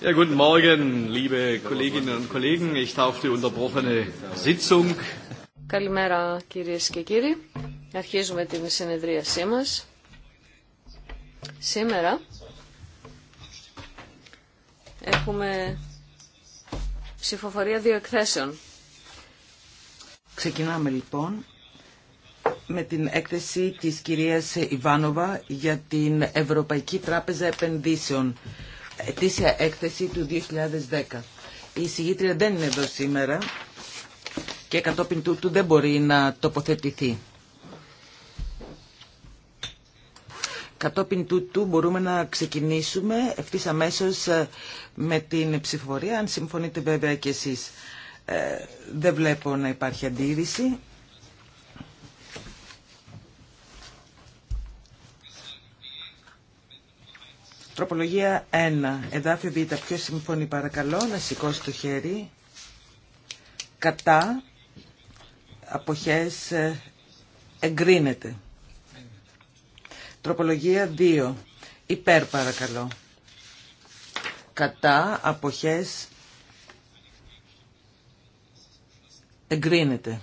Ja, guten Morgen, liebe Kolleginnen und Kollegen. Ich darf die unterbrochene Sitzung. Καλημέρα κυρίες και κύριοι. Αρχίζουμε την συνεδρίασή μας. Σήμερα έχουμε ψηφοφορία δύο εκθέσεων. Ξεκινάμε λοιπόν με την έκθεση της κυρίας Ιβάνοβα για την Ευρωπαϊκή Τράπεζα Επενδύσεων, ετήσια έκθεση του 2010. Η συγγήτρια δεν είναι εδώ σήμερα και κατόπιν τούτου δεν μπορεί να τοποθετηθεί. Κατόπιν τούτου μπορούμε να ξεκινήσουμε ευθύ αμέσως ε, με την ψηφορία. αν συμφωνείτε βέβαια και εσείς. Ε, δεν βλέπω να υπάρχει αντίρρηση. Τροπολογία 1. Εδάφιο Β. Ποιος συμφωνεί παρακαλώ να σηκώσει το χέρι. Κατά αποχές ε, εγκρίνεται. Τροπολογία 2. Υπέρ παρακαλώ. Κατά αποχές εγκρίνεται.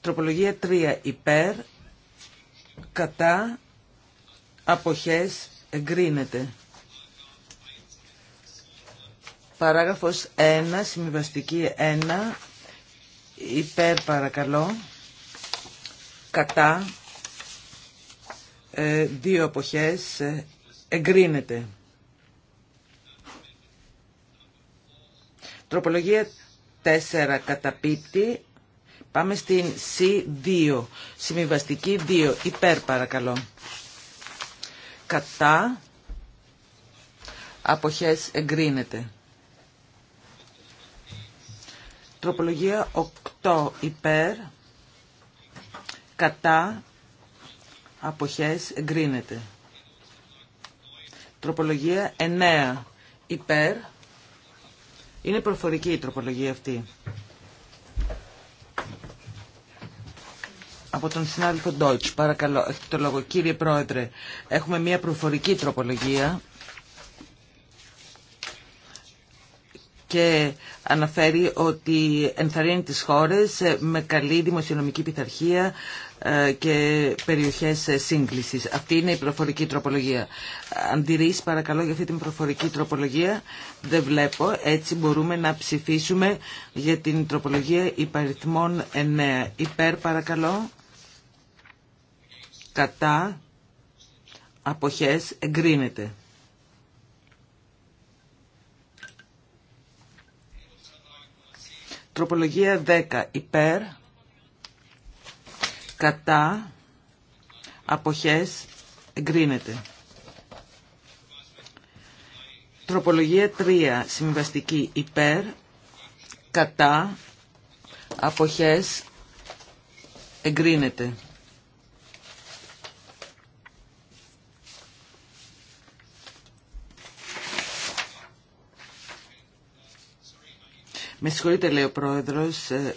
Τροπολογία 3. Υπέρ κατά αποχές εγκρίνεται. Παράγραφος 1, συμβιβαστική 1, υπέρ παρακαλώ, κατά, ε, δύο αποχές, ε, εγκρίνεται. Τροπολογία 4 καταπίπτει, Πάμε στην C2, συμβιβαστική 2, υπέρ παρακαλώ. Κατά, αποχές εγκρίνεται. Τροπολογία 8, υπέρ, κατά, αποχές εγκρίνεται. Τροπολογία 9, υπέρ, είναι προφορική η τροπολογία αυτή. από τον συνάδελφο Ντόιτς. Παρακαλώ, έχετε το λόγο. Κύριε Πρόεδρε, έχουμε μια προφορική τροπολογία και αναφέρει ότι ενθαρρύνει τις χώρες με καλή δημοσιονομική πειθαρχία ε, και περιοχές σύγκλησης. Αυτή είναι η προφορική τροπολογία. Αντιρρήσει, παρακαλώ για αυτή την προφορική τροπολογία. Δεν βλέπω. Έτσι μπορούμε να ψηφίσουμε για την τροπολογία υπαριθμών 9. Υπέρ παρακαλώ κατά αποχές εγκρίνεται. Τροπολογία 10 υπέρ κατά αποχές εγκρίνεται. Τροπολογία 3 συμβαστική υπέρ κατά αποχές εγκρίνεται. Με συγχωρείτε λέει ο πρόεδρος, ε,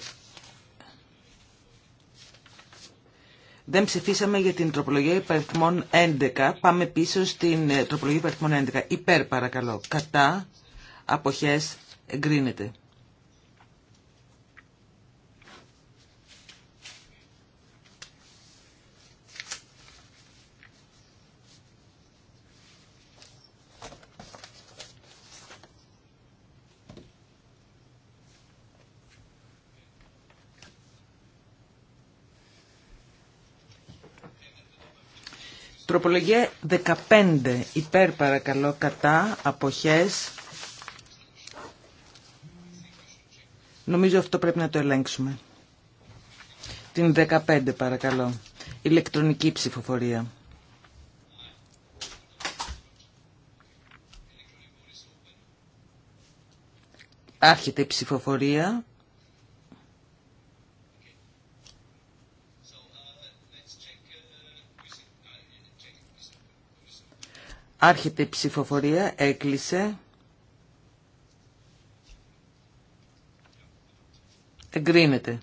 δεν ψηφίσαμε για την τροπολογία υπαριθμών 11. Πάμε πίσω στην ε, τροπολογία υπαριθμών 11. Υπέρ παρακαλώ. Κατά αποχές εγκρίνεται. Τροπολογία 15 υπέρ παρακαλώ κατά αποχές. Νομίζω αυτό πρέπει να το ελέγξουμε. Την 15 παρακαλώ. Ηλεκτρονική ψηφοφορία. Άρχεται η ψηφοφορία. Άρχεται η ψηφοφορία, έκλεισε. Εγκρίνεται.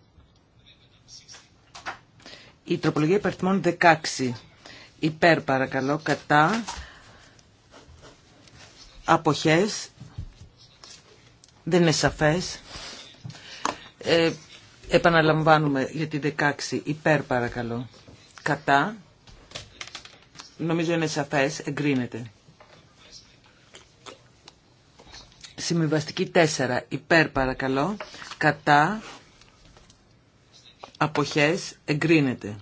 Η τροπολογία υπερθμών 16. Υπέρ παρακαλώ, κατά, αποχές, δεν είναι σαφές. Ε, επαναλαμβάνουμε για την 16. Υπέρ παρακαλώ, κατά, νομίζω είναι σαφές, εγκρίνεται. Συμβιβαστική 4, υπέρ παρακαλώ, κατά, αποχές, εγκρίνεται.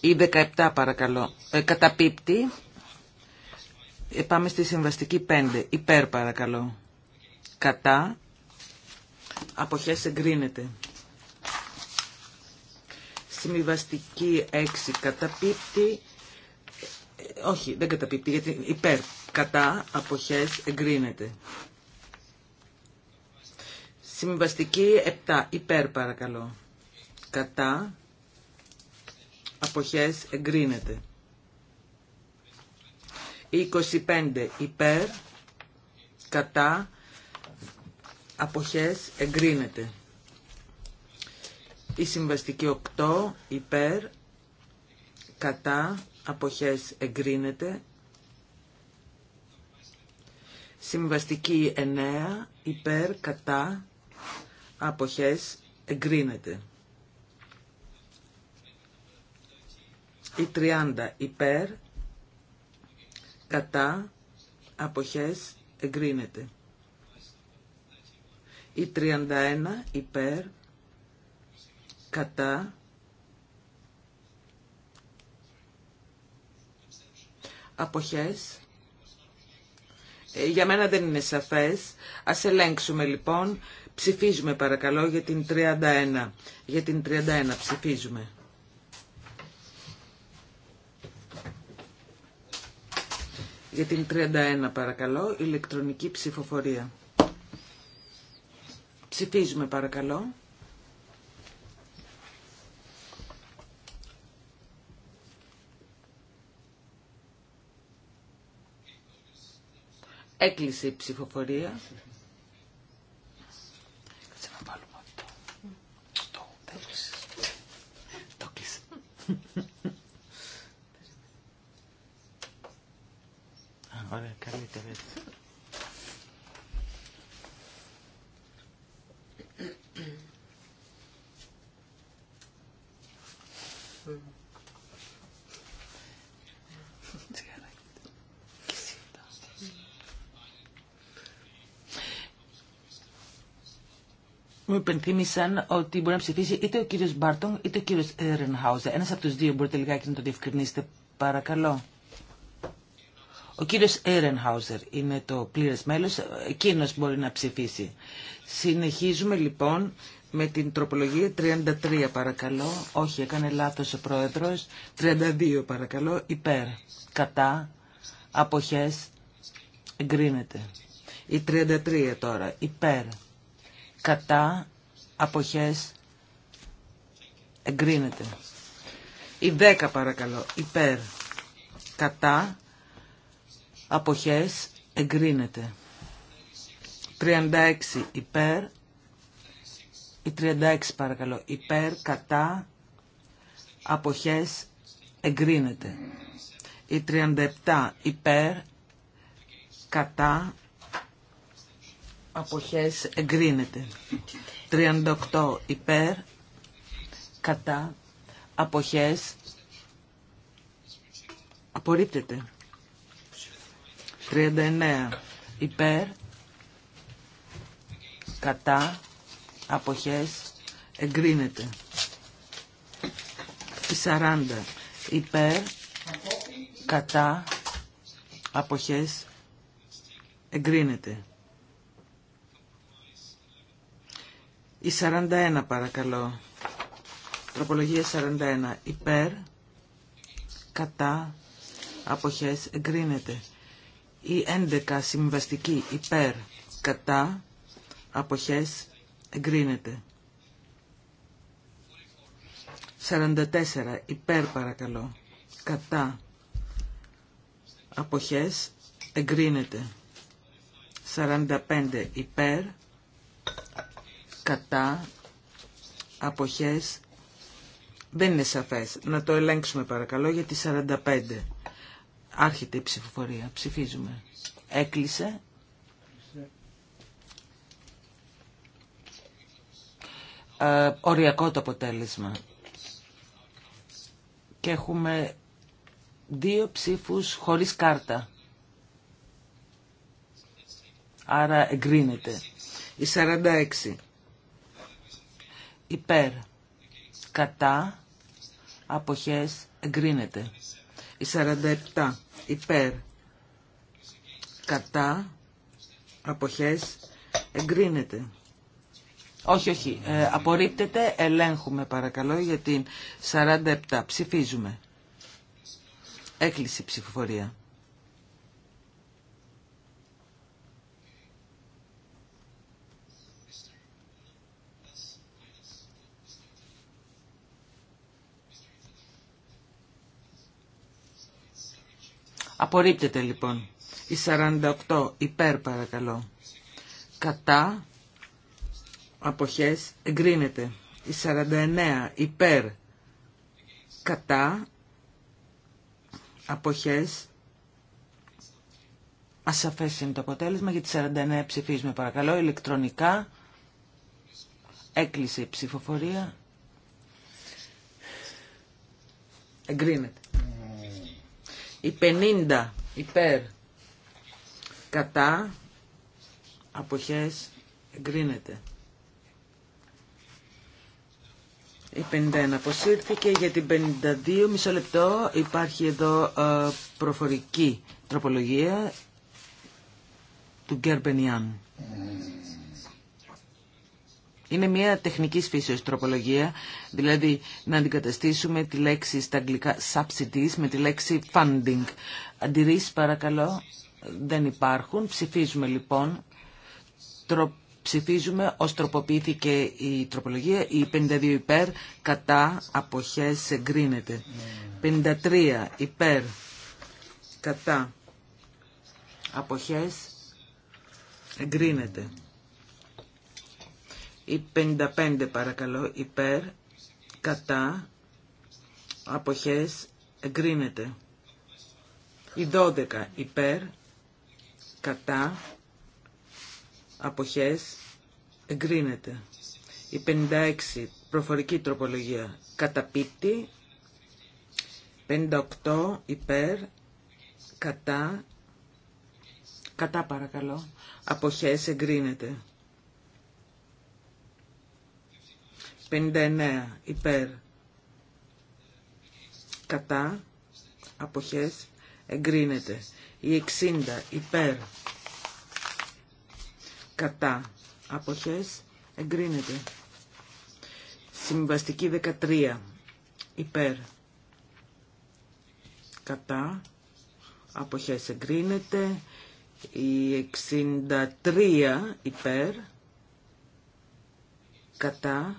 Ή 17 παρακαλώ, ε, καταπίπτει, ε, πάμε στη συμβαστική 5, υπέρ παρακαλώ, κατά, αποχές, εγκρίνεται. Συμβιβαστική 6 καταπίπτει. Όχι, δεν καταπίπτει, γιατί υπέρ. Κατά αποχές εγκρίνεται. Συμβαστική 7. Υπέρ παρακαλώ. Κατά αποχές εγκρίνεται. 25. Υπέρ. Κατά αποχές εγκρίνεται. Η συμβαστική 8 υπέρ κατά αποχές εγκρίνεται. Συμβαστική 9 υπέρ κατά αποχές εγκρίνεται. Η 30 υπέρ κατά αποχές εγκρίνεται. Η 31 υπέρ κατά αποχές. Ε, για μένα δεν είναι σαφές. Ας ελέγξουμε λοιπόν. Ψηφίζουμε παρακαλώ για την 31. Για την 31 ψηφίζουμε. Για την 31 παρακαλώ, ηλεκτρονική ψηφοφορία. Ψηφίζουμε παρακαλώ. Έκλεισε η ψηφοφορία. Κάτσε να βάλουμε αυτό. Το έκλεισε. Το έκλεισε. Ωραία, καλύτερα έτσι. μου υπενθύμησαν ότι μπορεί να ψηφίσει είτε ο κύριος Μπάρτον είτε ο κύριος Έρενχάουζερ. Ένας από τους δύο μπορείτε λιγάκι να το διευκρινίσετε παρακαλώ. Ο κύριος Έρενχάουζερ είναι το πλήρες μέλος, εκείνος μπορεί να ψηφίσει. Συνεχίζουμε λοιπόν με την τροπολογία 33 παρακαλώ, όχι έκανε λάθος ο πρόεδρος, 32 παρακαλώ, υπέρ, κατά, αποχές, εγκρίνεται. Η 33 τώρα, υπέρ, κατά αποχές εγκρίνεται. Η 10 παρακαλώ υπέρ κατά αποχές εγκρίνεται. 36 υπέρ η 36 παρακαλώ υπέρ κατά αποχές εγκρίνεται. Η 37 υπέρ κατά αποχές εγκρίνεται. 38 υπέρ, κατά, αποχές απορρίπτεται. 39 υπέρ, κατά, αποχές εγκρίνεται. 40 υπέρ, κατά, αποχές εγκρίνεται. Η 41 παρακαλώ. Τροπολογία 41. Υπέρ, κατά, αποχές, εγκρίνεται. Η 11 συμβαστική υπέρ, κατά, αποχές, εγκρίνεται. 44 υπέρ παρακαλώ, κατά, αποχές, εγκρίνεται. 45 υπέρ, κατά, αποχές, δεν είναι σαφές. Να το ελέγξουμε παρακαλώ για τη 45. Άρχεται η ψηφοφορία. Ψηφίζουμε. Έκλεισε. Ε, οριακό το αποτέλεσμα. Και έχουμε δύο ψήφους χωρίς κάρτα. Άρα εγκρίνεται. Η 46 υπέρ, κατά, αποχές, εγκρίνεται. Η 47 υπέρ, κατά, αποχές, εγκρίνεται. Όχι, όχι, ε, απορρίπτεται, ελέγχουμε παρακαλώ για την 47. Ψηφίζουμε. Έκλεισε η ψηφοφορία. Απορρίπτεται λοιπόν. Η 48 υπέρ παρακαλώ. Κατά αποχές εγκρίνεται. Η 49 υπέρ κατά αποχές ασαφές είναι το αποτέλεσμα για τη 49 ψηφίζουμε παρακαλώ ηλεκτρονικά έκλεισε η ψηφοφορία εγκρίνεται η 50 υπέρ κατά αποχές εγκρίνεται. Η 51 αποσύρθηκε για την 52 μισό λεπτό υπάρχει εδώ ε, προφορική τροπολογία του Γκέρ Μπενιάν. Είναι μια τεχνική φύσεως τροπολογία, δηλαδή να αντικαταστήσουμε τη λέξη στα αγγλικά subsidies με τη λέξη funding. Αντιρρήσεις παρακαλώ δεν υπάρχουν. Ψηφίζουμε λοιπόν, ψηφίζουμε ως τροποποιήθηκε η τροπολογία, η 52 υπέρ κατά αποχές εγκρίνεται. 53 υπέρ κατά αποχές εγκρίνεται. Η 55 παρακαλώ υπέρ, κατά, αποχές, εγκρίνεται. Η 12 υπέρ, κατά, αποχές, εγκρίνεται. Η 56 προφορική τροπολογία, καταπίτη, 58 υπέρ, κατά, κατά παρακαλώ, αποχές εγκρίνεται. 59 υπέρ κατά αποχές εγκρίνεται. Η 60 υπέρ κατά αποχές εγκρίνεται. Συμβαστική 13 υπέρ κατά αποχές εγκρίνεται. Η 63 υπέρ κατά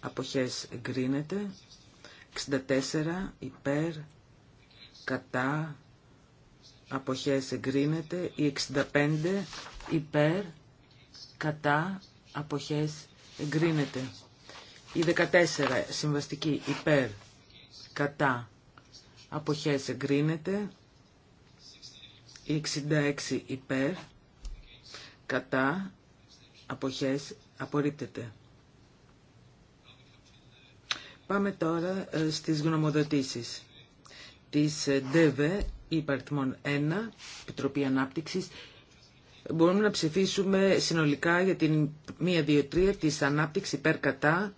αποχές εγκρίνεται 64 υπέρ κατά αποχές εγκρίνεται η 65 υπέρ κατά αποχές εγκρίνεται η 14 συμβαστική υπέρ κατά αποχές εγκρίνεται η 66 υπέρ κατά αποχές απορρίπτεται Πάμε τώρα ε, στις γνωμοδοτήσεις. Της ε, ΔΕΒΕ, υπαρτμόν 1, Επιτροπή Ανάπτυξης, μπορούμε να ψηφίσουμε συνολικά για την 1-2-3 της ανάπτυξη υπέρ κατά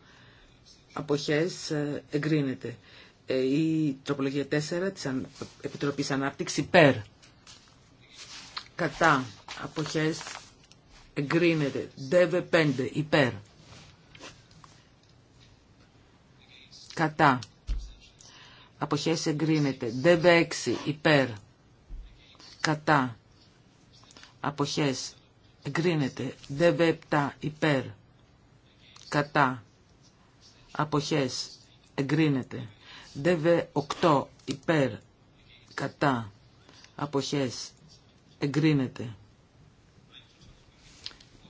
αποχές ε, εγκρίνεται. Η τροπολογία 4 της Επιτροπής Ανάπτυξη υπέρ κατά αποχές εγκρίνεται. ΔΕΒΕ 5 υπέρ κατά, αποχές εγκρίνεται, ΔΕΒ6 υπέρ, κατά, αποχές εγκρίνεται, ΔΕΒ7 υπέρ, κατά, αποχές εγκρινεται δβ ΔΕΒ8 υπέρ, κατά, αποχές εγκρίνεται.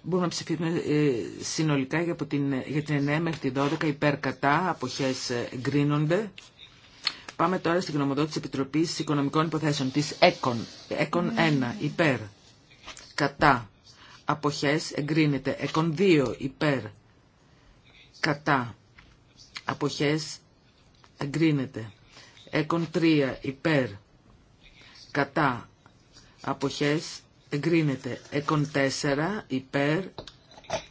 Μπορούμε να ψηφίσουμε ε, συνολικά για την 9 μέχρι την 12 υπέρ αποχές ε, εγκρίνονται. Πάμε τώρα στην γνωμοδότηση της Επιτροπής Οικονομικών Υποθέσεων, της ΕΚΟΝ. ΕΚΟΝ 1 ναι. υπέρ κατά, αποχές εγκρίνεται. ΕΚΟΝ 2 υπέρ κατά, αποχές εγκρίνεται. ΕΚΟΝ 3 υπέρ κατά, αποχές εγκρίνεται. Εκον 4 υπέρ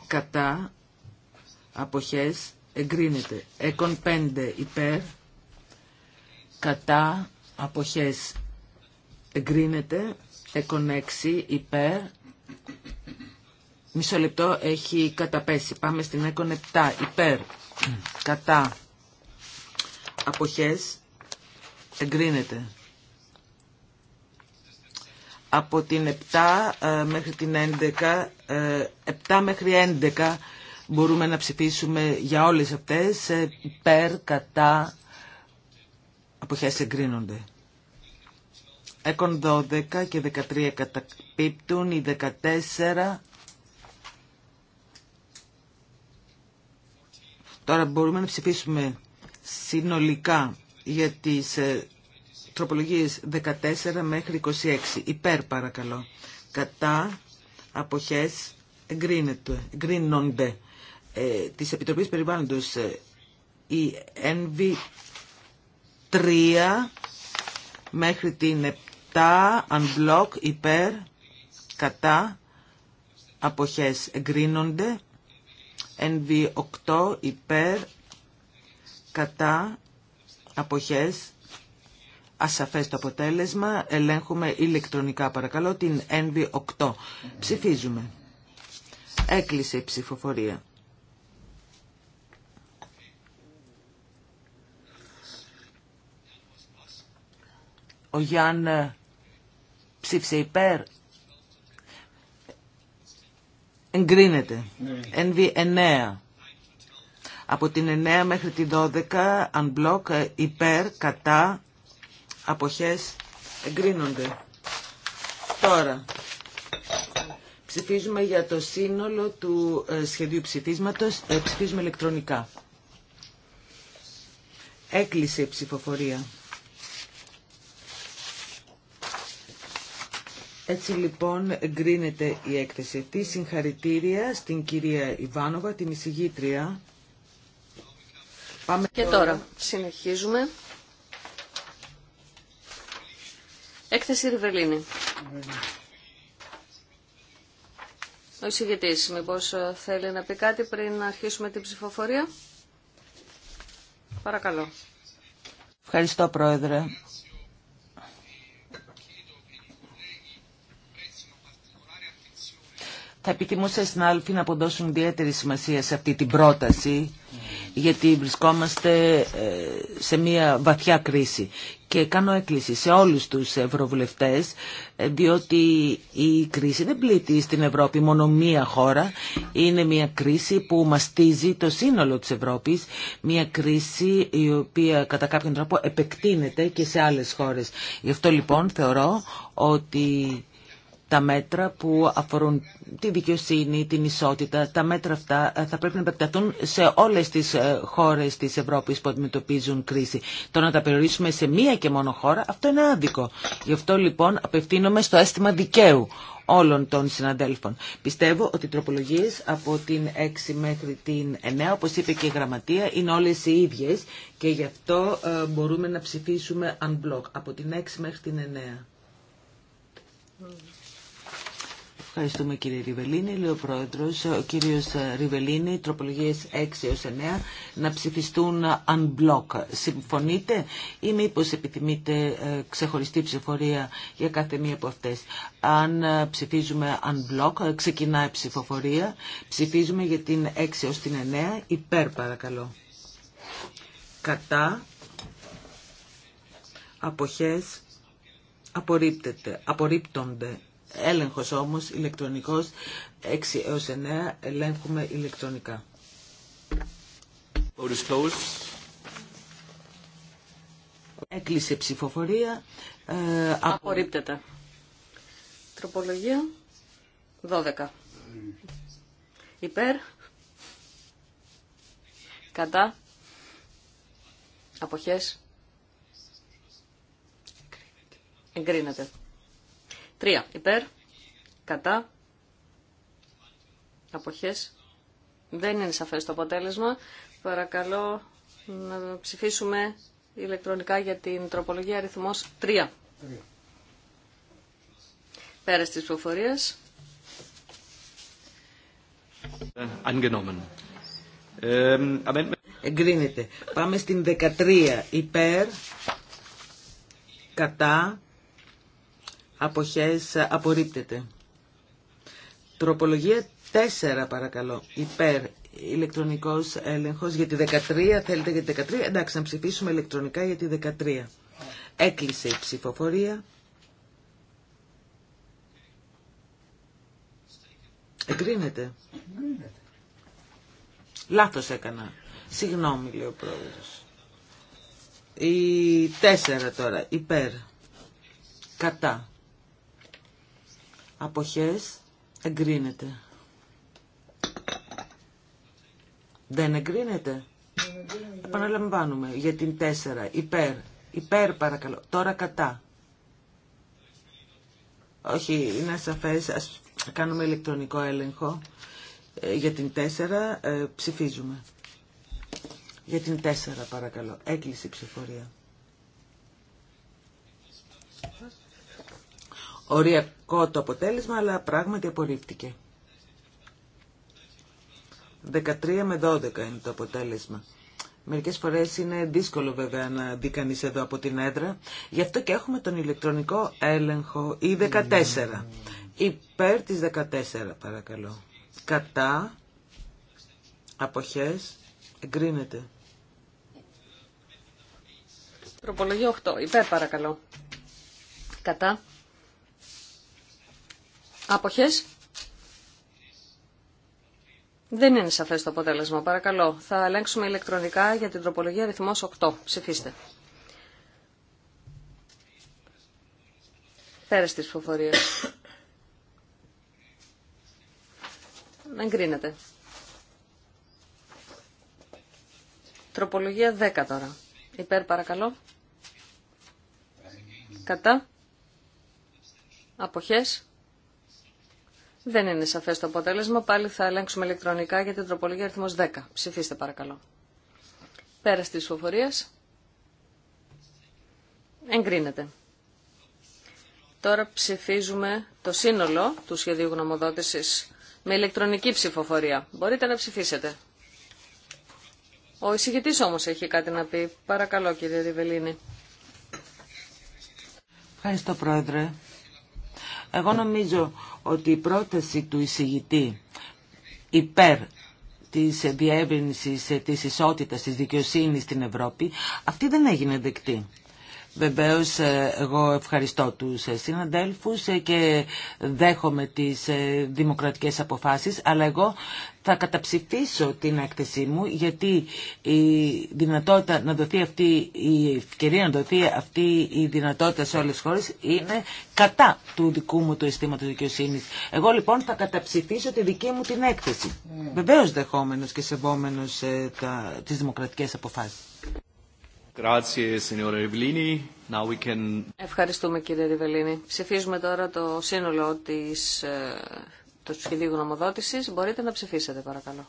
κατά αποχές εγκρίνεται. Εκον 5 υπέρ κατά αποχές εγκρίνεται. Εκον 6 υπέρ Μισό λεπτό έχει καταπέσει. Πάμε στην έκον 7. Υπέρ. Κατά. Αποχές. Εγκρίνεται από την 7 ε, μέχρι την 11, 7 ε, μέχρι 11 μπορούμε να ψηφίσουμε για όλες αυτές, ε, υπέρ, κατά, αποχές εγκρίνονται. Έκον 12 και 13 καταπίπτουν, οι 14... Τώρα μπορούμε να ψηφίσουμε συνολικά για τις Τροπολογίες 14 μέχρι 26. Υπέρ παρακαλώ. Κατά αποχές εγκρίνονται. Ε, της Επιτροπής Περιβάλλοντος ε, η NV3 μέχρι την 7 unblock υπέρ κατά αποχές εγκρίνονται. NV8 υπέρ κατά αποχές ασαφές το αποτέλεσμα. Ελέγχουμε ηλεκτρονικά παρακαλώ την NV8. Ψηφίζουμε. Έκλεισε η ψηφοφορία. Ο Γιάνν ε, ψήφισε υπέρ. Εγκρίνεται. Ναι. NV9. Από την 9 μέχρι την 12 unblock ε, υπέρ, κατά, αποχές εγκρίνονται. Τώρα, ψηφίζουμε για το σύνολο του ε, σχεδίου ψηφίσματος, ε, ψηφίζουμε ηλεκτρονικά. Έκλεισε η ψηφοφορία. Έτσι λοιπόν εγκρίνεται η έκθεση αυτή. Συγχαρητήρια στην κυρία Ιβάνοβα, την εισηγήτρια. και τώρα συνεχίζουμε Έκθεση Ριβελίνη. Ο εισηγητής, μήπως ε, θέλει να πει κάτι πριν να αρχίσουμε την ψηφοφορία. Παρακαλώ. Ευχαριστώ, Πρόεδρε. Θα επιθυμούσα αλφή να αποδώσουν ιδιαίτερη σημασία σε αυτή την πρόταση γιατί βρισκόμαστε ε, σε μια βαθιά κρίση και κάνω έκκληση σε όλους τους ευρωβουλευτές ε, διότι η κρίση δεν πλήττει στην Ευρώπη μόνο μία χώρα είναι μία κρίση που μαστίζει το σύνολο της Ευρώπης μία κρίση η οποία κατά κάποιον τρόπο επεκτείνεται και σε άλλες χώρες γι' αυτό λοιπόν θεωρώ ότι τα μέτρα που αφορούν τη δικαιοσύνη, την ισότητα, τα μέτρα αυτά ε, θα πρέπει να επεκταθούν σε όλες τις ε, χώρες της Ευρώπης που αντιμετωπίζουν κρίση. Το να τα περιορίσουμε σε μία και μόνο χώρα, αυτό είναι άδικο. Γι' αυτό λοιπόν απευθύνομαι στο αίσθημα δικαίου όλων των συναντέλφων. Πιστεύω ότι οι τροπολογίες από την 6 μέχρι την 9, όπως είπε και η Γραμματεία, είναι όλες οι ίδιες και γι' αυτό ε, μπορούμε να ψηφίσουμε unblock από την 6 μέχρι την 9. Ευχαριστούμε κύριε Ριβελίνη. Λέω ο πρόεδρος, ο κύριο Ριβελίνη, τροπολογίες 6 έω 9, να ψηφιστούν unblock. Συμφωνείτε ή μήπω επιθυμείτε ε, ξεχωριστή ψηφοφορία για κάθε μία από αυτε Αν ε, ψηφίζουμε unblock, ε, ξεκινάει ψηφοφορία. Ψηφίζουμε για την 6 έω την 9, υπέρ παρακαλώ. Κατά, αποχές, απορρίπτονται έλεγχος όμως ηλεκτρονικός 6 έως 9 ελέγχουμε ηλεκτρονικά. Έκλεισε ψηφοφορία. Ε, Απορρίπτεται. Τροπολογία 12. Υπέρ. Κατά. Αποχές. Εγκρίνεται. Τρία υπέρ, κατά, αποχές. Δεν είναι σαφές το αποτέλεσμα. Παρακαλώ να ψηφίσουμε ηλεκτρονικά για την τροπολογία αριθμός 3. Πέρας της προφορίας. Εγκρίνεται. Πάμε στην 13. Υπέρ, κατά, αποχές απορρίπτεται. Τροπολογία 4 παρακαλώ, υπέρ ηλεκτρονικός έλεγχος για τη 13, θέλετε για τη 13, εντάξει να ψηφίσουμε ηλεκτρονικά για τη 13. Έκλεισε η ψηφοφορία. Εγκρίνεται. Λάθος έκανα. Συγγνώμη, λέει ο πρόεδρος. Η τέσσερα τώρα, υπέρ, κατά, αποχές εγκρίνεται. Δεν εγκρίνεται. Επαναλαμβάνουμε για την 4. Υπέρ. Υπέρ παρακαλώ. Τώρα κατά. Όχι, είναι σαφές. Ας κάνουμε ηλεκτρονικό έλεγχο. Ε, για την 4 ε, ψηφίζουμε. Για την 4 παρακαλώ. Έκλεισε η ψηφορία. οριακό το αποτέλεσμα, αλλά πράγματι απορρίφθηκε. 13 με 12 είναι το αποτέλεσμα. Μερικές φορές είναι δύσκολο βέβαια να δει κανείς εδώ από την έδρα. Γι' αυτό και έχουμε τον ηλεκτρονικό έλεγχο ή 14. Υπέρ της 14 παρακαλώ. Κατά αποχές εγκρίνεται. Προπολογή 8. Υπέρ παρακαλώ. Κατά Άποχες. Δεν είναι σαφές το αποτέλεσμα. Παρακαλώ, θα ελέγξουμε ηλεκτρονικά για την τροπολογία αριθμός 8. Ψηφίστε. Πέρας της Να Εγκρίνεται. Τροπολογία 10 τώρα. Υπέρ παρακαλώ. Κατά. Αποχές. Δεν είναι σαφές το αποτέλεσμα. Πάλι θα ελέγξουμε ηλεκτρονικά για την τροπολογία αριθμό 10. Ψηφίστε παρακαλώ. Πέρα τη ψηφοφορία. Εγκρίνεται. Τώρα ψηφίζουμε το σύνολο του σχεδίου γνωμοδότηση με ηλεκτρονική ψηφοφορία. Μπορείτε να ψηφίσετε. Ο εισηγητή όμω έχει κάτι να πει. Παρακαλώ κύριε Ριβελίνη. Ευχαριστώ πρόεδρε. Εγώ νομίζω ότι η πρόταση του εισηγητή υπέρ της διεύρυνσης ε, της ισότητας της δικαιοσύνης στην Ευρώπη, αυτή δεν έγινε δεκτή. Βεβαίως ε, εγώ ευχαριστώ τους ε, συναντέλφους ε, και δέχομαι τις δημοκρατικές αποφάσεις, αλλά εγώ θα καταψηφίσω την έκθεσή μου γιατί η δυνατότητα να δοθεί αυτή, η ευκαιρία να δοθεί αυτή η δυνατότητα σε όλες τις χώρες είναι κατά του δικού μου του αισθήματο δικαιοσύνη. Εγώ λοιπόν θα καταψηφίσω τη δική μου την έκθεση. Mm. Βεβαίως δεχόμενος και σεβόμενος τα, τις δημοκρατικές αποφάσεις. Ευχαριστούμε κύριε Ριβελίνη. Ψηφίζουμε τώρα το σύνολο της, ε, του σχεδίου γνωμοδότησης. Μπορείτε να ψηφίσετε παρακαλώ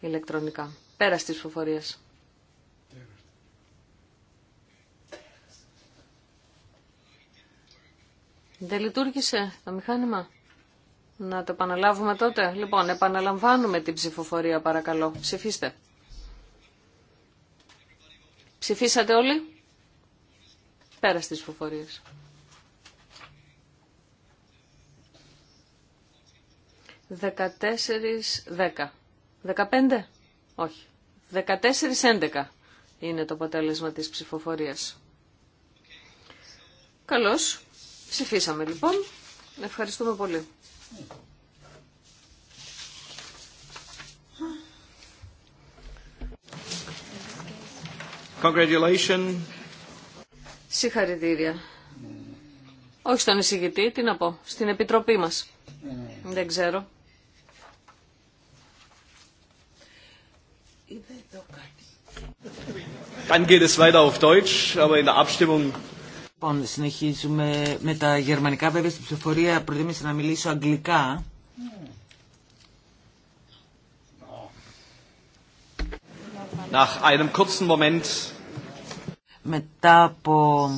ηλεκτρονικά. Πέρα τη ψηφοφορίες. Δεν λειτουργήσε το μηχάνημα. Να το επαναλάβουμε τότε. Λοιπόν, επαναλαμβάνουμε την ψηφοφορία παρακαλώ. Ψηφίστε. Ψηφίσατε όλοι. Πέρα στις ψηφοφορίες. 14-10. 15? Όχι. 14-11 είναι το αποτέλεσμα της ψηφοφορίας. Καλώς. Ψηφίσαμε λοιπόν. Ευχαριστούμε πολύ. Congratulations. Συγχαρητήρια. Όχι στον εισηγητή, τι να πω, στην επιτροπή μας. Ναι. Δεν ξέρω. Dann geht es weiter auf Deutsch, aber in der Abstimmung Λοιπόν, συνεχίζουμε με τα γερμανικά. Βέβαια, στην ψηφοφορία προτίμησα να μιλήσω αγγλικά. Nach einem kurzen Moment μετά από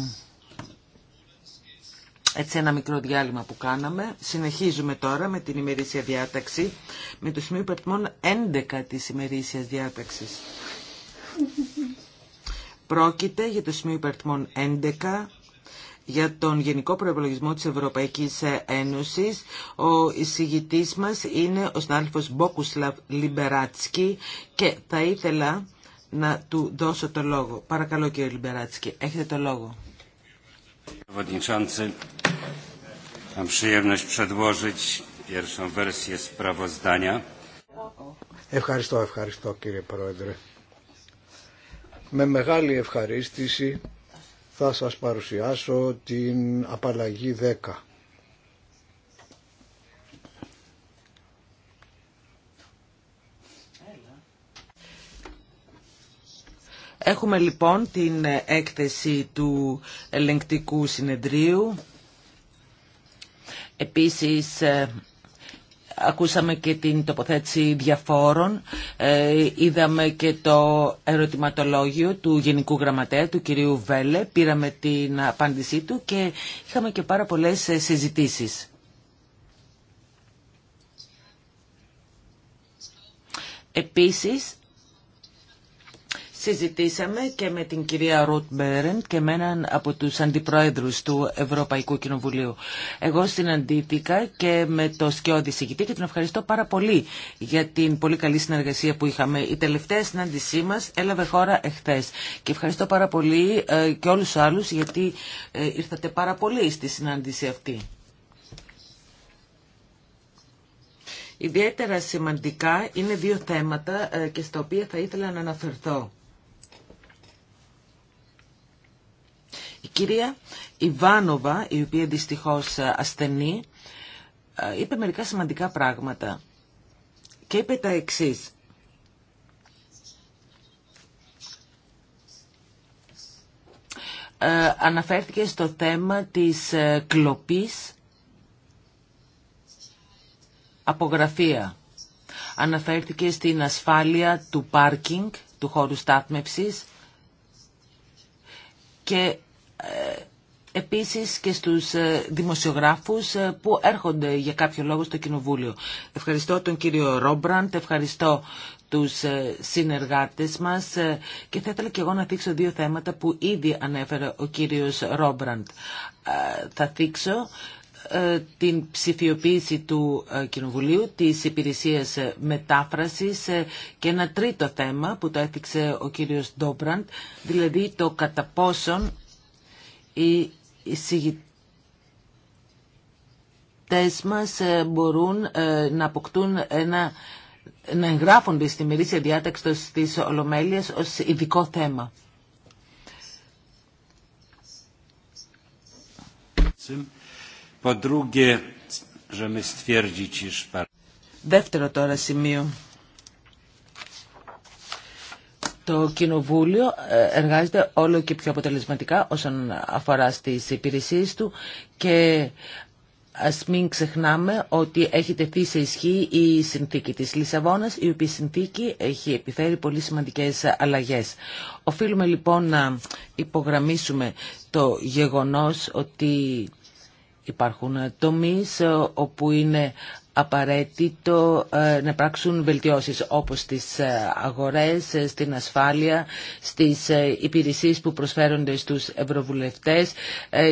έτσι ένα μικρό διάλειμμα που κάναμε. Συνεχίζουμε τώρα με την ημερήσια διάταξη, με το σημείο υπερτιμών 11 της ημερήσιας διάταξης. Πρόκειται για το σημείο υπερτιμών 11 για τον Γενικό Προεπολογισμό της Ευρωπαϊκής Ένωσης. Ο εισηγητής μας είναι ο συνάδελφος Μπόκουσλαβ Λιμπεράτσκι και θα ήθελα να του δώσω το λόγο. Παρακαλώ κύριε Λιμπεράτσικη, έχετε το λόγο. Ευχαριστώ, ευχαριστώ κύριε Πρόεδρε. Με μεγάλη ευχαρίστηση θα σας παρουσιάσω την απαλλαγή 10 Έχουμε λοιπόν την έκθεση του ελεγκτικού συνεδρίου. Επίσης, ε, ακούσαμε και την τοποθέτηση διαφόρων. Ε, είδαμε και το ερωτηματολόγιο του Γενικού Γραμματέα, του κυρίου Βέλε. Πήραμε την απάντησή του και είχαμε και πάρα πολλές συζητήσεις. Επίσης, Συζητήσαμε και με την κυρία Ρουτ Μπέρεντ και με έναν από τους αντιπρόεδρους του Ευρωπαϊκού Κοινοβουλίου. Εγώ συναντήθηκα και με το Σκιώδη συγκητή και τον ευχαριστώ πάρα πολύ για την πολύ καλή συνεργασία που είχαμε. Η τελευταία συνάντησή μας έλαβε χώρα εχθές και ευχαριστώ πάρα πολύ ε, και όλους τους άλλους γιατί ε, ήρθατε πάρα πολύ στη συνάντηση αυτή. Ιδιαίτερα σημαντικά είναι δύο θέματα ε, και στα οποία θα ήθελα να αναφερθώ. κυρία Ιβάνοβα, η οποία δυστυχώς ε, ασθενεί, ε, είπε μερικά σημαντικά πράγματα και είπε τα εξής. Ε, αναφέρθηκε στο θέμα της κλοπής απογραφία, Αναφέρθηκε στην ασφάλεια του πάρκινγκ, του χώρου στάθμευσης και ε, επίσης και στους ε, δημοσιογράφους ε, που έρχονται για κάποιο λόγο στο Κοινοβούλιο. Ευχαριστώ τον κύριο Ρόμπραντ, ευχαριστώ τους συνεργάτες μας και θα ήθελα και εγώ να θίξω δύο θέματα που ήδη ανέφερε ο κύριος Ρόμπραντ. Θα θίξω την ψηφιοποίηση του Κοινοβουλίου, της υπηρεσίας μετάφρασης και ένα τρίτο θέμα που το έθιξε ο κύριος Ντόμπραντ, δηλαδή το κατά πόσον οι εισηγητές μας ε, μπορούν ε, να αποκτούν ένα να εγγράφονται στη μερίσια διάταξη της Ολομέλειας ως ειδικό θέμα. Δεύτερο τώρα σημείο. Το Κοινοβούλιο ε, εργάζεται όλο και πιο αποτελεσματικά όσον αφορά στις υπηρεσίες του και ας μην ξεχνάμε ότι έχει τεθεί σε ισχύ η συνθήκη της Λισαβόνας, η οποία συνθήκη έχει επιφέρει πολύ σημαντικές αλλαγές. Οφείλουμε λοιπόν να υπογραμμίσουμε το γεγονός ότι υπάρχουν τομείς όπου είναι απαραίτητο ε, να πράξουν βελτιώσεις όπως στις ε, αγορές, ε, στην ασφάλεια, στις υπηρεσίες που προσφέρονται στους ευρωβουλευτές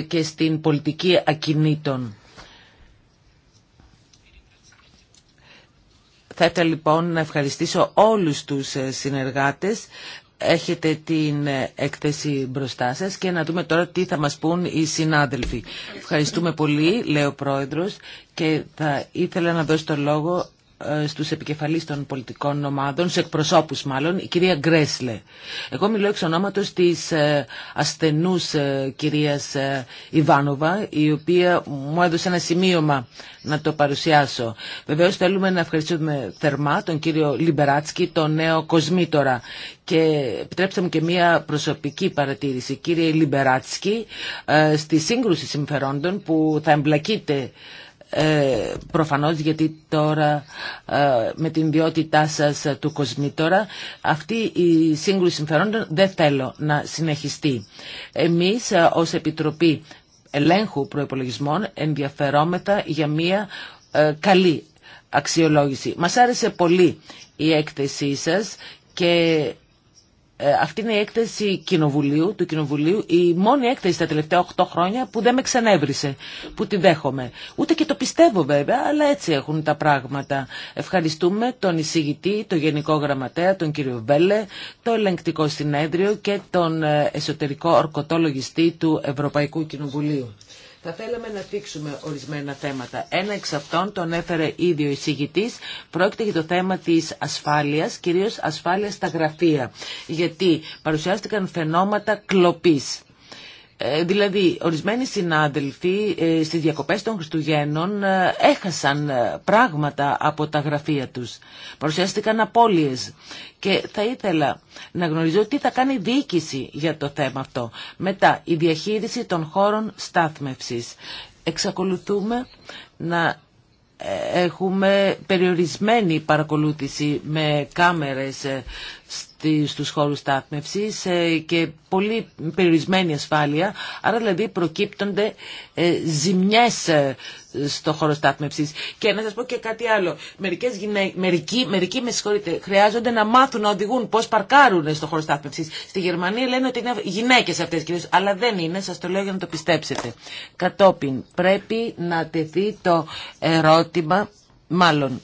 και στην πολιτική ακινήτων. Θα ήθελα λοιπόν να ευχαριστήσω όλους τους συνεργάτες Έχετε την έκθεση μπροστά σας και να δούμε τώρα τι θα μας πούν οι συνάδελφοι. Ευχαριστούμε πολύ, λέει ο Πρόεδρος, και θα ήθελα να δώσω το λόγο ε, στους επικεφαλείς των πολιτικών ομάδων, σε εκπροσώπους μάλλον, η κυρία Γκρέσλε. Εγώ μιλώ εξ ονόματος της ε, ασθενούς ε, κυρίας Ιβάνοβα, η οποία μου έδωσε ένα σημείωμα να το παρουσιάσω. Βεβαίως θέλουμε να ευχαριστούμε θερμά τον κύριο Λιμπεράτσκι, τον νέο κοσμήτορα. Και επιτρέψτε μου και μία προσωπική παρατήρηση. Κύριε Λιμπεράτσκι, στη σύγκρουση συμφερόντων που θα εμπλακείτε ε, προφανώς γιατί τώρα ε, με την ιδιότητά σας ε, του τώρα αυτή η σύγκρουση συμφερόντων δεν θέλω να συνεχιστεί. Εμείς ε, ως Επιτροπή Ελέγχου Προϋπολογισμών ενδιαφερόμετα για μια ε, καλή αξιολόγηση. Μας άρεσε πολύ η έκθεσή σας και ε, αυτή είναι η έκθεση κοινοβουλίου, του κοινοβουλίου, η μόνη έκθεση τα τελευταία 8 χρόνια που δεν με ξενέβρισε, που τη δέχομαι. Ούτε και το πιστεύω βέβαια, αλλά έτσι έχουν τα πράγματα. Ευχαριστούμε τον εισηγητή, τον Γενικό Γραμματέα, τον κύριο Βέλε, το ελεγκτικό συνέδριο και τον ε, εσωτερικό ορκωτό του Ευρωπαϊκού Κοινοβουλίου. Θα θέλαμε να θίξουμε ορισμένα θέματα. Ένα εξ αυτών τον έφερε ήδη ο εισηγητή. Πρόκειται για το θέμα της ασφάλειας, κυρίως ασφάλεια στα γραφεία. Γιατί παρουσιάστηκαν φαινόματα κλοπής. Ε, δηλαδή, ορισμένοι συνάδελφοι ε, στις διακοπές των Χριστουγέννων ε, έχασαν πράγματα από τα γραφεία τους. Παρουσιάστηκαν απώλειες και θα ήθελα να γνωρίζω τι θα κάνει η διοίκηση για το θέμα αυτό. Μετά, η διαχείριση των χώρων στάθμευσης. Εξακολουθούμε να έχουμε περιορισμένη παρακολούθηση με κάμερες στους χώρους στάθμευσης ε, και πολύ περιορισμένη ασφάλεια, άρα δηλαδή προκύπτονται ε, ζημιές ε, στο χώρο στάθμευσης. Και να σας πω και κάτι άλλο. Μερικές μερικοί, μερικοί με συγχωρείτε, χρειάζονται να μάθουν να οδηγούν πώς παρκάρουν στο χώρο στάθμευσης. Στη Γερμανία λένε ότι είναι γυναίκες αυτές κυρίως, αλλά δεν είναι, σας το λέω για να το πιστέψετε. Κατόπιν πρέπει να τεθεί το ερώτημα, μάλλον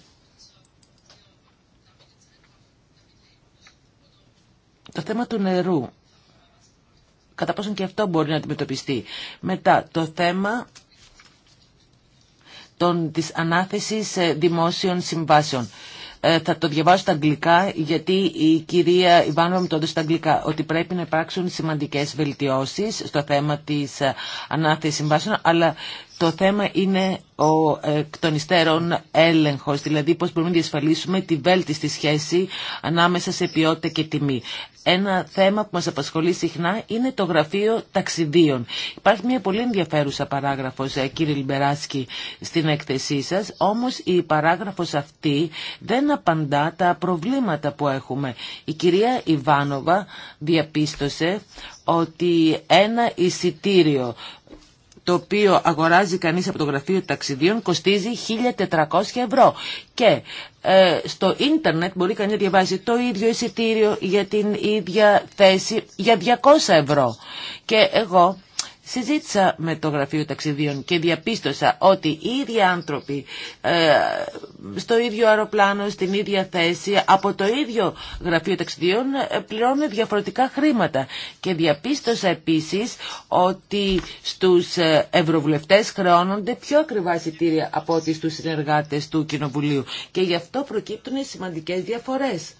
Το θέμα του νερού, κατά πόσον και αυτό μπορεί να αντιμετωπιστεί. Μετά, το θέμα των, της ανάθεσης ε, δημόσιων συμβάσεων. Ε, θα το διαβάσω στα αγγλικά, γιατί η κυρία Ιβάνοβα μου το έδωσε στα αγγλικά, ότι πρέπει να υπάρξουν σημαντικές βελτιώσεις στο θέμα της ε, ανάθεσης συμβάσεων, αλλά το θέμα είναι ο εκ των έλεγχος, δηλαδή πώς μπορούμε να διασφαλίσουμε τη βέλτιστη σχέση ανάμεσα σε ποιότητα και τιμή. Ένα θέμα που μας απασχολεί συχνά είναι το γραφείο ταξιδίων. Υπάρχει μια πολύ ενδιαφέρουσα παράγραφος, ε, κύριε Λιμπεράσκη, στην έκθεσή σας, όμως η παράγραφος αυτή δεν απαντά τα προβλήματα που έχουμε. Η κυρία Ιβάνοβα διαπίστωσε ότι ένα εισιτήριο το οποίο αγοράζει κανείς από το γραφείο ταξιδίων κοστίζει 1.400 ευρώ και ε, στο ίντερνετ μπορεί κανείς να διαβάζει το ίδιο εισιτήριο για την ίδια θέση για 200 ευρώ. Και εγώ Συζήτησα με το Γραφείο Ταξιδίων και διαπίστωσα ότι οι ίδιοι άνθρωποι ε, στο ίδιο αεροπλάνο, στην ίδια θέση, από το ίδιο Γραφείο Ταξιδίων ε, πληρώνουν διαφορετικά χρήματα. Και διαπίστωσα επίσης ότι στους ε, ευρωβουλευτές χρεώνονται πιο ακριβά εισιτήρια από ό,τι στους συνεργάτες του Κοινοβουλίου. Και γι' αυτό προκύπτουν σημαντικές διαφορές.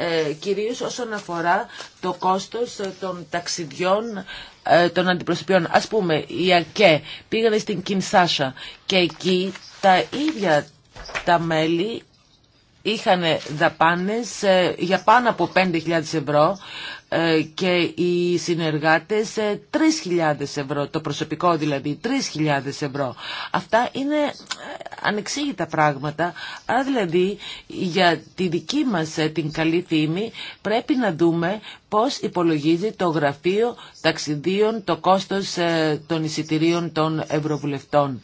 Ε, κυρίως όσον αφορά το κόστος ε, των ταξιδιών ε, των αντιπροσωπιών. Ας πούμε, η ΑΚΕ πήγανε στην Κινσάσα και εκεί τα ίδια τα μέλη είχαν δαπάνες για πάνω από 5.000 ευρώ ε, και οι συνεργάτες 3.000 ε, ευρώ, το προσωπικό δηλαδή 3.000 ευρώ. Αυτά είναι ε, ανεξήγητα πράγματα, άρα δηλαδή για τη δική μας την καλή φήμη πρέπει να δούμε πώς υπολογίζει το γραφείο ταξιδίων το κόστος των εισιτηρίων των ευρωβουλευτών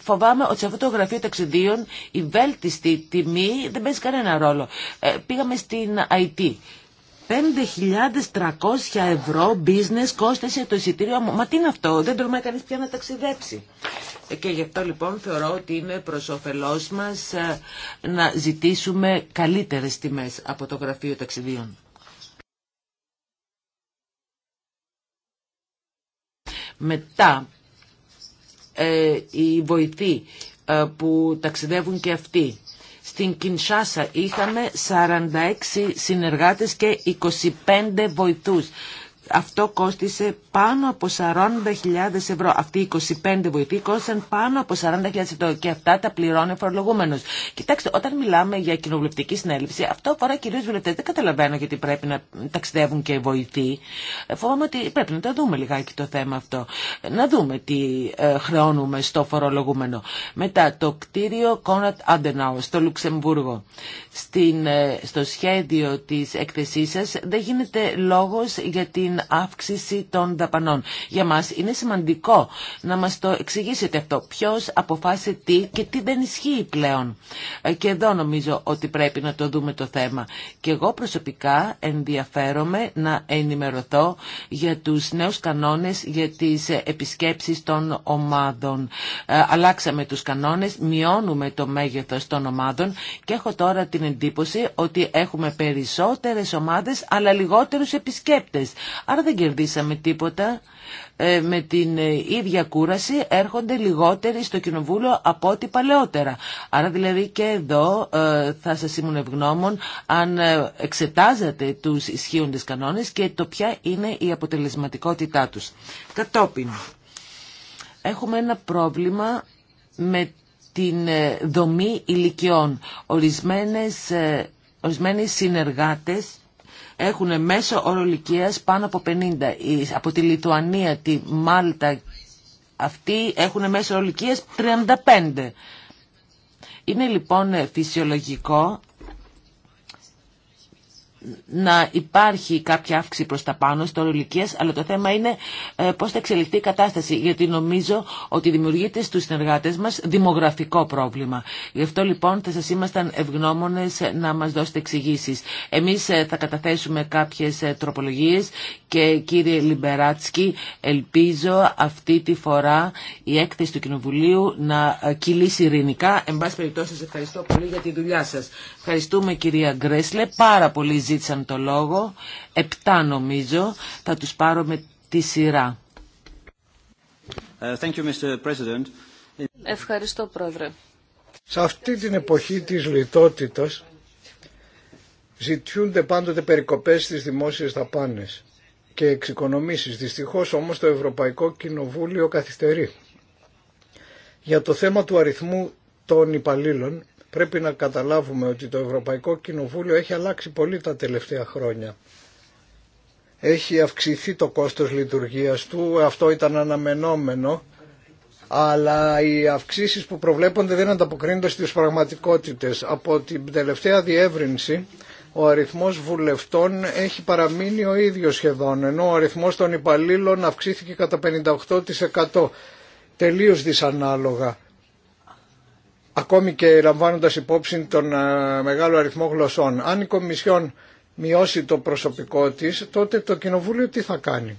φοβάμαι ότι σε αυτό το γραφείο ταξιδίων η βέλτιστη τιμή δεν παίζει κανένα ρόλο. πήγαμε στην IT 5.300 ευρώ business κόστασε το εισιτήριο μου. Μα τι είναι αυτό, δεν τολμάει κανείς πια να ταξιδέψει. Ε, και γι' αυτό λοιπόν θεωρώ ότι είναι προς όφελός μας ε, να ζητήσουμε καλύτερες τιμές από το Γραφείο Ταξιδίων. Μετά, ε, οι βοηθοί ε, που ταξιδεύουν και αυτοί στην Κινσάσα είχαμε 46 συνεργάτες και 25 βοηθούς αυτό κόστισε πάνω από 40.000 ευρώ. Αυτοί οι 25 βοηθοί κόστησαν πάνω από 40.000 ευρώ και αυτά τα πληρώνει ο φορολογούμενο. Κοιτάξτε, όταν μιλάμε για κοινοβουλευτική συνέλευση, αυτό αφορά κυρίω βουλευτέ. Δεν καταλαβαίνω γιατί πρέπει να ταξιδεύουν και βοηθοί. Ε, φοβάμαι ότι πρέπει να το δούμε λιγάκι το θέμα αυτό. Ε, να δούμε τι ε, χρεώνουμε στο φορολογούμενο. Μετά το κτίριο Κόνατ Αντενάου στο Λουξεμβούργο. Στην, στο σχέδιο τη έκθεσή σα δεν γίνεται λόγο για την αύξηση των δαπανών. Για μας είναι σημαντικό να μας το εξηγήσετε αυτό. Ποιος αποφάσισε τι και τι δεν ισχύει πλέον. Ε, και εδώ νομίζω ότι πρέπει να το δούμε το θέμα. Και εγώ προσωπικά ενδιαφέρομαι να ενημερωθώ για τους νέους κανόνες για τις επισκέψεις των ομάδων. Ε, αλλάξαμε τους κανόνες, μειώνουμε το μέγεθος των ομάδων και έχω τώρα την εντύπωση ότι έχουμε περισσότερες ομάδες αλλά λιγότερους επισκέπτες. Άρα δεν κερδίσαμε τίποτα. Ε, με την ε, ίδια κούραση έρχονται λιγότεροι στο κοινοβούλιο από ό,τι παλαιότερα. Άρα δηλαδή και εδώ ε, θα σας ήμουν ευγνώμων αν εξετάζατε τους ισχύοντες κανόνες και το ποια είναι η αποτελεσματικότητά τους. Κατόπιν, έχουμε ένα πρόβλημα με την δομή ηλικιών. Ορισμένες, ορισμένοι συνεργάτες έχουν μέσο όρο πάνω από 50. Από τη Λιτουανία, τη Μάλτα, αυτοί έχουν μέσο όρο 35. Είναι λοιπόν φυσιολογικό να υπάρχει κάποια αύξηση προς τα πάνω στο όρο αλλά το θέμα είναι ε, πώς θα εξελιχθεί η κατάσταση, γιατί νομίζω ότι δημιουργείται στους συνεργάτες μας δημογραφικό πρόβλημα. Γι' αυτό λοιπόν θα σας ήμασταν ευγνώμονες να μας δώσετε εξηγήσει. Εμείς ε, θα καταθέσουμε κάποιες ε, τροπολογίες και κύριε Λιμπεράτσκι, ελπίζω αυτή τη φορά η έκθεση του Κοινοβουλίου να κυλήσει ειρηνικά. Εν πάση περιπτώσει, σας ευχαριστώ πολύ για τη δουλειά σας. Ευχαριστούμε κυρία Γκρέσλε, πάρα πολύ ζήτησαν το λόγο. Επτά νομίζω. Θα τους πάρω με τη σειρά. Ε, you, Ευχαριστώ πρόεδρε. Σε αυτή την εποχή της λιτότητας ζητούνται πάντοτε περικοπές στις δημόσιες δαπάνες και εξοικονομήσεις. Δυστυχώς όμως το Ευρωπαϊκό Κοινοβούλιο καθυστερεί. Για το θέμα του αριθμού των υπαλλήλων Πρέπει να καταλάβουμε ότι το Ευρωπαϊκό Κοινοβούλιο έχει αλλάξει πολύ τα τελευταία χρόνια. Έχει αυξηθεί το κόστος λειτουργίας του, αυτό ήταν αναμενόμενο, αλλά οι αυξήσεις που προβλέπονται δεν ανταποκρίνονται στις πραγματικότητες. Από την τελευταία διεύρυνση ο αριθμός βουλευτών έχει παραμείνει ο ίδιος σχεδόν, ενώ ο αριθμός των υπαλλήλων αυξήθηκε κατά 58% τελείως δυσανάλογα ακόμη και λαμβάνοντας υπόψη τον ε, μεγάλο αριθμό γλωσσών. Αν η Κομισιόν μειώσει το προσωπικό της, τότε το Κοινοβούλιο τι θα κάνει.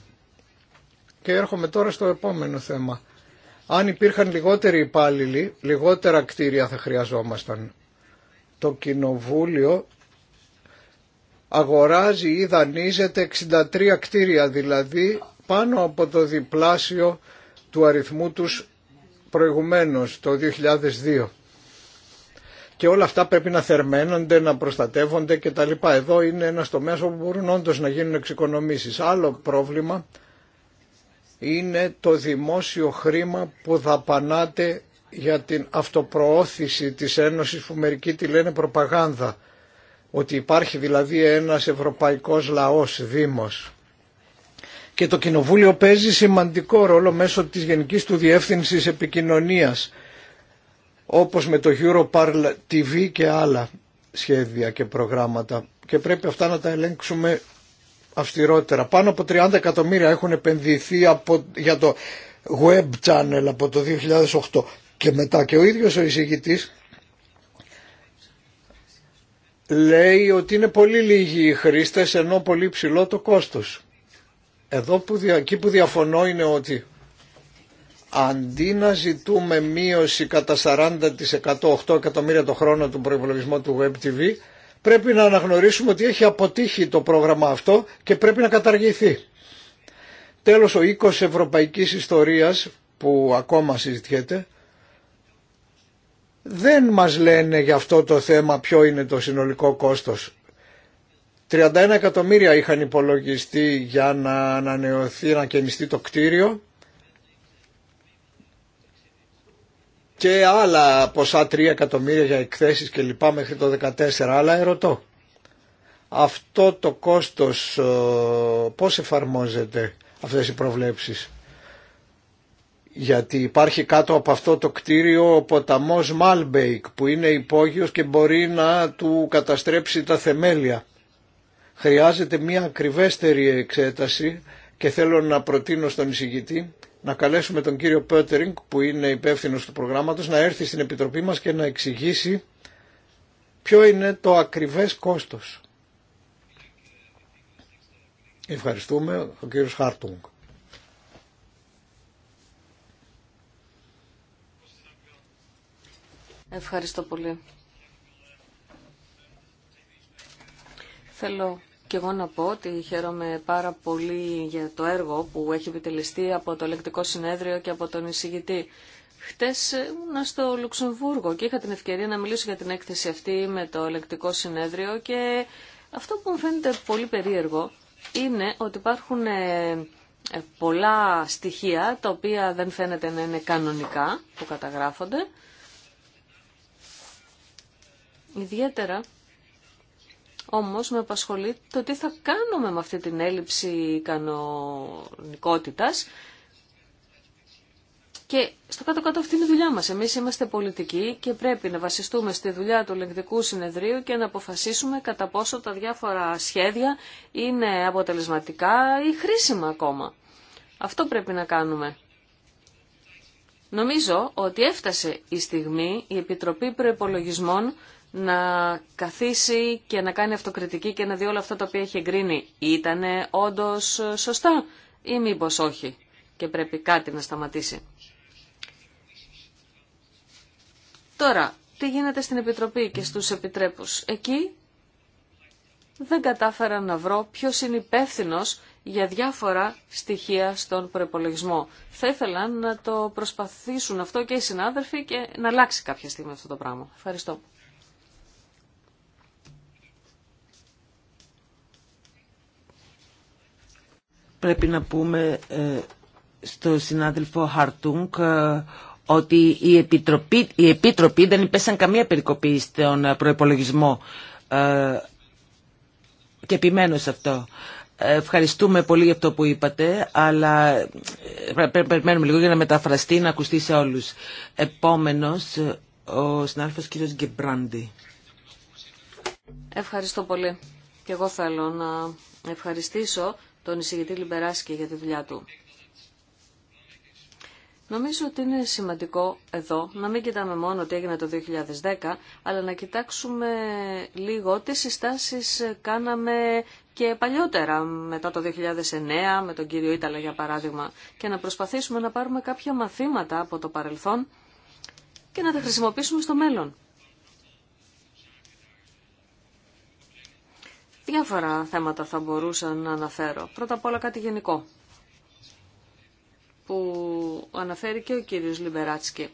Και έρχομαι τώρα στο επόμενο θέμα. Αν υπήρχαν λιγότεροι υπάλληλοι, λιγότερα κτίρια θα χρειαζόμασταν. Το Κοινοβούλιο αγοράζει ή δανείζεται 63 κτίρια, δηλαδή πάνω από το διπλάσιο του αριθμού τους προηγουμένως το 2002 και όλα αυτά πρέπει να θερμαίνονται, να προστατεύονται κτλ. Εδώ είναι ένα τομέα όπου μπορούν όντω να γίνουν εξοικονομήσει. Άλλο πρόβλημα είναι το δημόσιο χρήμα που δαπανάται για την αυτοπροώθηση της Ένωσης που μερικοί τη λένε προπαγάνδα. Ότι υπάρχει δηλαδή ένας ευρωπαϊκός λαός, δήμος. Και το Κοινοβούλιο παίζει σημαντικό ρόλο μέσω της Γενικής του Διεύθυνσης Επικοινωνίας όπως με το Europarl TV και άλλα σχέδια και προγράμματα και πρέπει αυτά να τα ελέγξουμε αυστηρότερα. Πάνω από 30 εκατομμύρια έχουν επενδυθεί από, για το web channel από το 2008 και μετά και ο ίδιος ο εισηγητής λέει ότι είναι πολύ λίγοι οι χρήστες ενώ πολύ ψηλό το κόστος. Εδώ που, εκεί που διαφωνώ είναι ότι Αντί να ζητούμε μείωση κατά 40% 8 εκατομμύρια το χρόνο του προϋπολογισμού του Web TV, πρέπει να αναγνωρίσουμε ότι έχει αποτύχει το πρόγραμμα αυτό και πρέπει να καταργηθεί. Τέλος, ο οίκος ευρωπαϊκής ιστορίας που ακόμα συζητιέται, δεν μας λένε για αυτό το θέμα ποιο είναι το συνολικό κόστος. 31 εκατομμύρια είχαν υπολογιστεί για να ανανεωθεί, να κενιστεί το κτίριο και άλλα ποσά 3 εκατομμύρια για εκθέσεις και λοιπά μέχρι το 2014. αλλά ερωτώ αυτό το κόστος ε, πώς εφαρμόζεται αυτές οι προβλέψεις γιατί υπάρχει κάτω από αυτό το κτίριο ο ποταμός Μάλμπεϊκ που είναι υπόγειος και μπορεί να του καταστρέψει τα θεμέλια. Χρειάζεται μια ακριβέστερη εξέταση και θέλω να προτείνω στον εισηγητή να καλέσουμε τον κύριο Πέτερινγκ που είναι υπεύθυνο του προγράμματος να έρθει στην Επιτροπή μας και να εξηγήσει ποιο είναι το ακριβές κόστος. Ευχαριστούμε ο κύριος Χάρτουγκ. Ευχαριστώ πολύ. Θέλω και εγώ να πω ότι χαίρομαι πάρα πολύ για το έργο που έχει επιτελεστεί από το Ελεκτικό Συνέδριο και από τον εισηγητή. Χτες ήμουν στο Λουξεμβούργο και είχα την ευκαιρία να μιλήσω για την έκθεση αυτή με το Ελεκτικό Συνέδριο και αυτό που μου φαίνεται πολύ περίεργο είναι ότι υπάρχουν ε, ε, πολλά στοιχεία τα οποία δεν φαίνεται να είναι κανονικά που καταγράφονται. Ιδιαίτερα όμως με απασχολεί το τι θα κάνουμε με αυτή την έλλειψη κανονικότητας και στο κάτω-κάτω αυτή είναι η δουλειά μας. Εμείς είμαστε πολιτικοί και πρέπει να βασιστούμε στη δουλειά του ελεγκτικού συνεδρίου και να αποφασίσουμε κατά πόσο τα διάφορα σχέδια είναι αποτελεσματικά ή χρήσιμα ακόμα. Αυτό πρέπει να κάνουμε. Νομίζω ότι έφτασε η στιγμή η Επιτροπή Προϋπολογισμών να καθίσει και να κάνει αυτοκριτική και να δει όλα αυτά τα οποία έχει εγκρίνει. Ήτανε όντως σωστά ή μήπω όχι και πρέπει κάτι να σταματήσει. Τώρα, τι γίνεται στην Επιτροπή και στους επιτρέπους. Εκεί δεν κατάφερα να βρω ποιος είναι υπεύθυνο για διάφορα στοιχεία στον προπολογισμό. Θα ήθελα να το προσπαθήσουν αυτό και οι συνάδελφοι και να αλλάξει κάποια στιγμή αυτό το πράγμα. Ευχαριστώ. πρέπει να πούμε ε, στο συνάδελφο Χαρτούγκ ε, ότι η Επιτροπή, η Επίτροπη δεν υπέσαν καμία περικοπή στον προϋπολογισμό ε, και επιμένω σε αυτό. Ευχαριστούμε πολύ για αυτό που είπατε, αλλά περιμένουμε λίγο για να μεταφραστεί, να ακουστεί σε όλους. Επόμενος, ο συνάδελφος κύριος Γκεμπράντι. Ευχαριστώ πολύ. Και εγώ θέλω να ευχαριστήσω τον εισηγητή Λιμπεράσκη για τη δουλειά του. Νομίζω ότι είναι σημαντικό εδώ να μην κοιτάμε μόνο τι έγινε το 2010, αλλά να κοιτάξουμε λίγο τι συστάσεις κάναμε και παλιότερα, μετά το 2009, με τον κύριο Ήταλα για παράδειγμα, και να προσπαθήσουμε να πάρουμε κάποια μαθήματα από το παρελθόν και να τα χρησιμοποιήσουμε στο μέλλον. Διάφορα θέματα θα μπορούσα να αναφέρω. Πρώτα απ' όλα κάτι γενικό που αναφέρει και ο κύριος Λιμπεράτσκι.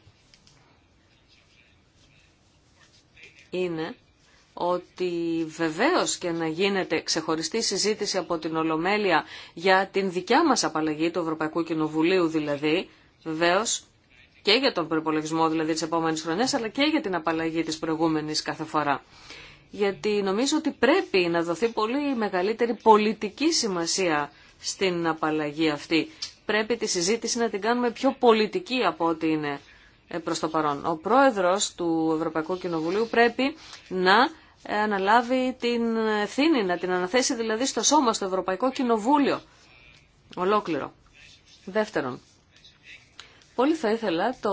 Είναι ότι βεβαίως και να γίνεται ξεχωριστή συζήτηση από την Ολομέλεια για την δικιά μας απαλλαγή του Ευρωπαϊκού Κοινοβουλίου δηλαδή, βεβαίως και για τον προπολογισμό δηλαδή της επόμενες χρονιάς, αλλά και για την απαλλαγή της προηγούμενης κάθε φορά γιατί νομίζω ότι πρέπει να δοθεί πολύ μεγαλύτερη πολιτική σημασία στην απαλλαγή αυτή. Πρέπει τη συζήτηση να την κάνουμε πιο πολιτική από ό,τι είναι ε, προς το παρόν. Ο πρόεδρος του Ευρωπαϊκού Κοινοβουλίου πρέπει να ε, αναλάβει την ευθύνη, να την αναθέσει δηλαδή στο σώμα, στο Ευρωπαϊκό Κοινοβούλιο. Ολόκληρο. Δεύτερον, Πολύ θα ήθελα το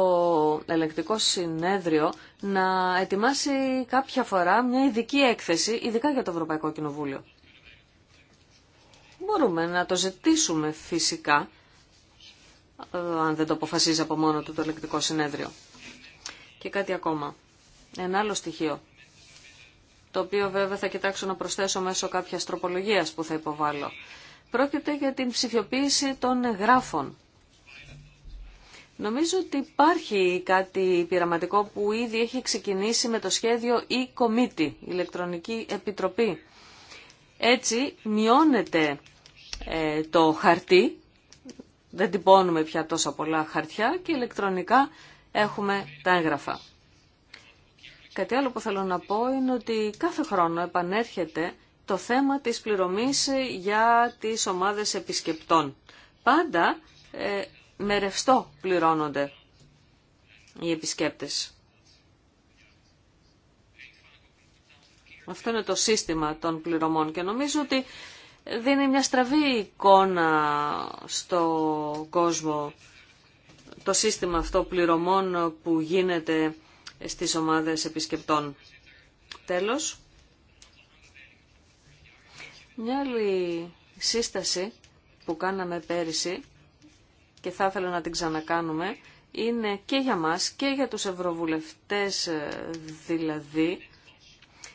Ελεκτικό συνέδριο να ετοιμάσει κάποια φορά μια ειδική έκθεση, ειδικά για το Ευρωπαϊκό Κοινοβούλιο. Μπορούμε να το ζητήσουμε φυσικά, ε, αν δεν το αποφασίζει από μόνο του το Ελεκτικό συνέδριο. Και κάτι ακόμα. Ένα άλλο στοιχείο, το οποίο βέβαια θα κοιτάξω να προσθέσω μέσω κάποιας τροπολογίας που θα υποβάλω. Πρόκειται για την ψηφιοποίηση των γράφων Νομίζω ότι υπάρχει κάτι πειραματικό που ήδη έχει ξεκινήσει με το σχέδιο e-Committee, ηλεκτρονική επιτροπή. Έτσι μειώνεται ε, το χαρτί, δεν τυπώνουμε πια τόσα πολλά χαρτιά και ηλεκτρονικά έχουμε τα έγγραφα. Κάτι άλλο που θέλω να πω είναι ότι κάθε χρόνο επανέρχεται το θέμα της πληρωμής για τις ομάδες επισκεπτών. Πάντα ε, με ρευστό πληρώνονται οι επισκέπτες. Αυτό είναι το σύστημα των πληρωμών και νομίζω ότι δίνει μια στραβή εικόνα στο κόσμο το σύστημα αυτό πληρωμών που γίνεται στις ομάδες επισκεπτών. Τέλος, μια άλλη σύσταση που κάναμε πέρυσι και θα ήθελα να την ξανακάνουμε, είναι και για μας και για τους ευρωβουλευτές ε, δηλαδή,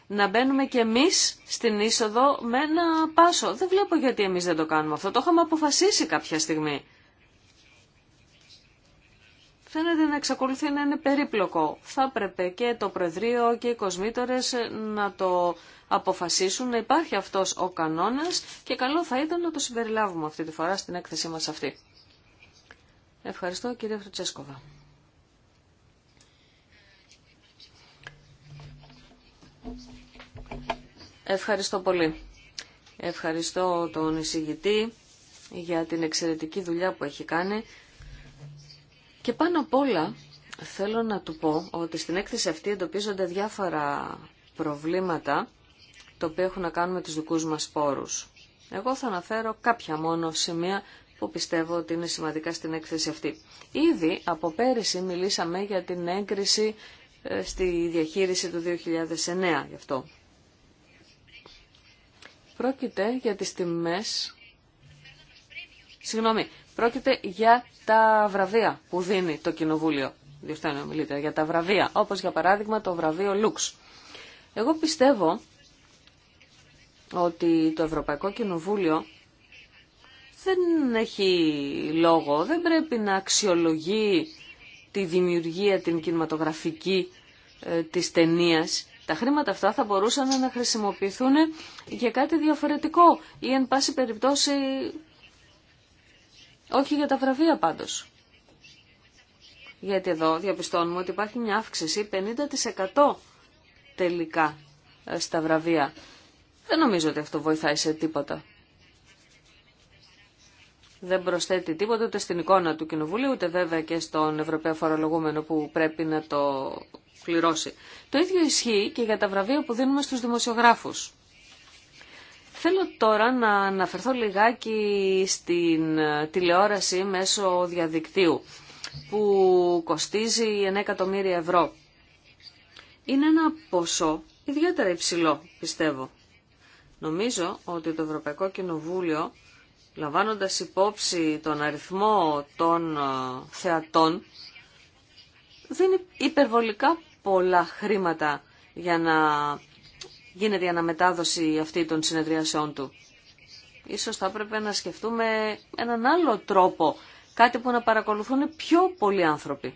να μπαίνουμε κι εμείς στην είσοδο με ένα πάσο. Δεν βλέπω γιατί εμείς δεν το κάνουμε αυτό. Το είχαμε αποφασίσει κάποια στιγμή. Φαίνεται να εξακολουθεί να είναι περίπλοκο. Θα έπρεπε και το Προεδρείο και οι κοσμήτορες να το αποφασίσουν, να υπάρχει αυτός ο κανόνας και καλό θα ήταν να το συμπεριλάβουμε αυτή τη φορά στην έκθεσή μας αυτή. Ευχαριστώ κύριε Φρουτσέσκοβα. Ευχαριστώ πολύ. Ευχαριστώ τον εισηγητή για την εξαιρετική δουλειά που έχει κάνει. Και πάνω απ' όλα θέλω να του πω ότι στην έκθεση αυτή εντοπίζονται διάφορα προβλήματα τα οποία έχουν να κάνουν με τους δικούς μας πόρους. Εγώ θα αναφέρω κάποια μόνο σημεία που πιστεύω ότι είναι σημαντικά στην έκθεση αυτή. Ήδη από πέρυσι μιλήσαμε για την έγκριση ε, στη διαχείριση του 2009 γι' αυτό. Πρόκειται για τις τιμές... Συγγνώμη, πρόκειται για τα βραβεία που δίνει το Κοινοβούλιο. Διορθώνω, μιλείτε, για τα βραβεία, όπως για παράδειγμα το βραβείο Λουξ. Εγώ πιστεύω ότι το Ευρωπαϊκό Κοινοβούλιο δεν έχει λόγο, δεν πρέπει να αξιολογεί τη δημιουργία, την κινηματογραφική ε, της ταινία. Τα χρήματα αυτά θα μπορούσαν να χρησιμοποιηθούν για κάτι διαφορετικό ή εν πάση περιπτώσει όχι για τα βραβεία πάντως. Γιατί εδώ διαπιστώνουμε ότι υπάρχει μια αύξηση 50% τελικά ε, στα βραβεία. Δεν νομίζω ότι αυτό βοηθάει σε τίποτα δεν προσθέτει τίποτα ούτε στην εικόνα του Κοινοβουλίου, ούτε βέβαια και στον Ευρωπαίο Φορολογούμενο που πρέπει να το πληρώσει. Το ίδιο ισχύει και για τα βραβεία που δίνουμε στους δημοσιογράφους. Θέλω τώρα να αναφερθώ λιγάκι στην τηλεόραση μέσω διαδικτύου που κοστίζει 1 εκατομμύρια ευρώ. Είναι ένα ποσό ιδιαίτερα υψηλό, πιστεύω. Νομίζω ότι το Ευρωπαϊκό Κοινοβούλιο Λαμβάνοντας υπόψη τον αριθμό των ε, θεατών, δίνει υπερβολικά πολλά χρήματα για να γίνεται η αναμετάδοση αυτή των συνεδριασεών του. Ίσως θα έπρεπε να σκεφτούμε έναν άλλο τρόπο, κάτι που να παρακολουθούν πιο πολλοί άνθρωποι.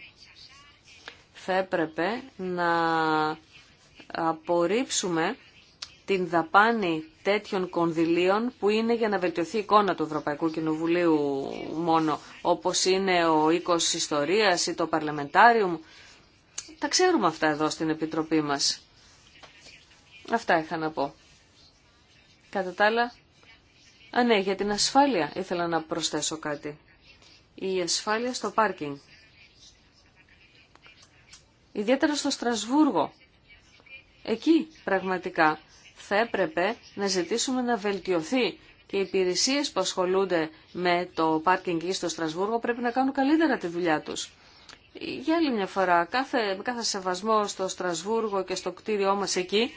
Θα έπρεπε να απορρίψουμε την δαπάνη τέτοιων κονδυλίων που είναι για να βελτιωθεί η εικόνα του Ευρωπαϊκού Κοινοβουλίου μόνο, όπως είναι ο οίκος ιστορίας ή το μου. Τα ξέρουμε αυτά εδώ στην Επιτροπή μας. Αυτά είχα να πω. Κατά τα άλλα, α ναι, για την ασφάλεια ήθελα να προσθέσω κάτι. Η ασφάλεια στο πάρκινγκ. Ιδιαίτερα στο Στρασβούργο. Εκεί πραγματικά θα έπρεπε να ζητήσουμε να βελτιωθεί και οι υπηρεσίες που ασχολούνται με το πάρκινγκ στο Στρασβούργο πρέπει να κάνουν καλύτερα τη δουλειά τους. Για άλλη μια φορά, κάθε, με κάθε σεβασμό στο Στρασβούργο και στο κτίριό μας εκεί,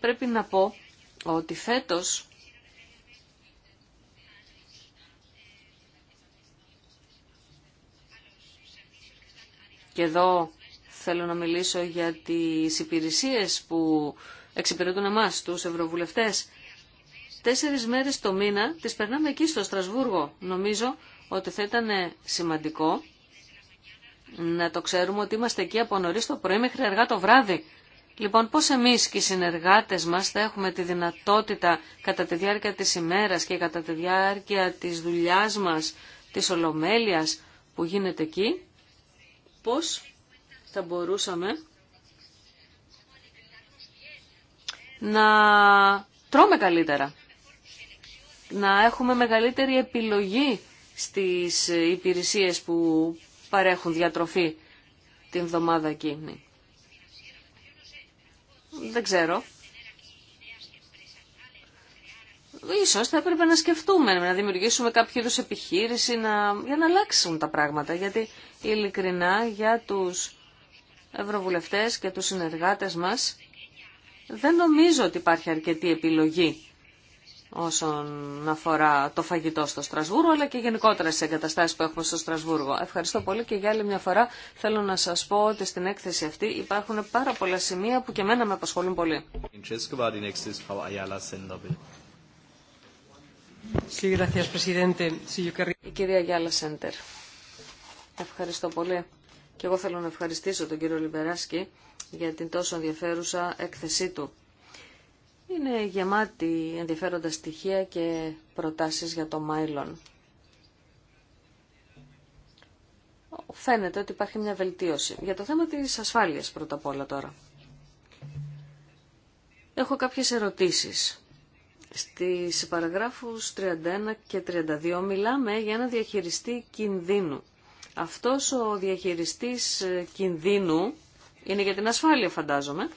πρέπει να πω ότι φέτος και εδώ θέλω να μιλήσω για τις υπηρεσίες που εξυπηρετούν εμά, του ευρωβουλευτέ. Τέσσερι μέρε το μήνα τι περνάμε εκεί στο Στρασβούργο. Νομίζω ότι θα ήταν σημαντικό να το ξέρουμε ότι είμαστε εκεί από νωρί το πρωί μέχρι αργά το βράδυ. Λοιπόν, πώς εμείς και οι συνεργάτες μας θα έχουμε τη δυνατότητα κατά τη διάρκεια της ημέρας και κατά τη διάρκεια της δουλειάς μας, της ολομέλειας που γίνεται εκεί, πώς θα μπορούσαμε να τρώμε καλύτερα, να έχουμε μεγαλύτερη επιλογή στις υπηρεσίες που παρέχουν διατροφή την εβδομάδα εκείνη. Δεν ξέρω. Ίσως θα έπρεπε να σκεφτούμε, να δημιουργήσουμε κάποιο είδους επιχείρηση για να αλλάξουν τα πράγματα. Γιατί ειλικρινά για τους ευρωβουλευτές και τους συνεργάτες μας δεν νομίζω ότι υπάρχει αρκετή επιλογή όσον αφορά το φαγητό στο Στρασβούργο, αλλά και γενικότερα σε εγκαταστάσεις που έχουμε στο Στρασβούργο. Ευχαριστώ πολύ και για άλλη μια φορά θέλω να σας πω ότι στην έκθεση αυτή υπάρχουν πάρα πολλά σημεία που και μένα με απασχολούν πολύ. Η κυρία Γιάλα Σέντερ. Ευχαριστώ πολύ. Και εγώ θέλω να ευχαριστήσω τον κύριο Λιμπεράσκη για την τόσο ενδιαφέρουσα έκθεσή του. Είναι γεμάτη ενδιαφέροντα στοιχεία και προτάσεις για το Μάιλον. Φαίνεται ότι υπάρχει μια βελτίωση. Για το θέμα της ασφάλειας πρώτα απ' όλα τώρα. Έχω κάποιες ερωτήσεις. Στις παραγράφους 31 και 32 μιλάμε για ένα διαχειριστή κινδύνου. Αυτός ο διαχειριστής ε, κινδύνου είναι για την ασφάλεια φαντάζομαι.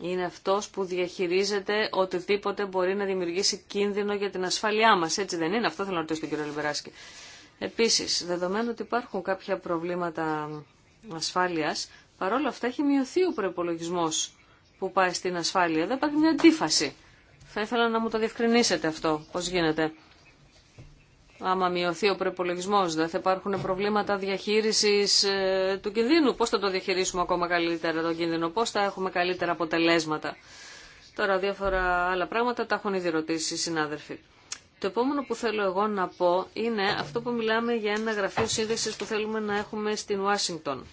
Είναι αυτός που διαχειρίζεται οτιδήποτε μπορεί να δημιουργήσει κίνδυνο για την ασφάλειά μας. Έτσι δεν είναι. Αυτό θέλω να ρωτήσω τον κύριο Λιμπεράσκη. Επίσης, δεδομένου ότι υπάρχουν κάποια προβλήματα ασφάλειας, παρόλα αυτά έχει μειωθεί ο προπολογισμό που πάει στην ασφάλεια. Δεν υπάρχει μια αντίφαση. Θα ήθελα να μου το διευκρινίσετε αυτό, πώς γίνεται. Άμα μειωθεί ο προπολογισμό, δεν θα υπάρχουν προβλήματα διαχείριση ε, του κινδύνου. Πώ θα το διαχειρίσουμε ακόμα καλύτερα τον κίνδυνο, πώ θα έχουμε καλύτερα αποτελέσματα. Τώρα, διάφορα άλλα πράγματα τα έχουν ήδη ρωτήσει οι συνάδελφοι. Το επόμενο που θέλω εγώ να πω είναι αυτό που μιλάμε για ένα γραφείο σύνδεση που θέλουμε να έχουμε στην Ουάσιγκτον.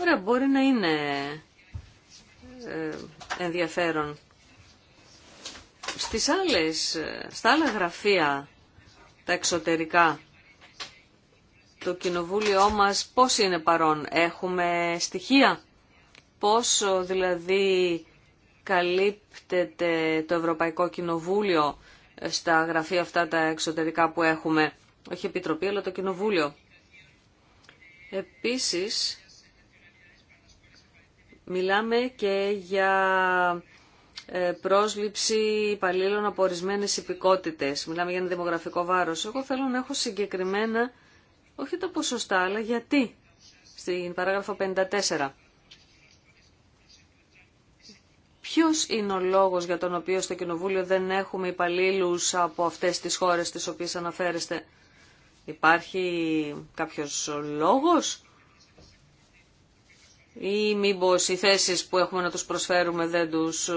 Ωραία, μπορεί να είναι ε, ενδιαφέρον στις άλλες, στα άλλα γραφεία, τα εξωτερικά, το κοινοβούλιο μας πώς είναι παρόν, έχουμε στοιχεία, πόσο δηλαδή καλύπτεται το Ευρωπαϊκό Κοινοβούλιο στα γραφεία αυτά τα εξωτερικά που έχουμε, όχι επιτροπή αλλά το κοινοβούλιο. Επίσης, μιλάμε και για ε, πρόσληψη υπαλλήλων από ορισμένε υπηκότητε. Μιλάμε για ένα δημογραφικό βάρο. Εγώ θέλω να έχω συγκεκριμένα, όχι τα ποσοστά, αλλά γιατί. Στην παράγραφο 54. Ποιο είναι ο λόγο για τον οποίο στο Κοινοβούλιο δεν έχουμε υπαλλήλου από αυτές τι χώρες τι οποίε αναφέρεστε. Υπάρχει κάποιος λόγος ή μήπω οι θέσεις που έχουμε να τους προσφέρουμε δεν τους ε,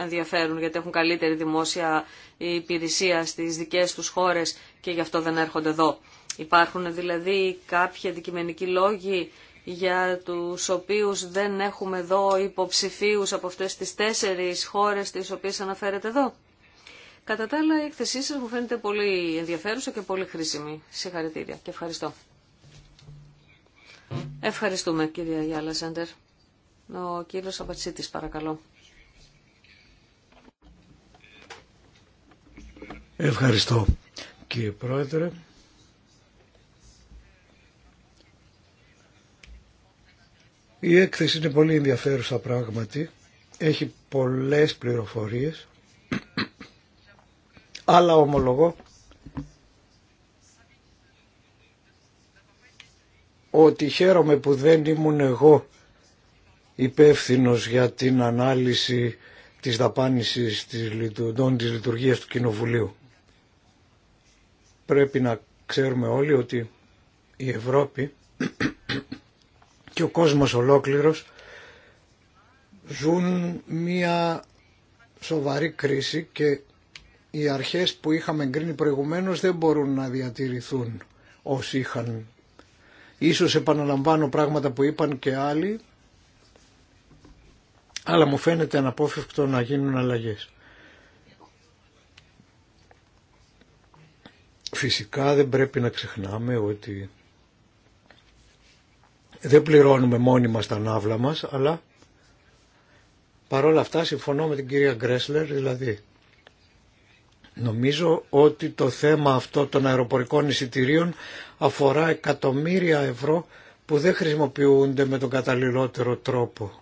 ενδιαφέρουν γιατί έχουν καλύτερη δημόσια υπηρεσία στις δικές τους χώρες και γι' αυτό δεν έρχονται εδώ. Υπάρχουν δηλαδή κάποιοι αντικειμενικοί λόγοι για τους οποίους δεν έχουμε εδώ υποψηφίους από αυτές τις τέσσερις χώρες τις οποίες αναφέρετε εδώ. Κατά τα άλλα η εκθεσή σας μου φαίνεται πολύ ενδιαφέρουσα και πολύ χρήσιμη. Συγχαρητήρια και ευχαριστώ. Ευχαριστούμε κυρία Γιάλα Σέντερ. Ο κύριος Απατσίτης παρακαλώ. Ευχαριστώ κύριε Πρόεδρε. Η έκθεση είναι πολύ ενδιαφέρουσα πράγματι. Έχει πολλές πληροφορίες. Αλλά ομολογώ ότι χαίρομαι που δεν ήμουν εγώ υπεύθυνο για την ανάλυση της δαπάνησης των της λειτουργίας του Κοινοβουλίου. Πρέπει να ξέρουμε όλοι ότι η Ευρώπη και ο κόσμος ολόκληρος ζουν μία σοβαρή κρίση και οι αρχές που είχαμε εγκρίνει προηγουμένως δεν μπορούν να διατηρηθούν όσοι είχαν Ίσως επαναλαμβάνω πράγματα που είπαν και άλλοι, αλλά μου φαίνεται αναπόφευκτο να γίνουν αλλαγές. Φυσικά δεν πρέπει να ξεχνάμε ότι δεν πληρώνουμε μόνοι μας τα ναύλα μας, αλλά παρόλα αυτά συμφωνώ με την κυρία Γκρέσλερ, δηλαδή Νομίζω ότι το θέμα αυτό των αεροπορικών εισιτηρίων αφορά εκατομμύρια ευρώ που δεν χρησιμοποιούνται με τον καταλληλότερο τρόπο.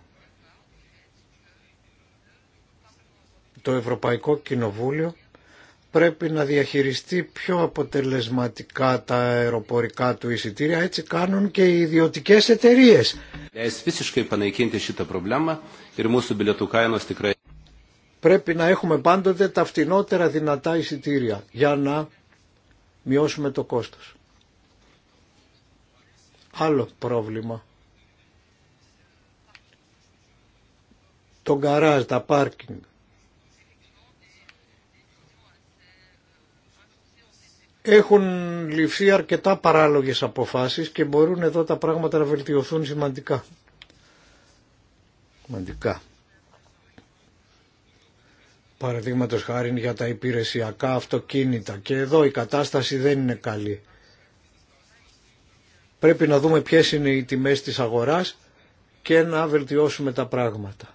Το Ευρωπαϊκό Κοινοβούλιο πρέπει να διαχειριστεί πιο αποτελεσματικά τα αεροπορικά του εισιτήρια. Έτσι κάνουν και οι ιδιωτικές εταιρείες πρέπει να έχουμε πάντοτε τα φτηνότερα δυνατά εισιτήρια για να μειώσουμε το κόστος. Άλλο πρόβλημα. Το γκαράζ, τα πάρκινγκ. Έχουν ληφθεί αρκετά παράλογες αποφάσεις και μπορούν εδώ τα πράγματα να βελτιωθούν σημαντικά. Σημαντικά. Παραδείγματο χάρη για τα υπηρεσιακά αυτοκίνητα και εδώ η κατάσταση δεν είναι καλή. Πρέπει να δούμε ποιες είναι οι τιμές της αγοράς και να βελτιώσουμε τα πράγματα.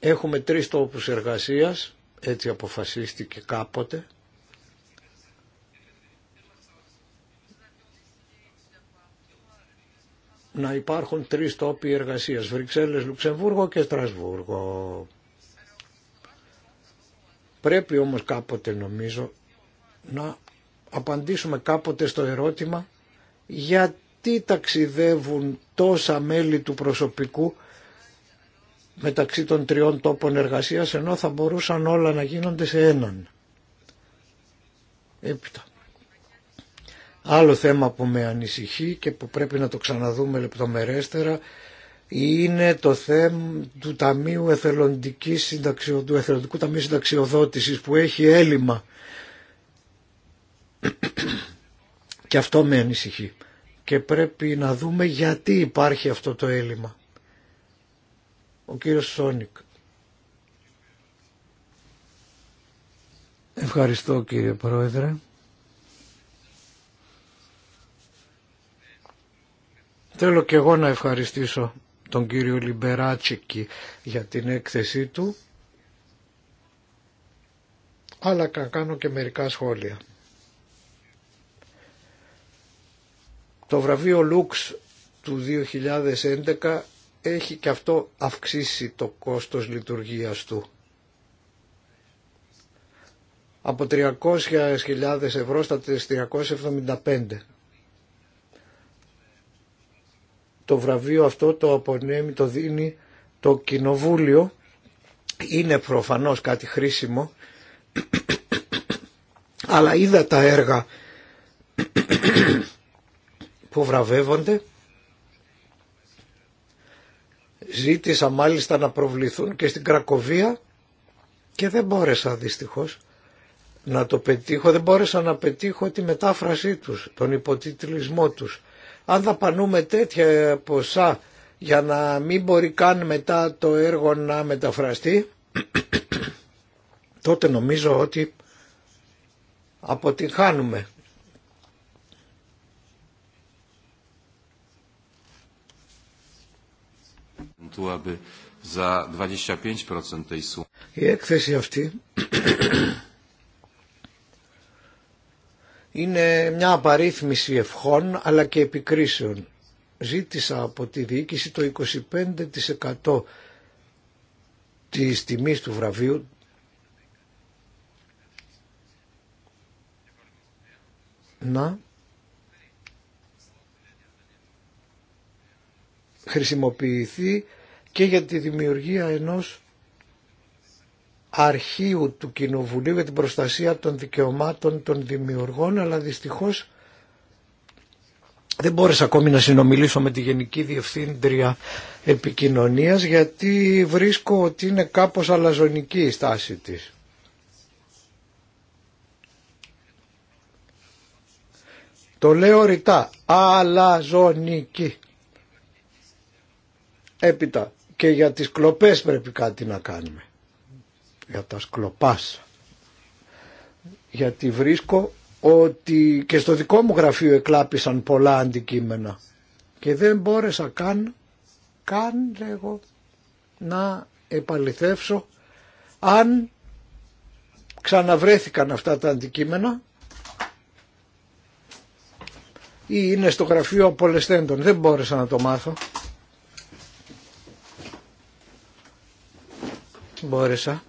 Έχουμε τρεις τόπους εργασίας, έτσι αποφασίστηκε κάποτε. να υπάρχουν τρεις τόποι εργασίας, Βρυξέλλες, Λουξεμβούργο και Στρασβούργο. Πρέπει όμως κάποτε νομίζω να απαντήσουμε κάποτε στο ερώτημα γιατί ταξιδεύουν τόσα μέλη του προσωπικού μεταξύ των τριών τόπων εργασίας ενώ θα μπορούσαν όλα να γίνονται σε έναν. Έπειτα. Άλλο θέμα που με ανησυχεί και που πρέπει να το ξαναδούμε λεπτομερέστερα είναι το θέμα του, ταμείου εθελοντικής συνταξιο... του Εθελοντικού Ταμείου Συνταξιοδότησης που έχει έλλειμμα. και αυτό με ανησυχεί. Και πρέπει να δούμε γιατί υπάρχει αυτό το έλλειμμα. Ο κύριος Σόνικ. Ευχαριστώ κύριε Πρόεδρε. Θέλω και εγώ να ευχαριστήσω τον κύριο Λιμπεράτσικη για την έκθεσή του, αλλά να κάνω και μερικά σχόλια. Το βραβείο Λουξ του 2011 έχει και αυτό αυξήσει το κόστος λειτουργίας του. Από 300.000 ευρώ στα 375. το βραβείο αυτό το απονέμει, το δίνει το κοινοβούλιο. Είναι προφανώς κάτι χρήσιμο, αλλά είδα τα έργα που βραβεύονται. Ζήτησα μάλιστα να προβληθούν και στην Κρακοβία και δεν μπόρεσα δυστυχώς να το πετύχω. Δεν μπόρεσα να πετύχω τη μετάφρασή τους, τον υποτιτλισμό τους. Αν δαπανούμε τέτοια ποσά για να μην μπορεί καν μετά το έργο να μεταφραστεί, τότε νομίζω ότι αποτυγχάνουμε. Η έκθεση αυτή είναι μια απαρίθμηση ευχών αλλά και επικρίσεων. Ζήτησα από τη διοίκηση το 25% της τιμής του βραβείου να χρησιμοποιηθεί και για τη δημιουργία ενός αρχείου του Κοινοβουλίου για την προστασία των δικαιωμάτων των δημιουργών αλλά δυστυχώς δεν μπόρεσα ακόμη να συνομιλήσω με τη Γενική Διευθύντρια Επικοινωνίας γιατί βρίσκω ότι είναι κάπως αλαζονική η στάση της. Το λέω ρητά, αλαζονική. Έπειτα και για τις κλοπές πρέπει κάτι να κάνουμε για τα Γιατί βρίσκω ότι και στο δικό μου γραφείο εκλάπησαν πολλά αντικείμενα και δεν μπόρεσα καν, καν λέγω, να επαληθεύσω αν ξαναβρέθηκαν αυτά τα αντικείμενα ή είναι στο γραφείο απολεσθέντων. Δεν μπόρεσα να το μάθω. Μπόρεσα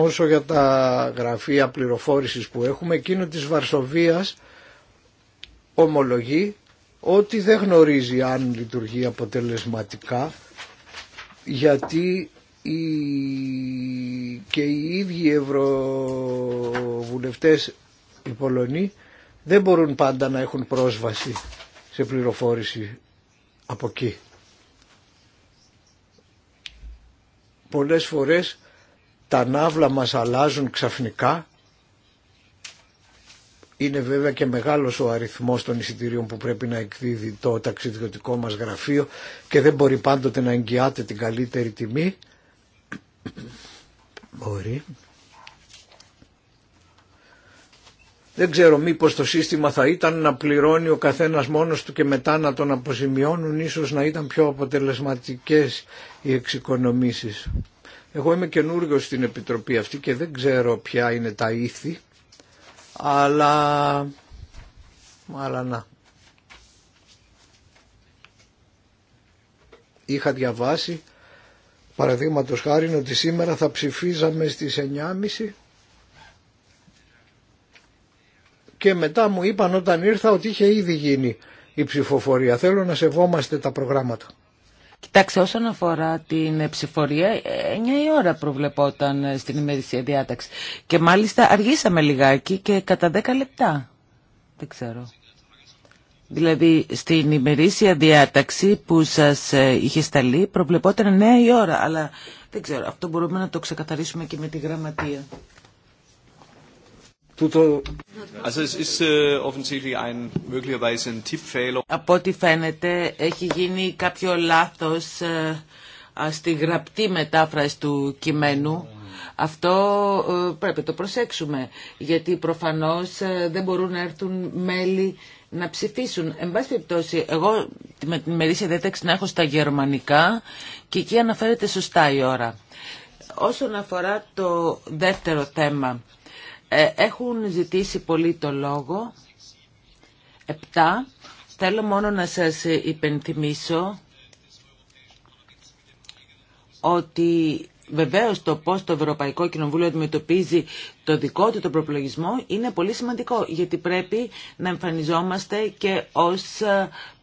Όσο για τα γραφεία πληροφόρησης που έχουμε, εκείνο της Βαρσοβίας ομολογεί ότι δεν γνωρίζει αν λειτουργεί αποτελεσματικά γιατί και οι ίδιοι ευρωβουλευτές οι Πολωνοί δεν μπορούν πάντα να έχουν πρόσβαση σε πληροφόρηση από εκεί. Πολλές φορές τα ναύλα μας αλλάζουν ξαφνικά. Είναι βέβαια και μεγάλος ο αριθμός των εισιτηρίων που πρέπει να εκδίδει το ταξιδιωτικό μας γραφείο και δεν μπορεί πάντοτε να εγγυάται την καλύτερη τιμή. Μπορεί. Δεν ξέρω μήπως το σύστημα θα ήταν να πληρώνει ο καθένας μόνος του και μετά να τον αποζημιώνουν ίσως να ήταν πιο αποτελεσματικές οι εξοικονομήσεις. Εγώ είμαι καινούριο στην Επιτροπή αυτή και δεν ξέρω ποια είναι τα ήθη, αλλά... αλλά να. Είχα διαβάσει, παραδείγματο χάρη, ότι σήμερα θα ψηφίζαμε στις 9.30 και μετά μου είπαν όταν ήρθα ότι είχε ήδη γίνει η ψηφοφορία. Θέλω να σεβόμαστε τα προγράμματα. Κοιτάξτε, όσον αφορά την ψηφορία, 9 η ώρα προβλεπόταν στην ημερησία διάταξη. Και μάλιστα αργήσαμε λιγάκι και κατά 10 λεπτά. Δεν ξέρω. Δηλαδή, στην ημερήσια διάταξη που σας ε, είχε σταλεί προβλεπόταν 9 η ώρα. Αλλά δεν ξέρω, αυτό μπορούμε να το ξεκαθαρίσουμε και με τη γραμματεία. Äh, Από ό,τι φαίνεται έχει γίνει κάποιο λάθος ε, στη γραπτή μετάφραση του κειμένου. Αυτό ε, πρέπει να το προσέξουμε, γιατί προφανώς ε, δεν μπορούν να έρθουν μέλη να ψηφίσουν. Εν πάση εγώ με την μερίσια διέταξη να έχω στα γερμανικά και εκεί αναφέρεται σωστά η ώρα. Όσον αφορά το δεύτερο θέμα, ε, έχουν ζητήσει πολύ το λόγο. Επτά. Θέλω μόνο να σας υπενθυμίσω ότι βεβαίως το πώς το Ευρωπαϊκό Κοινοβούλιο αντιμετωπίζει το δικό του το προπολογισμό είναι πολύ σημαντικό γιατί πρέπει να εμφανιζόμαστε και ως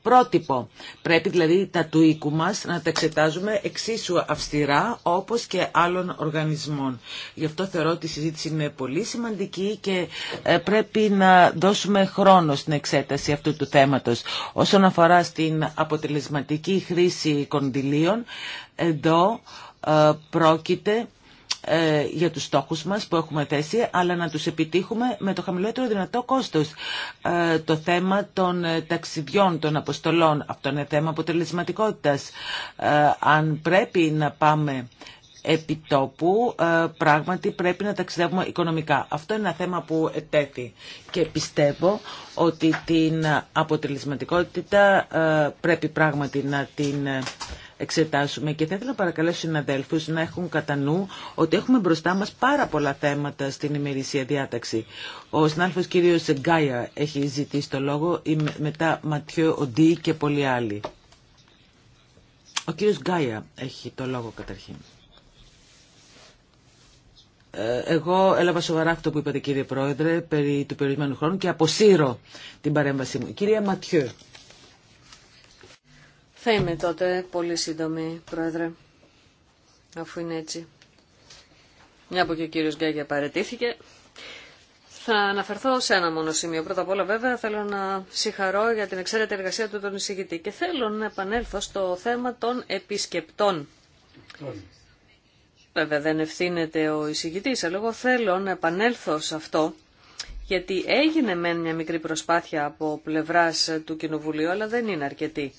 πρότυπο. Πρέπει δηλαδή τα του οίκου να τα εξετάζουμε εξίσου αυστηρά όπως και άλλων οργανισμών. Γι' αυτό θεωρώ ότι η συζήτηση είναι πολύ σημαντική και ε, πρέπει να δώσουμε χρόνο στην εξέταση αυτού του θέματος. Όσον αφορά στην αποτελεσματική χρήση κονδυλίων, εδώ ε, πρόκειται ε, για τους στόχους μας που έχουμε θέσει, αλλά να τους επιτύχουμε με το χαμηλότερο δυνατό κόστος. Ε, το θέμα των ε, ταξιδιών, των αποστολών, αυτό είναι θέμα αποτελεσματικότητας. αν πρέπει να πάμε επιτόπου πράγματι πρέπει να ταξιδεύουμε οικονομικά. Αυτό είναι ένα θέμα που ετέθη και πιστεύω ότι την αποτελεσματικότητα πρέπει πράγματι να την εξετάσουμε και θα ήθελα να παρακαλέσω συναδέλφου να έχουν κατά νου ότι έχουμε μπροστά μας πάρα πολλά θέματα στην ημερησία διάταξη. Ο συνάδελφος κύριος Γκάια έχει ζητήσει το λόγο, μετά Ματιό Οντί και πολλοί άλλοι. Ο κύριος Γκάια έχει το λόγο καταρχήν. Ε, εγώ έλαβα σοβαρά αυτό που είπατε κύριε Πρόεδρε περί του περιορισμένου χρόνου και αποσύρω την παρέμβασή μου. Κυρία Ματιού. Θα είμαι τότε πολύ σύντομη, Πρόεδρε, αφού είναι έτσι. Μια που και ο κύριος Γκάγια παρετήθηκε. Θα αναφερθώ σε ένα μόνο σημείο. Πρώτα απ' όλα βέβαια θέλω να συγχαρώ για την εξαίρετη εργασία του τον εισηγητή και θέλω να επανέλθω στο θέμα των επισκεπτών. Βέβαια δεν ευθύνεται ο εισηγητής, αλλά εγώ θέλω να επανέλθω σε αυτό γιατί έγινε μεν μια μικρή προσπάθεια από πλευράς του Κοινοβουλίου, αλλά δεν είναι αρκετή.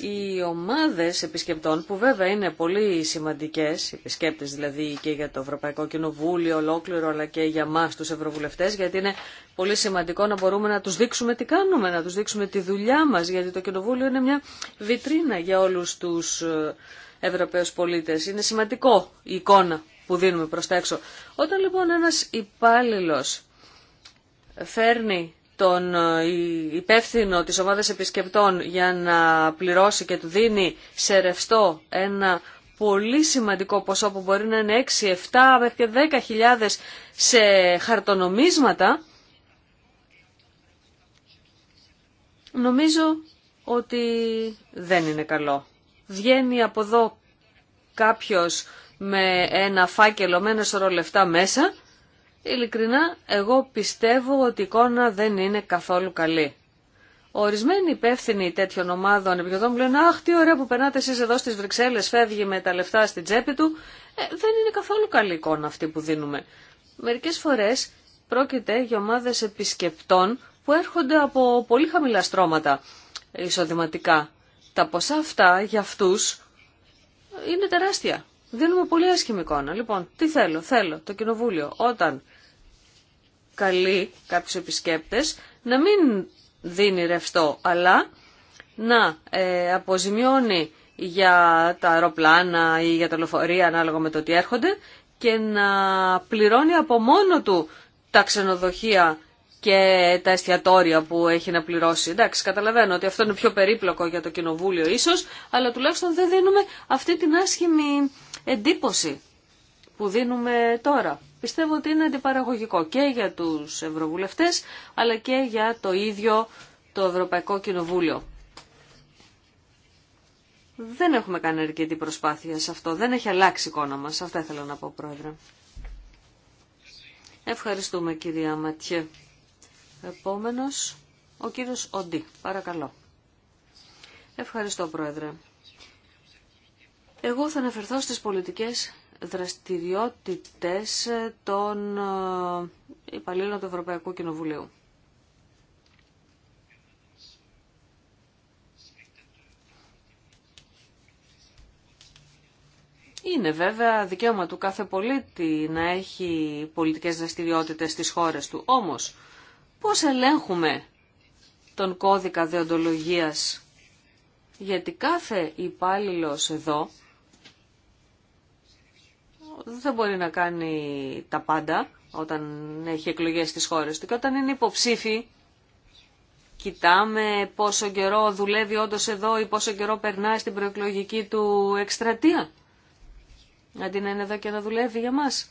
Οι ομάδες επισκεπτών, που βέβαια είναι πολύ σημαντικές, επισκέπτες δηλαδή και για το Ευρωπαϊκό Κοινοβούλιο ολόκληρο, αλλά και για μας τους Ευρωβουλευτές, γιατί είναι πολύ σημαντικό να μπορούμε να τους δείξουμε τι κάνουμε, να τους δείξουμε τη δουλειά μας, γιατί το Κοινοβούλιο είναι μια βιτρίνα για όλους τους ε, Ευρωπαίους πολίτες. Είναι σημαντικό η εικόνα που δίνουμε προς τα έξω. Όταν λοιπόν ένας υπάλληλο φέρνει τον ε, υπεύθυνο της ομάδας επισκεπτών για να πληρώσει και του δίνει σε ρευστό ένα πολύ σημαντικό ποσό που μπορεί να είναι 6, 7 μέχρι και 10 σε χαρτονομίσματα, νομίζω ότι δεν είναι καλό. Βγαίνει από εδώ κάποιος με ένα φάκελο, με ένα σωρό λεφτά μέσα Ειλικρινά, εγώ πιστεύω ότι η εικόνα δεν είναι καθόλου καλή. Ορισμένοι υπεύθυνοι τέτοιων ομάδων επιχειρητών μου λένε Αχ, τι ωραία που περνάτε εσεί εδώ στι Βρυξέλλε, φεύγει με τα λεφτά στην τσέπη του. Ε, δεν είναι καθόλου καλή εικόνα αυτή που δίνουμε. Μερικέ φορέ πρόκειται για ομάδε επισκεπτών που έρχονται από πολύ χαμηλά στρώματα εισοδηματικά. Τα ποσά αυτά για αυτού είναι τεράστια. Δίνουμε πολύ άσχημη εικόνα. Λοιπόν, τι θέλω, θέλω το κοινοβούλιο όταν καλεί κάποιους επισκέπτες να μην δίνει ρευστό, αλλά να ε, αποζημιώνει για τα αεροπλάνα ή για τα λεωφορεία ανάλογα με το τι έρχονται και να πληρώνει από μόνο του τα ξενοδοχεία και τα εστιατόρια που έχει να πληρώσει. Εντάξει, καταλαβαίνω ότι αυτό είναι πιο περίπλοκο για το κοινοβούλιο ίσως, αλλά τουλάχιστον δεν δίνουμε αυτή την άσχημη εντύπωση που δίνουμε τώρα πιστεύω ότι είναι αντιπαραγωγικό και για τους ευρωβουλευτές αλλά και για το ίδιο το Ευρωπαϊκό Κοινοβούλιο. Δεν έχουμε κάνει αρκετή προσπάθεια σε αυτό. Δεν έχει αλλάξει η εικόνα μας. Αυτά ήθελα να πω, Πρόεδρε. Ευχαριστούμε, κυρία Ματιέ. Επόμενος, ο κύριος Οντί. Παρακαλώ. Ευχαριστώ, Πρόεδρε. Εγώ θα αναφερθώ στις πολιτικές δραστηριότητες των ε, υπαλλήλων του Ευρωπαϊκού Κοινοβουλίου. Είναι βέβαια δικαίωμα του κάθε πολίτη να έχει πολιτικές δραστηριότητες στις χώρες του. Όμως, πώς ελέγχουμε τον κώδικα δεοντολογίας, γιατί κάθε υπάλληλος εδώ δεν μπορεί να κάνει τα πάντα όταν έχει εκλογές στις χώρες του και όταν είναι υποψήφοι κοιτάμε πόσο καιρό δουλεύει όντως εδώ ή πόσο καιρό περνάει στην προεκλογική του εκστρατεία. Αντί να είναι εδώ και να δουλεύει για μας.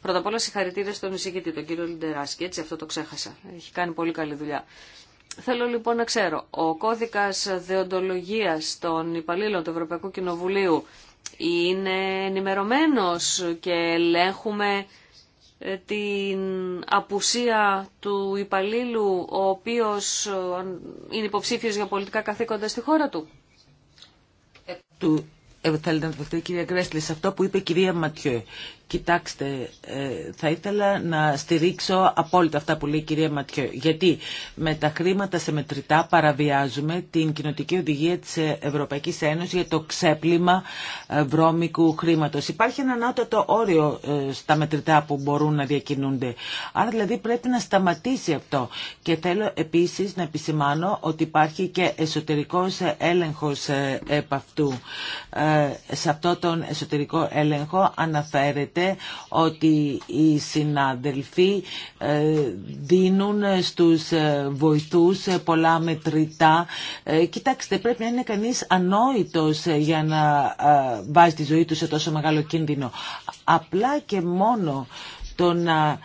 Πρώτα απ' όλα συγχαρητήρια στον εισηγητή, τον κύριο Λιντεράσκη, έτσι αυτό το ξέχασα. Έχει κάνει πολύ καλή δουλειά. Θέλω λοιπόν να ξέρω, ο κώδικας δεοντολογίας των υπαλλήλων του Ευρωπαϊκού Κοινοβουλίου είναι ενημερωμένος και ελέγχουμε ε, την απουσία του υπαλλήλου ο οποίος είναι υποψήφιος για πολιτικά καθήκοντα στη χώρα του. Ε, του, ε, θέλετε να το η κυρία Γκρέσλη, σε αυτό που είπε η κυρία Ματιέ. Κοιτάξτε, ε, θα ήθελα να στηρίξω απόλυτα αυτά που λέει η κυρία Ματιό. Γιατί με τα χρήματα σε μετρητά παραβιάζουμε την κοινοτική οδηγία της Ευρωπαϊκής Ένωσης για το ξέπλυμα ε, βρώμικου χρήματος. Υπάρχει ένα ανώτατο όριο ε, στα μετρητά που μπορούν να διακινούνται. Άρα δηλαδή πρέπει να σταματήσει αυτό. Και θέλω επίσης να επισημάνω ότι υπάρχει και εσωτερικός έλεγχος επ' αυτού. Σε αυτό τον εσωτερικό έλεγχο αναφέρεται ότι οι συνάδελφοι ε, δίνουν στους ε, βοηθούς ε, πολλά μετρητά. Κοιτάξτε, πρέπει να είναι κανείς ανόητος για να βάζει τη ζωή του σε τόσο μεγάλο κίνδυνο. Απλά και μόνο το να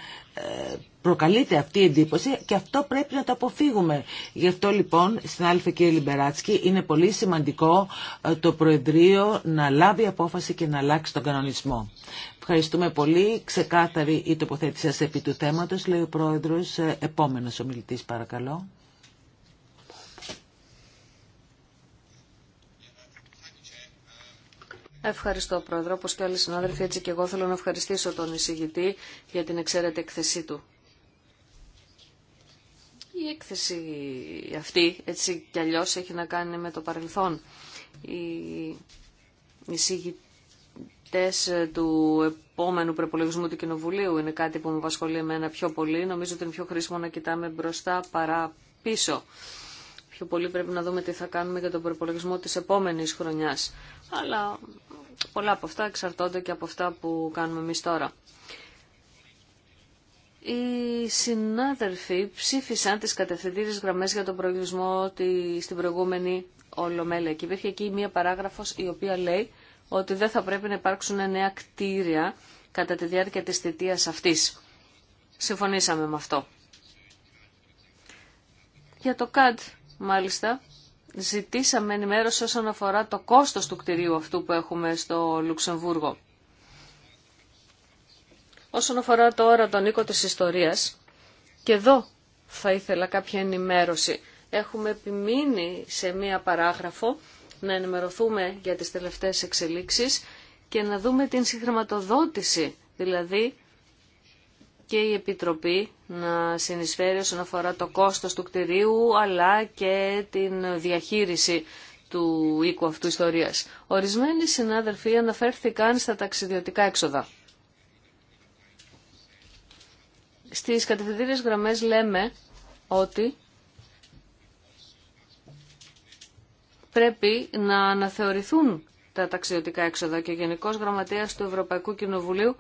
προκαλείται αυτή η εντύπωση και αυτό πρέπει να το αποφύγουμε. Γι' αυτό λοιπόν, στην κύριε Λιμπεράτσκι, είναι πολύ σημαντικό το Προεδρείο να λάβει απόφαση και να αλλάξει τον κανονισμό. Ευχαριστούμε πολύ. Ξεκάθαρη η τοποθέτηση σας επί του θέματος, λέει ο Πρόεδρος. Ε, επόμενος ομιλητής, παρακαλώ. Ευχαριστώ, Πρόεδρο. Όπως και άλλοι συνάδελφοι, έτσι και εγώ θέλω να ευχαριστήσω τον εισηγητή για την εξαίρετη εκθεσή του. Η έκθεση αυτή, έτσι κι αλλιώς, έχει να κάνει με το παρελθόν. Η εισηγητή γραμματές ε, του επόμενου προπολογισμού του Κοινοβουλίου είναι κάτι που με απασχολεί εμένα πιο πολύ. Νομίζω ότι είναι πιο χρήσιμο να κοιτάμε μπροστά παρά πίσω. Πιο πολύ πρέπει να δούμε τι θα κάνουμε για τον προπολογισμό της επόμενης χρονιάς. Αλλά πολλά από αυτά εξαρτώνται και από αυτά που κάνουμε εμείς τώρα. Οι συνάδελφοι ψήφισαν τις κατευθυντήριες γραμμές για τον προηγισμό στην προηγούμενη Ολομέλεια. Και υπήρχε εκεί μία παράγραφος η οποία λέει ότι δεν θα πρέπει να υπάρξουν νέα κτίρια κατά τη διάρκεια της θητείας αυτής. Συμφωνήσαμε με αυτό. Για το ΚΑΤ, μάλιστα, ζητήσαμε ενημέρωση όσον αφορά το κόστος του κτηρίου αυτού που έχουμε στο Λουξεμβούργο. Όσον αφορά τώρα τον οίκο της ιστορίας, και εδώ θα ήθελα κάποια ενημέρωση. Έχουμε επιμείνει σε μία παράγραφο να ενημερωθούμε για τις τελευταίες εξελίξεις και να δούμε την συγχρηματοδότηση, δηλαδή και η Επιτροπή να συνεισφέρει όσον αφορά το κόστος του κτηρίου αλλά και την διαχείριση του οίκου αυτού ιστορίας. Ορισμένοι συνάδελφοι αναφέρθηκαν στα ταξιδιωτικά έξοδα. Στις κατευθυντήριες γραμμές λέμε ότι πρέπει να αναθεωρηθούν τα ταξιδιωτικά έξοδα και ο Γενικός Γραμματέας του Ευρωπαϊκού Κοινοβουλίου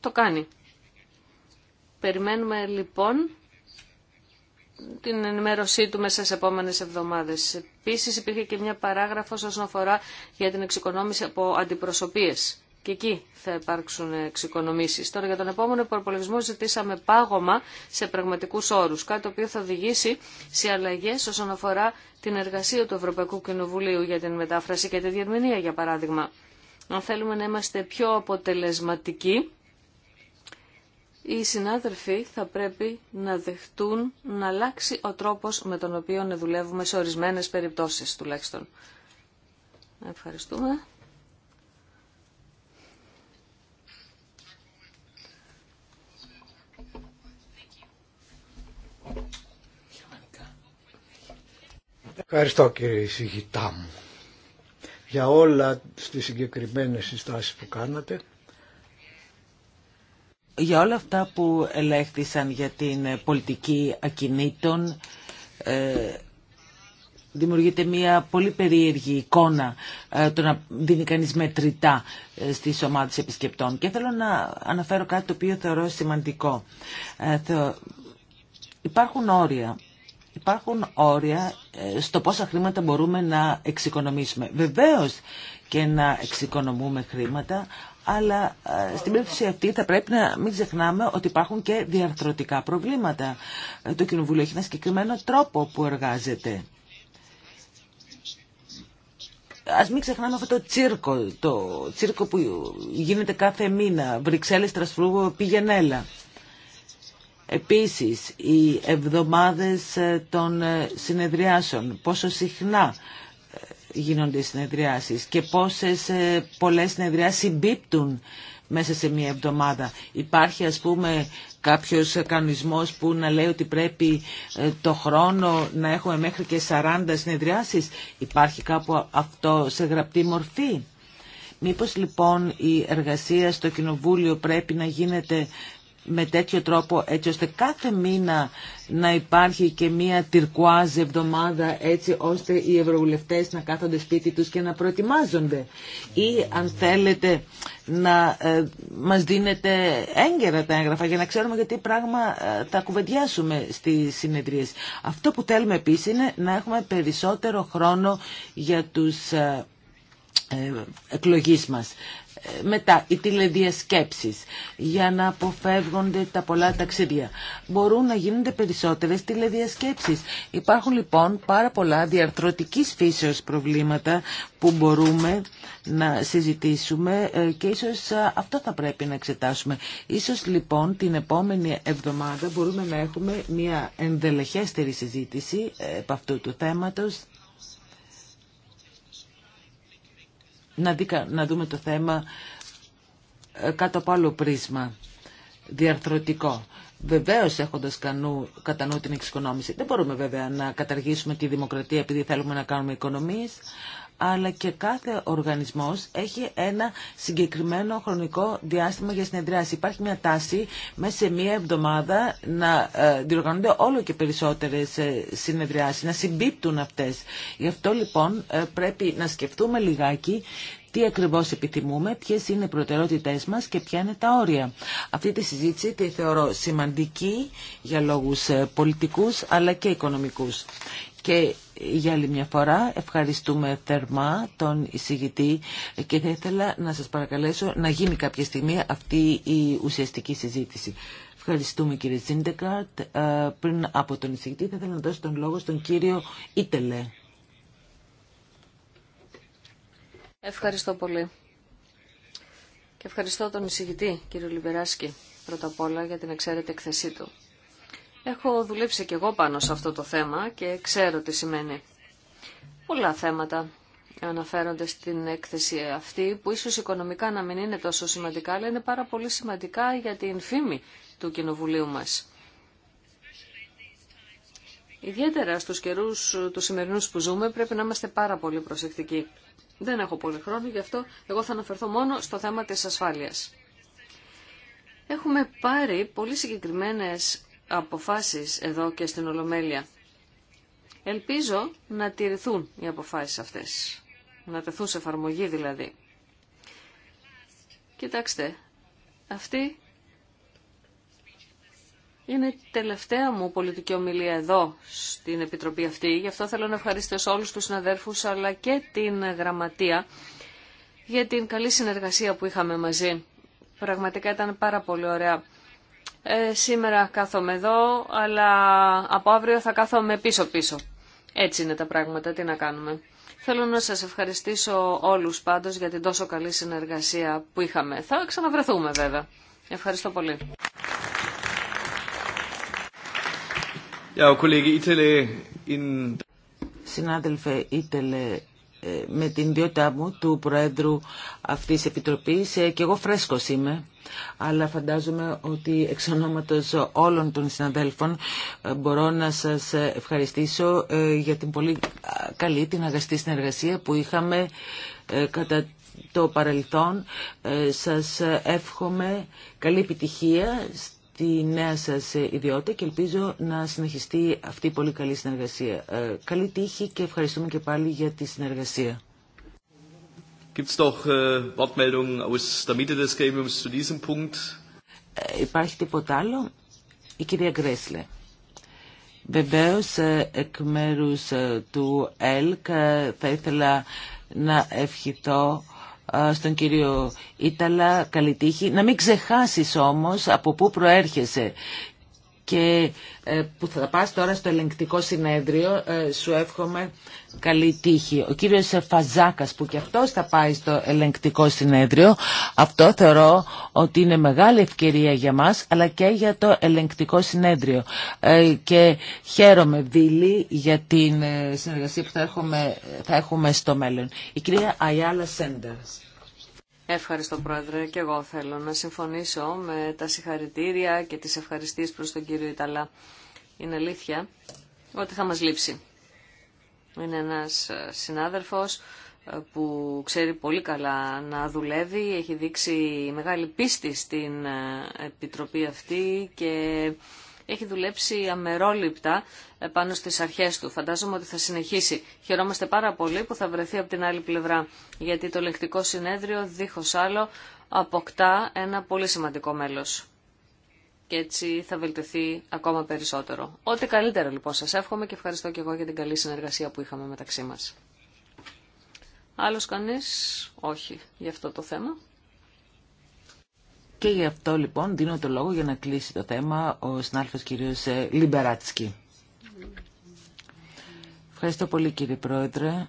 το κάνει. Περιμένουμε λοιπόν την ενημέρωσή του μέσα σε επόμενες εβδομάδες. Επίσης υπήρχε και μια παράγραφος όσον αφορά για την εξοικονόμηση από αντιπροσωπείες και εκεί θα υπάρξουν εξοικονομήσει. Τώρα για τον επόμενο προπολογισμό ζητήσαμε πάγωμα σε πραγματικού όρου. κάτι το οποίο θα οδηγήσει σε αλλαγέ όσον αφορά την εργασία του Ευρωπαϊκού Κοινοβουλίου για την μετάφραση και τη διερμηνία, για παράδειγμα. Αν θέλουμε να είμαστε πιο αποτελεσματικοί, οι συνάδελφοι θα πρέπει να δεχτούν να αλλάξει ο τρόπος με τον οποίο δουλεύουμε σε ορισμένες περιπτώσεις τουλάχιστον. Ευχαριστούμε. Ευχαριστώ κύριε εισηγητά μου για όλα τις συγκεκριμένες συστάσεις που κάνατε. Για όλα αυτά που ελέγχθησαν για την πολιτική ακινήτων ε, δημιουργείται μια πολύ περίεργη εικόνα ε, το να δίνει κανείς μετρητά ε, στις ομάδες επισκεπτών. Και θέλω να αναφέρω κάτι το οποίο θεωρώ σημαντικό. Υπάρχουν όρια υπάρχουν όρια ε, στο πόσα χρήματα μπορούμε να εξοικονομήσουμε. Βεβαίως και να εξοικονομούμε χρήματα, αλλά ε, στην περίπτωση αυτή θα πρέπει να μην ξεχνάμε ότι υπάρχουν και διαρθρωτικά προβλήματα. Ε, το Κοινοβούλιο έχει ένα συγκεκριμένο τρόπο που εργάζεται. Ας μην ξεχνάμε αυτό το τσίρκο, το τσίρκο που γίνεται κάθε μήνα, Βρυξέλλες, πήγαινε έλα. Επίσης, οι εβδομάδες ε, των ε, συνεδριάσεων, πόσο συχνά ε, γίνονται οι συνεδριάσεις και πόσες πολλές συνεδριάσεις συμπίπτουν μέσα σε μία εβδομάδα. Υπάρχει ας πούμε κάποιος κανονισμός που να λέει ότι πρέπει το χρόνο να έχουμε μέχρι και 40 συνεδριάσεις. Υπάρχει κάπου αυτό σε γραπτή μορφή. Μήπως λοιπόν η εργασία στο Κοινοβούλιο πρέπει να γίνεται με τέτοιο τρόπο έτσι ώστε κάθε μήνα να υπάρχει και μία τυρκουάζ εβδομάδα έτσι ώστε οι ευρωβουλευτές να κάθονται σπίτι τους και να προετοιμάζονται ή αν θέλετε να ε, μας δίνετε έγκαιρα τα έγγραφα για να ξέρουμε γιατί πράγμα ε, θα κουβεντιάσουμε στις συνεδρίες. Αυτό που θέλουμε επίσης είναι να έχουμε περισσότερο χρόνο για τους ε, εκλογείς μας. Μετά, οι τηλεδιασκέψεις για να αποφεύγονται τα πολλά ταξίδια. Μπορούν να γίνονται περισσότερες τηλεδιασκέψεις. Υπάρχουν λοιπόν πάρα πολλά διαρθρωτικής φύσεως προβλήματα που μπορούμε να συζητήσουμε ε, και ίσως ε, αυτό θα πρέπει να εξετάσουμε. Ίσως λοιπόν την επόμενη εβδομάδα μπορούμε να έχουμε μια ενδελεχέστερη συζήτηση ε, επ' αυτού του θέματος να δούμε το θέμα ε, κάτω από άλλο πρίσμα διαρθρωτικό. Βεβαίω έχοντα κατά νου την εξοικονόμηση. Δεν μπορούμε βέβαια να καταργήσουμε τη δημοκρατία επειδή θέλουμε να κάνουμε οικονομίε, αλλά και κάθε οργανισμός έχει ένα συγκεκριμένο χρονικό διάστημα για συνεδριάσει. Υπάρχει μια τάση μέσα σε μια εβδομάδα να ε, διοργανώνται όλο και περισσότερες ε, συνεδριάσεις, να συμπίπτουν αυτές. Γι' αυτό λοιπόν ε, πρέπει να σκεφτούμε λιγάκι τι ακριβώς επιθυμούμε, ποιες είναι οι προτεραιότητές μας και ποια είναι τα όρια. Αυτή τη συζήτηση τη θεωρώ σημαντική για λόγους πολιτικούς αλλά και οικονομικούς. Και για άλλη μια φορά ευχαριστούμε θερμά τον εισηγητή και θα ήθελα να σας παρακαλέσω να γίνει κάποια στιγμή αυτή η ουσιαστική συζήτηση. Ευχαριστούμε κύριε Ζίντεκαρτ ε, Πριν από τον εισηγητή θα ήθελα να δώσω τον λόγο στον κύριο Ήτελε. Ευχαριστώ πολύ. Και ευχαριστώ τον εισηγητή κύριο Λιμπεράσκη πρώτα απ' όλα για την εξαίρετη εκθεσή του. Έχω δουλέψει και εγώ πάνω σε αυτό το θέμα και ξέρω τι σημαίνει. Πολλά θέματα αναφέρονται στην έκθεση αυτή που ίσως οικονομικά να μην είναι τόσο σημαντικά αλλά είναι πάρα πολύ σημαντικά για την φήμη του Κοινοβουλίου μας. Ιδιαίτερα στους καιρούς του σημερινούς που ζούμε πρέπει να είμαστε πάρα πολύ προσεκτικοί. Δεν έχω πολύ χρόνο, γι' αυτό εγώ θα αναφερθώ μόνο στο θέμα της ασφάλειας. Έχουμε πάρει πολύ συγκεκριμένες αποφάσεις εδώ και στην Ολομέλεια. Ελπίζω να τηρηθούν οι αποφάσεις αυτές, να τεθούν σε εφαρμογή δηλαδή. Κοιτάξτε, αυτή είναι η τελευταία μου πολιτική ομιλία εδώ στην Επιτροπή αυτή. Γι' αυτό θέλω να ευχαριστήσω όλους τους συναδέρφους αλλά και την Γραμματεία για την καλή συνεργασία που είχαμε μαζί. Πραγματικά ήταν πάρα πολύ ωραία ε, σήμερα κάθομαι εδώ, αλλά από αύριο θα κάθομαι πίσω-πίσω. Έτσι είναι τα πράγματα, τι να κάνουμε. Θέλω να σας ευχαριστήσω όλους πάντως για την τόσο καλή συνεργασία που είχαμε. Θα ξαναβρεθούμε βέβαια. Ευχαριστώ πολύ. Συνάδελφε Ιτελέ. Ε, με την ιδιότητά μου του Προέδρου αυτής της Επιτροπής ε, και εγώ φρέσκος είμαι αλλά φαντάζομαι ότι εξ ονόματος όλων των συναδέλφων ε, μπορώ να σας ευχαριστήσω για την πολύ καλή την αγαστή συνεργασία που είχαμε κατά το παρελθόν. Σας εύχομαι καλή επιτυχία τη νέα σας ιδιότητα και ελπίζω να συνεχιστεί αυτή η πολύ καλή συνεργασία. Ε, καλή τύχη και ευχαριστούμε και πάλι για τη συνεργασία. Υπάρχει τίποτα άλλο. Η κυρία Γκρέσλε. Βεβαίω, ε, εκ μέρου ε, του ΕΛΚ θα ήθελα να ευχηθώ στον κύριο Ήταλα, καλή τύχη. Να μην ξεχάσεις όμως από πού προέρχεσαι και ε, που θα πας τώρα στο ελεγκτικό συνέδριο. Ε, σου εύχομαι καλή τύχη. Ο κύριος Φαζάκας που και αυτός θα πάει στο ελεγκτικό συνέδριο. Αυτό θεωρώ ότι είναι μεγάλη ευκαιρία για μας αλλά και για το ελεγκτικό συνέδριο. Ε, και χαίρομαι Βίλη για την συνεργασία που θα έχουμε, θα έχουμε στο μέλλον. Η κυρία Αιάλα Σέντερς. Ευχαριστώ Πρόεδρε και εγώ θέλω να συμφωνήσω με τα συγχαρητήρια και τις ευχαριστίες προς τον κύριο Ιταλά. Είναι αλήθεια ότι θα μας λείψει. Είναι ένας ε, συνάδελφος ε, που ξέρει πολύ καλά να δουλεύει, έχει δείξει μεγάλη πίστη στην ε, Επιτροπή αυτή και έχει δουλέψει αμερόληπτα ε, πάνω στις αρχές του. Φαντάζομαι ότι θα συνεχίσει. Χαιρόμαστε πάρα πολύ που θα βρεθεί από την άλλη πλευρά, γιατί το λεκτικό συνέδριο δίχως άλλο αποκτά ένα πολύ σημαντικό μέλο Και έτσι θα βελτιωθεί ακόμα περισσότερο. Ό,τι καλύτερο λοιπόν σας εύχομαι και ευχαριστώ και εγώ για την καλή συνεργασία που είχαμε μεταξύ μα. Άλλος κανείς, όχι, για αυτό το θέμα. Και γι' αυτό λοιπόν δίνω το λόγο για να κλείσει το θέμα ο συνάλφος κύριος ε, Λιμπεράτσκι. Ευχαριστώ πολύ κύριε Πρόεδρε.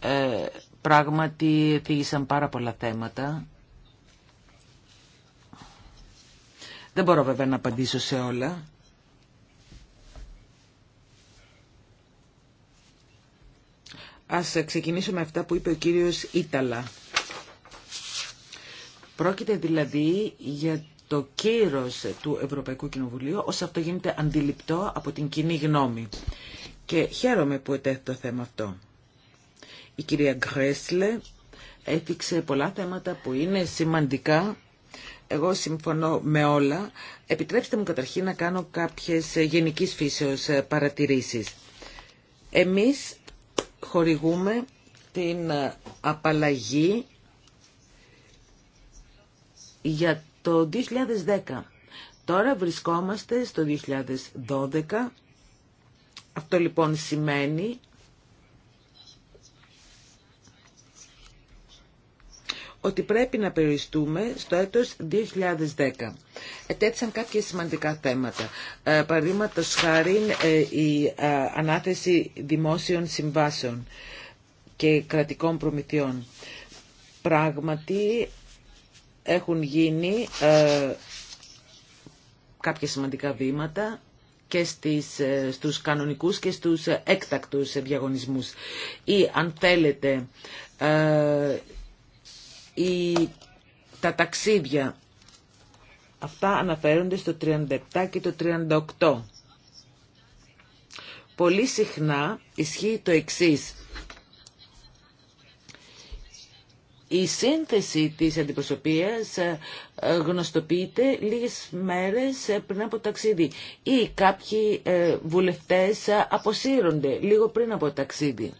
Ε, πράγματι θίγησαν πάρα πολλά θέματα. Δεν μπορώ βέβαια να απαντήσω σε όλα. Ας ξεκινήσω με αυτά που είπε ο κύριος Ήταλα. Πρόκειται δηλαδή για το κύρος του Ευρωπαϊκού Κοινοβουλίου, ως αυτό γίνεται αντιληπτό από την κοινή γνώμη. Και χαίρομαι που ετέθη το θέμα αυτό. Η κυρία Γκρέσλε έθιξε πολλά θέματα που είναι σημαντικά. Εγώ συμφωνώ με όλα. Επιτρέψτε μου καταρχήν να κάνω κάποιες γενικής φύσεως παρατηρήσεις. Εμείς χορηγούμε την απαλλαγή για το 2010. Τώρα βρισκόμαστε στο 2012. Αυτό λοιπόν σημαίνει ότι πρέπει να περιοριστούμε στο έτος 2010. Ετέθησαν κάποια σημαντικά θέματα. Ε, Παραδείγματο χάρη ε, η ε, ανάθεση δημόσιων συμβάσεων και κρατικών προμηθειών. Πράγματι έχουν γίνει ε, κάποια σημαντικά βήματα και στις, ε, στους κανονικούς και στους έκτακτους διαγωνισμούς. Ή αν θέλετε, ε, η, τα ταξίδια, αυτά αναφέρονται στο 37 και το 38. Πολύ συχνά ισχύει το εξής. Η σύνθεση της αντιπροσωπείας ε, ε, γνωστοποιείται λίγες μέρες ε, πριν από το ταξίδι ή κάποιοι βουλευτές αποσύρονται λίγο πριν από το ταξίδι.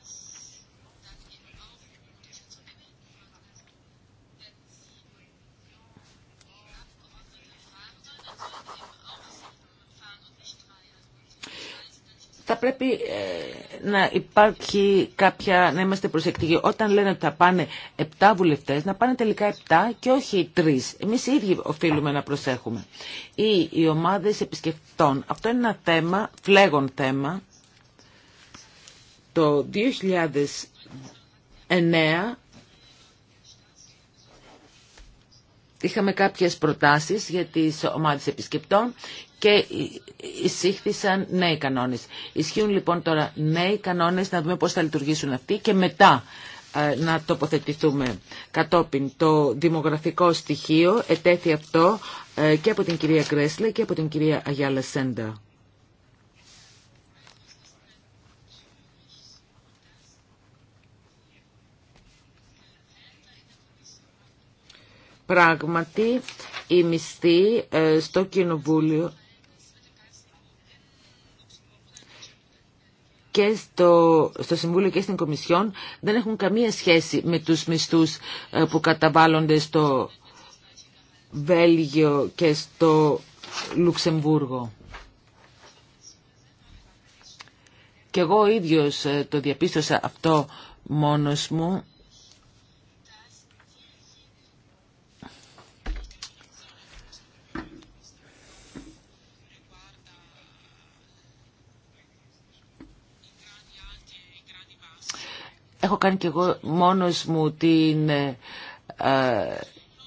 θα πρέπει ε, να υπάρχει κάποια, να είμαστε προσεκτικοί. Όταν λένε ότι θα πάνε 7 βουλευτέ, να πάνε τελικά 7 και όχι 3. Εμείς οι ίδιοι οφείλουμε να προσέχουμε. Ή οι ομάδε επισκεπτών. Αυτό είναι ένα θέμα, φλέγον θέμα. Το 2009 Είχαμε κάποιες προτάσεις για τις ομάδες επισκεπτών και εισήχθησαν νέοι κανόνες. Ισχύουν λοιπόν τώρα νέοι κανόνες να δούμε πώς θα λειτουργήσουν αυτοί και μετά ε, να τοποθετηθούμε κατόπιν το δημογραφικό στοιχείο ετέθη αυτό ε, και από την κυρία Κρέσλε και από την κυρία Αγιάλα Σέντα. Πράγματι, οι μισθοί ε, στο Κοινοβούλιο και στο, στο Συμβούλιο και στην Κομισιόν δεν έχουν καμία σχέση με τους μισθούς ε, που καταβάλλονται στο Βέλγιο και στο Λουξεμβούργο. Και εγώ ίδιος ε, το διαπίστωσα αυτό μόνος μου έχω κάνει και εγώ μόνος μου την ε, ε,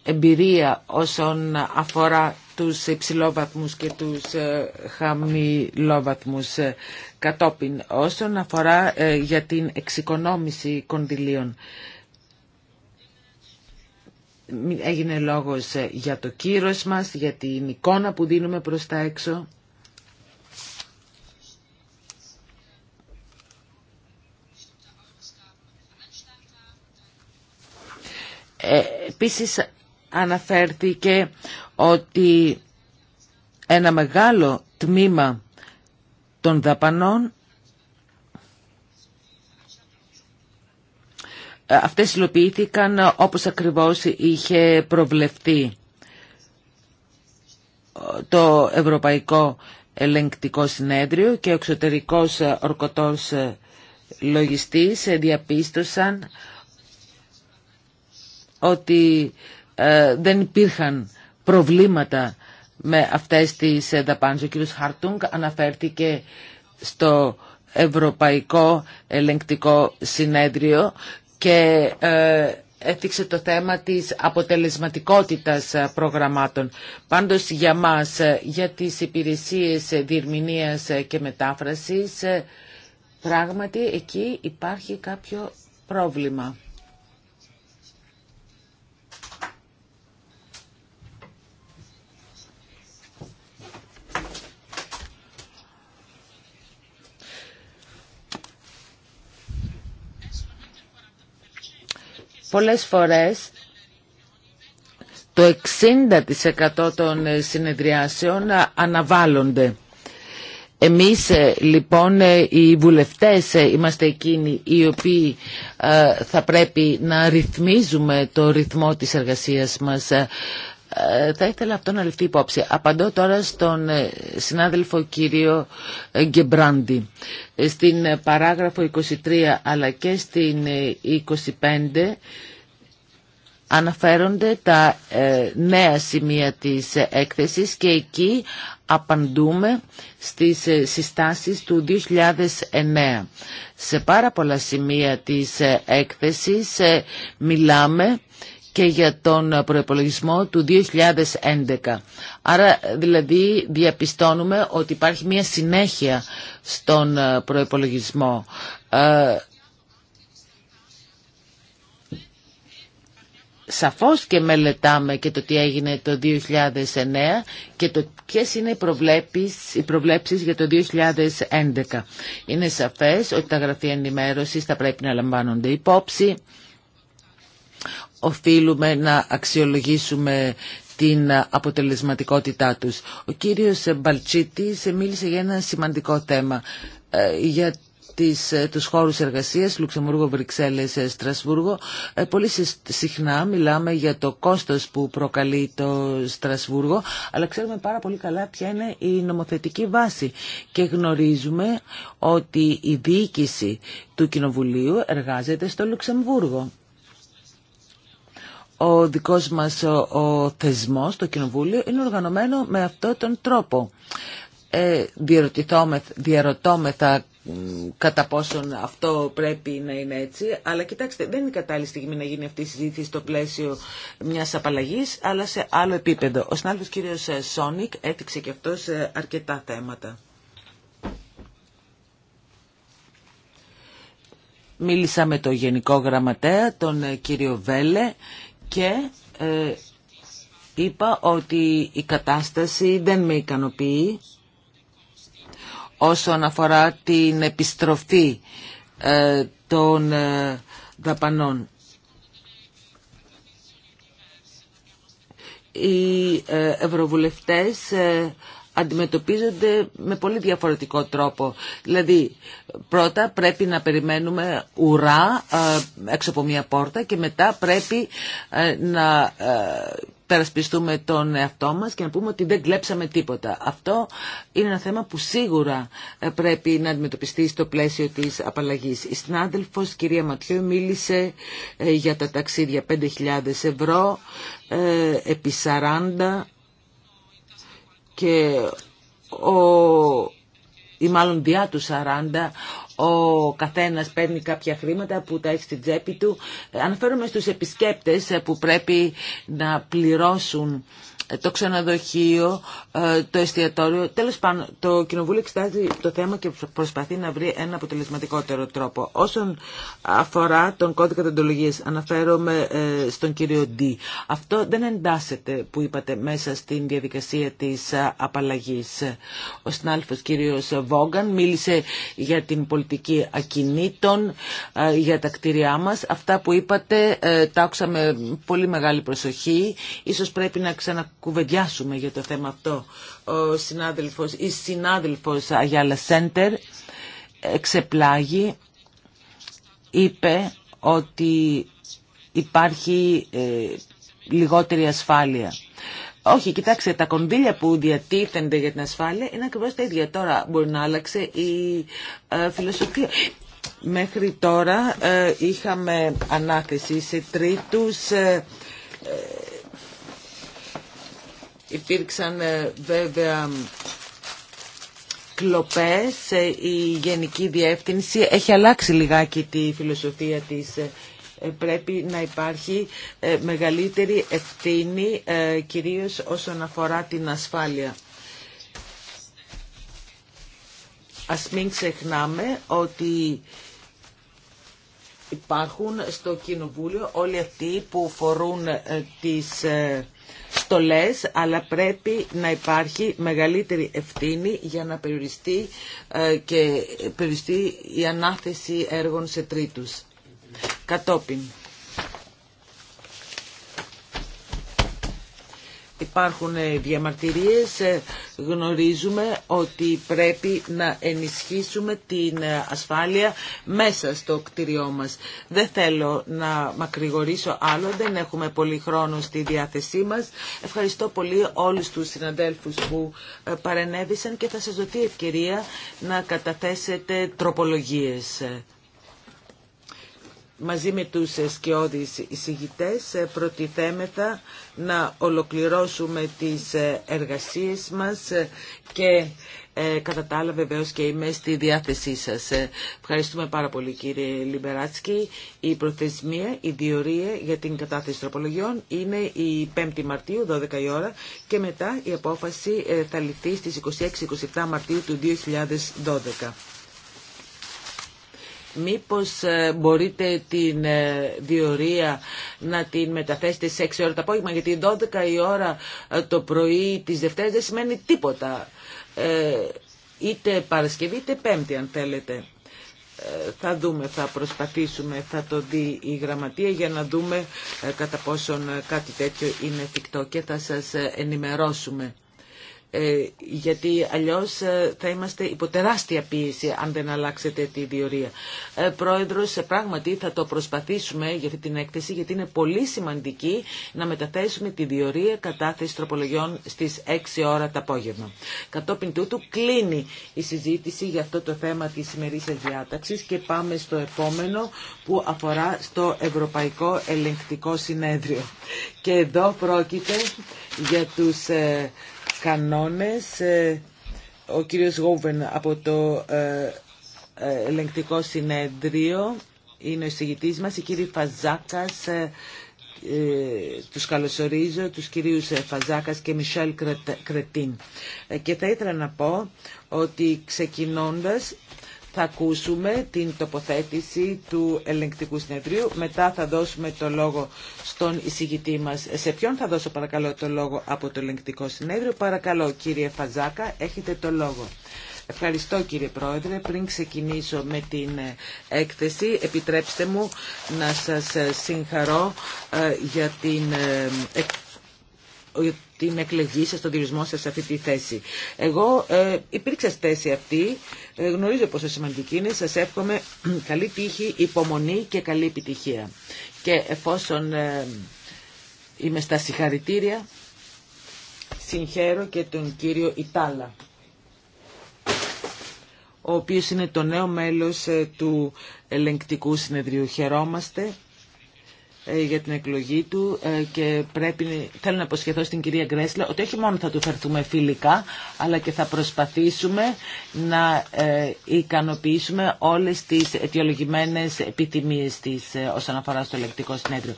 εμπειρία όσον αφορά τους υψηλόβαθμους και τους ε, χαμηλόβαθμους κατόπιν όσον αφορά για την εξοικονόμηση κονδυλίων. Έγινε λόγος για το κύρος μας, για την εικόνα που δίνουμε προς τα έξω. Ε, επίσης αναφέρθηκε ότι ένα μεγάλο τμήμα των δαπανών ε, αυτές υλοποιήθηκαν όπως ακριβώς είχε προβλεφθεί το Ευρωπαϊκό Ελεγκτικό Συνέδριο και ο εξωτερικός ορκωτός λογιστής διαπίστωσαν ότι ε, δεν υπήρχαν προβλήματα με αυτές τις ε, δαπάνες. Ο κ. Χάρτουγκ αναφέρθηκε στο Ευρωπαϊκό Ελεγκτικό Συνέδριο και ε, έθιξε το θέμα της αποτελεσματικότητας προγραμμάτων. Πάντως για μας, για τις υπηρεσίες διερμηνίας και μετάφρασης, πράγματι εκεί υπάρχει κάποιο πρόβλημα. Πολλές φορές το 60% των συνεδριάσεων αναβάλλονται. Εμείς ε, λοιπόν ε, οι βουλευτές ε, είμαστε εκείνοι οι οποίοι θα πρέπει να ρυθμίζουμε το ρυθμό της εργασίας μας. Ε, θα ήθελα αυτό να ληφθεί υπόψη. Απαντώ τώρα στον ε, συνάδελφο κύριο ε, Γκεμπράντι. Στην παράγραφο 23 αλλά και στην 25 αναφέρονται τα νέα σημεία της έκθεσης και εκεί απαντούμε στις συστάσεις του 2009. Σε πάρα πολλά σημεία της έκθεσης μιλάμε και για τον προϋπολογισμό του 2011. Άρα δηλαδή διαπιστώνουμε ότι υπάρχει μια συνέχεια στον ε, προϋπολογισμό. Ε, σαφώς και μελετάμε και το τι έγινε το 2009 και το ποιες είναι οι προβλέψεις, οι προβλέψεις για το 2011. Είναι σαφές ότι τα γραφεία ενημέρωσης θα πρέπει να λαμβάνονται υπόψη οφείλουμε να αξιολογήσουμε την αποτελεσματικότητά τους. Ο κύριος Μπαλτσίτης μίλησε για ένα σημαντικό θέμα, ε, για τις, ε, τους χώρους εργασίας, Λουξεμβούργο, Βρυξέλλες, ε, Στρασβούργο. Πολύ συχνά μιλάμε για το κόστος που προκαλεί το Στρασβούργο, αλλά ξέρουμε πάρα πολύ καλά ποια είναι η νομοθετική βάση και γνωρίζουμε ότι η διοίκηση του Κοινοβουλίου εργάζεται στο Λουξεμβούργο ο δικός μας ο θεσμός, το Κοινοβούλιο, είναι οργανωμένο με αυτόν τον τρόπο. Ε, διαρωτώμεθα κατά πόσον αυτό πρέπει να είναι έτσι, αλλά κοιτάξτε, δεν είναι κατάλληλη στιγμή να γίνει αυτή η συζήτηση στο πλαίσιο μιας απαλλαγής, αλλά σε άλλο επίπεδο. Ο συνάδελφος κύριος ε, Σόνικ έδειξε και αυτός ε, αρκετά θέματα. Μίλησα με το Γενικό Γραμματέα, τον ε, κύριο Βέλε και ε, είπα ότι η κατάσταση δεν με ικανοποιεί όσον αφορά την επιστροφή ε, των ε, δαπανών. Οι ευρωβουλευτές αντιμετωπίζονται με πολύ διαφορετικό τρόπο. Δηλαδή πρώτα πρέπει να περιμένουμε ουρά ε, έξω από μια πόρτα και μετά πρέπει ε, να ε, περασπιστούμε τον εαυτό μας και να πούμε ότι δεν κλέψαμε τίποτα. Αυτό είναι ένα θέμα που σίγουρα πρέπει να αντιμετωπιστεί στο πλαίσιο της απαλλαγής. Η συνάδελφος κυρία Ματιού, μίλησε για τα ταξίδια 5.000 ευρώ επί 40 και ο, ή μάλλον διά του 40, ο καθένας παίρνει κάποια χρήματα που τα έχει στην τσέπη του. Αναφέρομαι στους επισκέπτες που πρέπει να πληρώσουν το ξενοδοχείο, ε, το εστιατόριο. Τέλος πάντων, το Κοινοβούλιο εξετάζει το θέμα και προσπαθεί να βρει ένα αποτελεσματικότερο τρόπο. Όσον αφορά τον κώδικα τοντολογίας, αναφέρομαι ε, στον κύριο Ντί. Αυτό δεν εντάσσεται που είπατε μέσα στην διαδικασία της ε, απαλλαγής. Ο συνάλφος κύριος Βόγκαν μίλησε για την πολιτική ακινήτων, για τα κτίρια μας. Αυτά που είπατε τα άκουσα με πολύ μεγάλη προσοχή. Ίσως πρέπει να κουβεντιάσουμε για το θέμα αυτό. Ο συνάδελφος ή συνάδελφος Αγιάλα Σέντερ εξεπλάγει, είπε ότι υπάρχει ε, λιγότερη ασφάλεια. Όχι, κοιτάξτε, τα κονδύλια που διατίθενται για την ασφάλεια είναι ακριβώ τα ίδια. Τώρα μπορεί να άλλαξε η ε, φιλοσοφία. Μέχρι τώρα ε, είχαμε ανάθεση σε τρίτους, Υπήρξαν ε, βέβαια κλοπές, ε, η Γενική Διεύθυνση έχει αλλάξει λιγάκι τη φιλοσοφία της ε, πρέπει να υπάρχει μεγαλύτερη ευθύνη κυρίως όσον αφορά την ασφάλεια. Ας μην ξεχνάμε ότι υπάρχουν στο Κοινοβούλιο όλοι αυτοί που φορούν τις στολές, αλλά πρέπει να υπάρχει μεγαλύτερη ευθύνη για να περιοριστεί ε, και περιοριστεί η ανάθεση έργων σε τρίτους. Κατόπιν, υπάρχουν ε, διαμαρτυρίες, ε, γνωρίζουμε ότι πρέπει να ενισχύσουμε την ε, ασφάλεια μέσα στο κτιριό μας. Δεν θέλω να μακρηγορήσω άλλο, δεν έχουμε πολύ χρόνο στη διάθεσή μας. Ευχαριστώ πολύ όλους τους συναδέλφους που παρενέβησαν και θα σας δοθεί ευκαιρία να καταθέσετε τροπολογίες μαζί με τους σκιώδεις εισηγητές ε, προτιθέμεθα να ολοκληρώσουμε τις ε, εργασίες μας ε, και κατά τα άλλα βεβαίως και είμαι στη διάθεσή σας. Ευχαριστούμε πάρα πολύ κύριε Λιμπεράτσκι. Η προθεσμία, η διορία για την κατάθεση τροπολογιών είναι η 5η Μαρτίου, 12 η ώρα και μετά η απόφαση θα ληφθεί στις 26-27 Μαρτίου του 2012. Μήπως ε, μπορείτε την ε, διορία να την μεταθέσετε σε 6 ώρα το απόγευμα, γιατί 12 η ώρα ε, το πρωί της Δευτέρας δεν σημαίνει τίποτα. Είτε Παρασκευή είτε Πέμπτη αν θέλετε. Θα δούμε, θα προσπαθήσουμε, θα το δει η Γραμματεία για να δούμε κατά πόσον κάτι τέτοιο είναι εφικτό και θα σας ενημερώσουμε. Ε, γιατί αλλιώς ε, θα είμαστε υπό τεράστια πίεση αν δεν αλλάξετε τη διορία. Ε, πρόεδρος, πράγματι θα το προσπαθήσουμε για αυτή την έκθεση γιατί είναι πολύ σημαντική να μεταθέσουμε τη διορία κατάθεση τροπολογιών στις 6 ώρα το απόγευμα. Κατόπιν τούτου κλείνει η συζήτηση για αυτό το θέμα της σημερινής διάταξης και πάμε στο επόμενο που αφορά στο Ευρωπαϊκό Ελεγκτικό Συνέδριο. Και εδώ πρόκειται για τους κανόνες. Ε, ο κύριος Γόβεν από το ε, ε, ελεγκτικό συνέδριο είναι ο εισηγητής μας. Η κύριο Φαζάκας, τους καλωσορίζω, τους κυρίους Φαζάκας και Μισελ Κρετίν. Και θα ήθελα να πω ότι ξεκινώντας θα ακούσουμε την τοποθέτηση του ελεγκτικού συνεδρίου. Μετά θα δώσουμε το λόγο στον εισηγητή μας. Σε ποιον θα δώσω παρακαλώ το λόγο από το ελεγκτικό συνέδριο. Παρακαλώ κύριε Φαζάκα, έχετε το λόγο. Ευχαριστώ κύριε Πρόεδρε. Πριν ξεκινήσω με την ε, έκθεση, επιτρέψτε μου να σας ε, συγχαρώ ε, για την την εκλεγή σας, τον διορισμό σας σε αυτή τη θέση. Εγώ ε, υπήρξα στη θέση αυτή, ε, γνωρίζω πόσο σημαντική είναι, σας εύχομαι καλή τύχη, υπομονή και καλή επιτυχία. Και εφόσον ε, είμαι στα συγχαρητήρια, συγχαίρω και τον κύριο Ιτάλα ο οποίος είναι το νέο μέλος ε, του ελεγκτικού συνεδρίου. Χαιρόμαστε ε, για την εκλογή του ε, και πρέπει, θέλω να αποσχεθώ στην κυρία Γκρέσλα ότι όχι μόνο θα του φερθούμε φιλικά αλλά και θα προσπαθήσουμε να ε, ικανοποιήσουμε όλες τις αιτιολογημένες επιθυμίες της όσον αφορά στο ελεκτικό συνέδριο.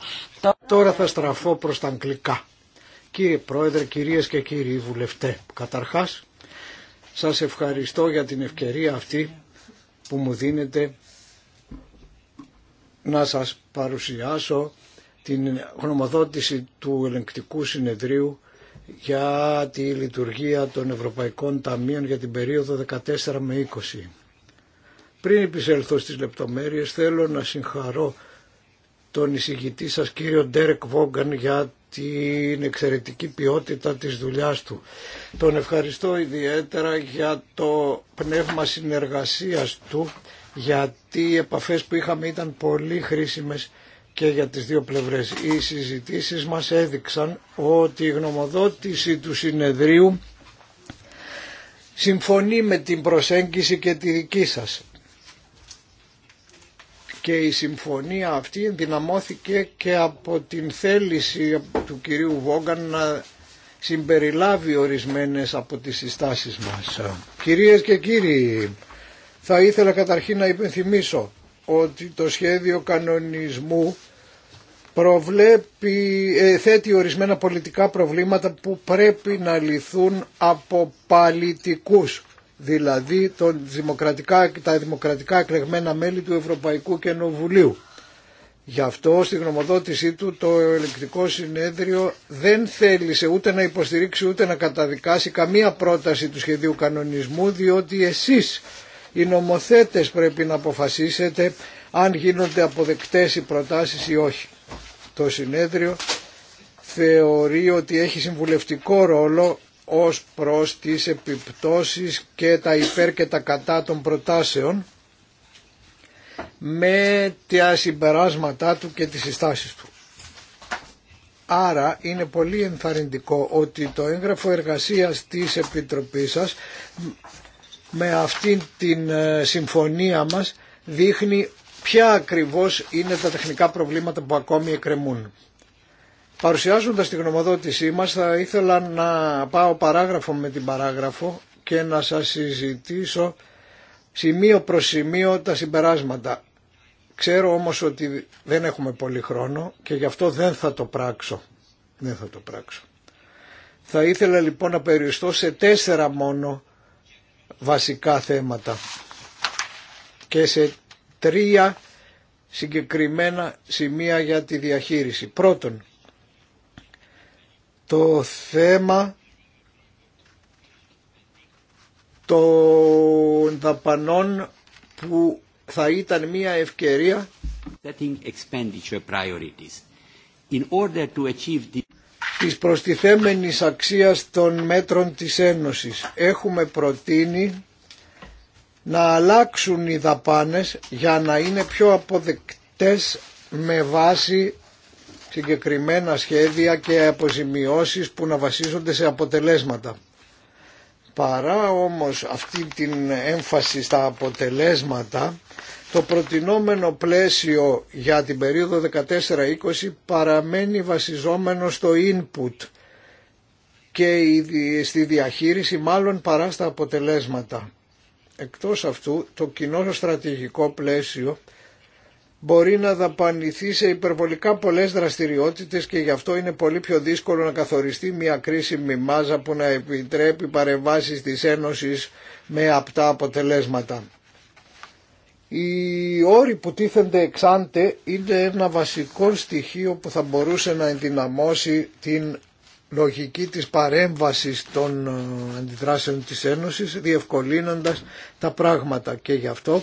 Τώρα θα στραφώ προς τα αγγλικά. Κύριε Πρόεδρε, κυρίες και κύριοι βουλευτέ, καταρχάς σας ευχαριστώ για την ευκαιρία αυτή που μου δίνετε να σας παρουσιάσω την γνωμοδότηση του ελεγκτικού συνεδρίου για τη λειτουργία των Ευρωπαϊκών Ταμείων για την περίοδο 14 με 20. Πριν επισέλθω στις λεπτομέρειες θέλω να συγχαρώ τον εισηγητή σας κύριο Ντέρεκ Βόγκαν για την εξαιρετική ποιότητα της δουλειάς του. Τον ευχαριστώ ιδιαίτερα για το πνεύμα συνεργασίας του γιατί οι επαφές που είχαμε ήταν πολύ χρήσιμες και για τις δύο πλευρές. Οι συζητήσεις μας έδειξαν ότι η γνωμοδότηση του συνεδρίου συμφωνεί με την προσέγγιση και τη δική σας. Και η συμφωνία αυτή ενδυναμώθηκε και από την θέληση του κυρίου Βόγκαν να συμπεριλάβει ορισμένες από τις συστάσεις μας. Κυρίες και κύριοι, θα ήθελα καταρχήν να υπενθυμίσω ότι το σχέδιο κανονισμού προβλέπει, ε, θέτει ορισμένα πολιτικά προβλήματα που πρέπει να λυθούν από παλιτικούς, δηλαδή τον δημοκρατικά, τα δημοκρατικά εκλεγμένα μέλη του Ευρωπαϊκού Κοινοβουλίου. Γι' αυτό στη γνωμοδότησή του το ελεκτικό συνέδριο δεν θέλησε ούτε να υποστηρίξει ούτε να καταδικάσει καμία πρόταση του σχεδίου κανονισμού διότι εσείς οι νομοθέτες πρέπει να αποφασίσετε αν γίνονται αποδεκτές οι προτάσεις ή όχι. Το συνέδριο θεωρεί ότι έχει συμβουλευτικό ρόλο ως προς τις επιπτώσεις και τα υπέρ και τα κατά των προτάσεων με τα συμπεράσματά του και τις συστάσεις του. Άρα είναι πολύ ενθαρρυντικό ότι το έγγραφο εργασίας της Επιτροπής σας με αυτήν την ε, συμφωνία μας δείχνει ποια ακριβώς είναι τα τεχνικά προβλήματα που ακόμη εκκρεμούν. Παρουσιάζοντας τη γνωμοδότησή μας θα ήθελα να πάω παράγραφο με την παράγραφο και να σας συζητήσω σημείο προς σημείο τα συμπεράσματα. Ξέρω όμως ότι δεν έχουμε πολύ χρόνο και γι' αυτό δεν θα το πράξω. Δεν θα το πράξω. Θα ήθελα λοιπόν να περιοριστώ σε τέσσερα μόνο βασικά θέματα και σε τρία συγκεκριμένα σημεία για τη διαχείριση. Πρώτον, το θέμα των δαπανών που θα ήταν μια ευκαιρία της προστιθέμενης αξίας των μέτρων της Ένωσης. Έχουμε προτείνει να αλλάξουν οι δαπάνες για να είναι πιο αποδεκτές με βάση συγκεκριμένα σχέδια και αποζημιώσεις που να βασίζονται σε αποτελέσματα. Παρά όμως αυτή την έμφαση στα αποτελέσματα το προτινόμενο πλαίσιο για την περίοδο 14-20 παραμένει βασιζόμενο στο input και στη διαχείριση μάλλον παρά στα αποτελέσματα. Εκτός αυτού, το κοινό στρατηγικό πλαίσιο μπορεί να δαπανηθεί σε υπερβολικά πολλές δραστηριότητες και γι' αυτό είναι πολύ πιο δύσκολο να καθοριστεί μια κρίσιμη μάζα που να επιτρέπει παρεμβάσεις της Ένωσης με απτά αποτελέσματα. Οι όροι που τίθενται εξάντε είναι ένα βασικό στοιχείο που θα μπορούσε να ενδυναμώσει την λογική της παρέμβασης των ε, αντιδράσεων της Ένωσης διευκολύνοντας τα πράγματα και γι' αυτό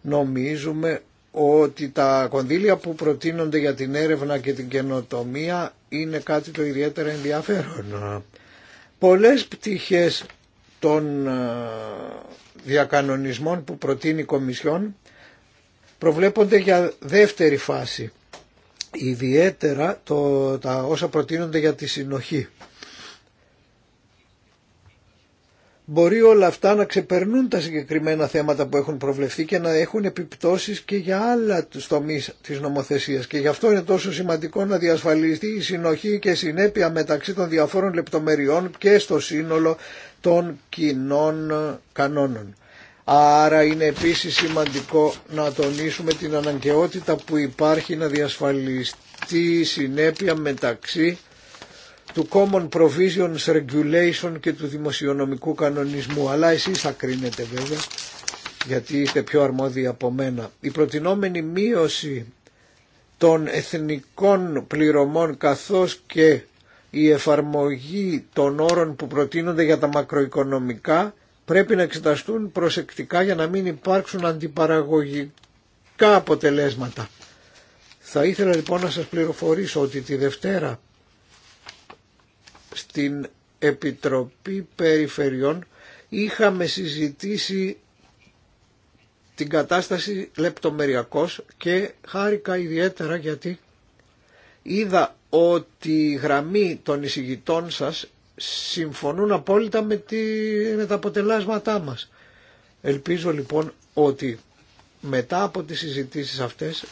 νομίζουμε ότι τα κονδύλια που προτείνονται για την έρευνα και την καινοτομία είναι κάτι το ιδιαίτερα ενδιαφέρον. Πολλές πτυχές των ε, διακανονισμών που προτείνει η Κομισιόν προβλέπονται για δεύτερη φάση. Ιδιαίτερα το, τα όσα προτείνονται για τη συνοχή. Μπορεί όλα αυτά να ξεπερνούν τα συγκεκριμένα θέματα που έχουν προβλεφθεί και να έχουν επιπτώσεις και για άλλα τους τομείς της νομοθεσίας. Και γι' αυτό είναι τόσο σημαντικό να διασφαλιστεί η συνοχή και συνέπεια μεταξύ των διαφόρων λεπτομεριών και στο σύνολο των κοινών κανόνων. Άρα είναι επίσης σημαντικό να τονίσουμε την αναγκαιότητα που υπάρχει να διασφαλιστεί η συνέπεια μεταξύ του Common Provisions Regulation και του Δημοσιονομικού Κανονισμού. Αλλά εσείς θα κρίνετε βέβαια, γιατί είστε πιο αρμόδιοι από μένα. Η προτινόμενη μείωση των εθνικών πληρωμών καθώς και η εφαρμογή των όρων που προτείνονται για τα μακροοικονομικά πρέπει να εξεταστούν προσεκτικά για να μην υπάρξουν αντιπαραγωγικά αποτελέσματα. Θα ήθελα λοιπόν να σας πληροφορήσω ότι τη Δευτέρα στην Επιτροπή Περιφερειών είχαμε συζητήσει την κατάσταση λεπτομεριακώς και χάρηκα ιδιαίτερα γιατί είδα ότι η γραμμή των εισηγητών σας συμφωνούν απόλυτα με, με τα αποτελέσματά μας. Ελπίζω λοιπόν ότι μετά από τις συζητήσεις αυτές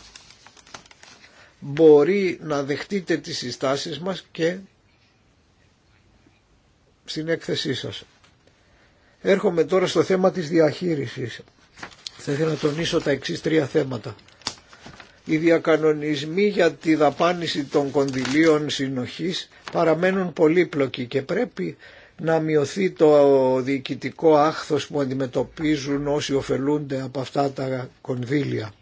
μπορεί να δεχτείτε τις συστάσεις μας και στην έκθεσή σας. Έρχομαι τώρα στο θέμα της διαχείρισης. Θα ήθελα να τονίσω τα εξής τρία θέματα. Οι διακανονισμοί για τη δαπάνηση των κονδυλίων συνοχής παραμένουν πολύπλοκοι και πρέπει να μειωθεί το διοικητικό άχθος που αντιμετωπίζουν όσοι ωφελούνται από αυτά τα κονδύλια.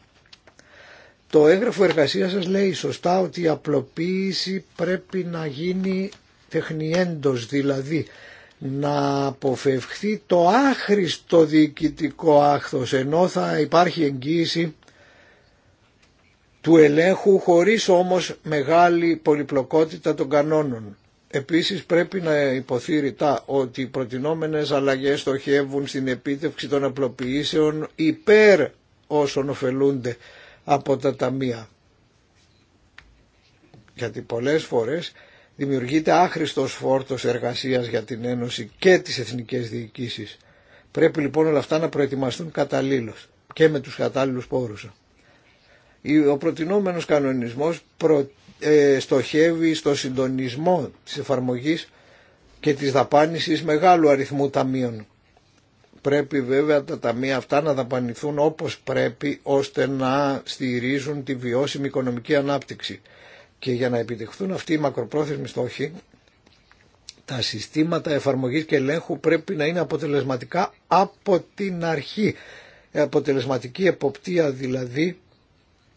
Το έγγραφο εργασίας σας λέει σωστά ότι η απλοποίηση πρέπει να γίνει τεχνιέντος, δηλαδή να αποφευχθεί το άχρηστο διοικητικό άχθος, ενώ θα υπάρχει εγγύηση του ελέγχου χωρίς όμως μεγάλη πολυπλοκότητα των κανόνων. Επίσης πρέπει να υποθεί ρητά ότι οι προτινόμενες αλλαγές στοχεύουν στην επίτευξη των απλοποιήσεων υπέρ όσων ωφελούνται από τα ταμεία. Γιατί πολλές φορές δημιουργείται άχρηστος φόρτος εργασίας για την Ένωση και τις εθνικές διοικήσεις. Πρέπει λοιπόν όλα αυτά να προετοιμαστούν καταλήλως και με τους κατάλληλους πόρους. Ο προτινόμενος κανονισμός προ, ε, στοχεύει στο συντονισμό της εφαρμογής και της δαπάνησης μεγάλου αριθμού ταμείων. Πρέπει βέβαια τα ταμεία αυτά να δαπανηθούν όπως πρέπει ώστε να στηρίζουν τη βιώσιμη οικονομική ανάπτυξη. Και για να επιτευχθούν αυτοί οι μακροπρόθεσμοι στόχοι, τα συστήματα εφαρμογής και ελέγχου πρέπει να είναι αποτελεσματικά από την αρχή. Αποτελεσματική εποπτεία δηλαδή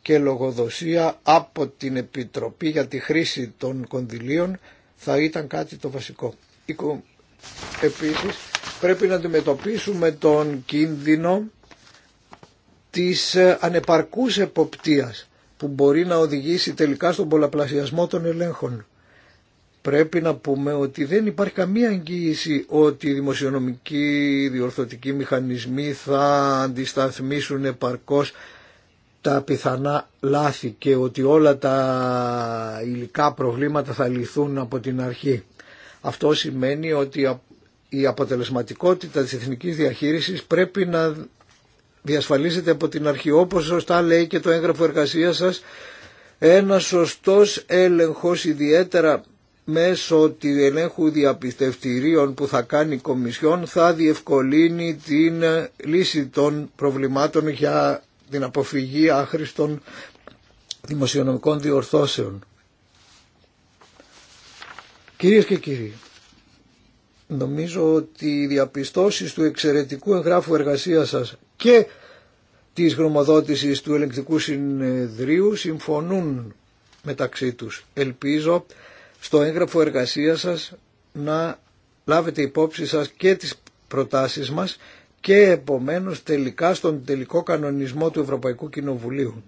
και λογοδοσία από την Επιτροπή για τη χρήση των κονδυλίων θα ήταν κάτι το βασικό. Επίσης πρέπει να αντιμετωπίσουμε τον κίνδυνο της ε, ανεπαρκούς εποπτείας που μπορεί να οδηγήσει τελικά στον πολλαπλασιασμό των ελέγχων. Πρέπει να πούμε ότι δεν υπάρχει καμία εγγύηση ότι οι δημοσιονομικοί διορθωτικοί μηχανισμοί θα αντισταθμίσουν επαρκώς τα πιθανά λάθη και ότι όλα τα υλικά προβλήματα θα λυθούν από την αρχή. Αυτό σημαίνει ότι η αποτελεσματικότητα της εθνικής διαχείρισης πρέπει να διασφαλίζεται από την αρχή. Όπως σωστά λέει και το έγγραφο εργασίας σας, ένα σωστός έλεγχος ιδιαίτερα μέσω του ελέγχου διαπιστευτηρίων που θα κάνει η Κομισιόν θα διευκολύνει την λύση των προβλημάτων για την αποφυγή άχρηστων δημοσιονομικών διορθώσεων. Κυρίες και κύριοι, νομίζω ότι οι διαπιστώσεις του εξαιρετικού εγγράφου εργασίας σας και της γνωμοδότησης του ελεγκτικού συνεδρίου συμφωνούν μεταξύ τους. Ελπίζω στο έγγραφο εργασίας σας να λάβετε υπόψη σας και τις προτάσεις μας και επομένως τελικά στον τελικό κανονισμό του Ευρωπαϊκού Κοινοβουλίου.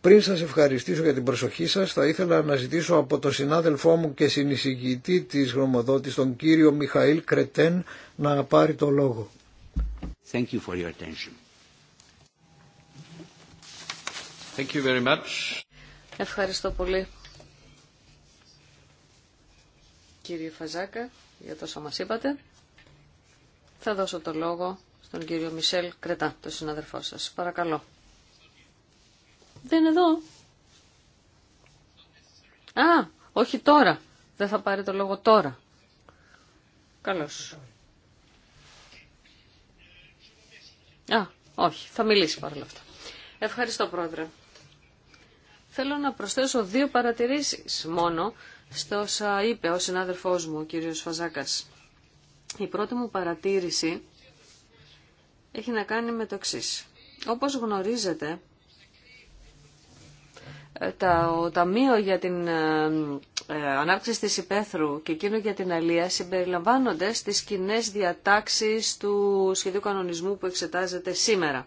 Πριν σας ευχαριστήσω για την προσοχή σας, θα ήθελα να ζητήσω από τον συνάδελφό μου και συνεισηγητή της γνωμοδότης, τον κύριο Μιχαήλ Κρετέν, να πάρει το λόγο. Ευχαριστώ πολύ. Κύριε Φαζάκα, για τόσα μας είπατε. Θα δώσω το λόγο στον κύριο Μισελ Κρετά, τον συναδελφό σας. Παρακαλώ. Δεν εδώ. Α, όχι τώρα. Δεν θα πάρει το λόγο τώρα. Καλώς. Α, όχι. Θα μιλήσει παρόλα αυτά. Ευχαριστώ, Πρόεδρε. Θέλω να προσθέσω δύο παρατηρήσεις μόνο στο όσα είπε ο συνάδελφός μου, ο κύριος Φαζάκας. Η πρώτη μου παρατήρηση έχει να κάνει με το εξή. Όπως γνωρίζετε, ε, το Ταμείο για την ε, ε, Ανάπτυξη της Υπέθρου και εκείνο για την Αλία συμπεριλαμβάνονται στις κοινέ διατάξεις του σχεδίου κανονισμού που εξετάζεται σήμερα.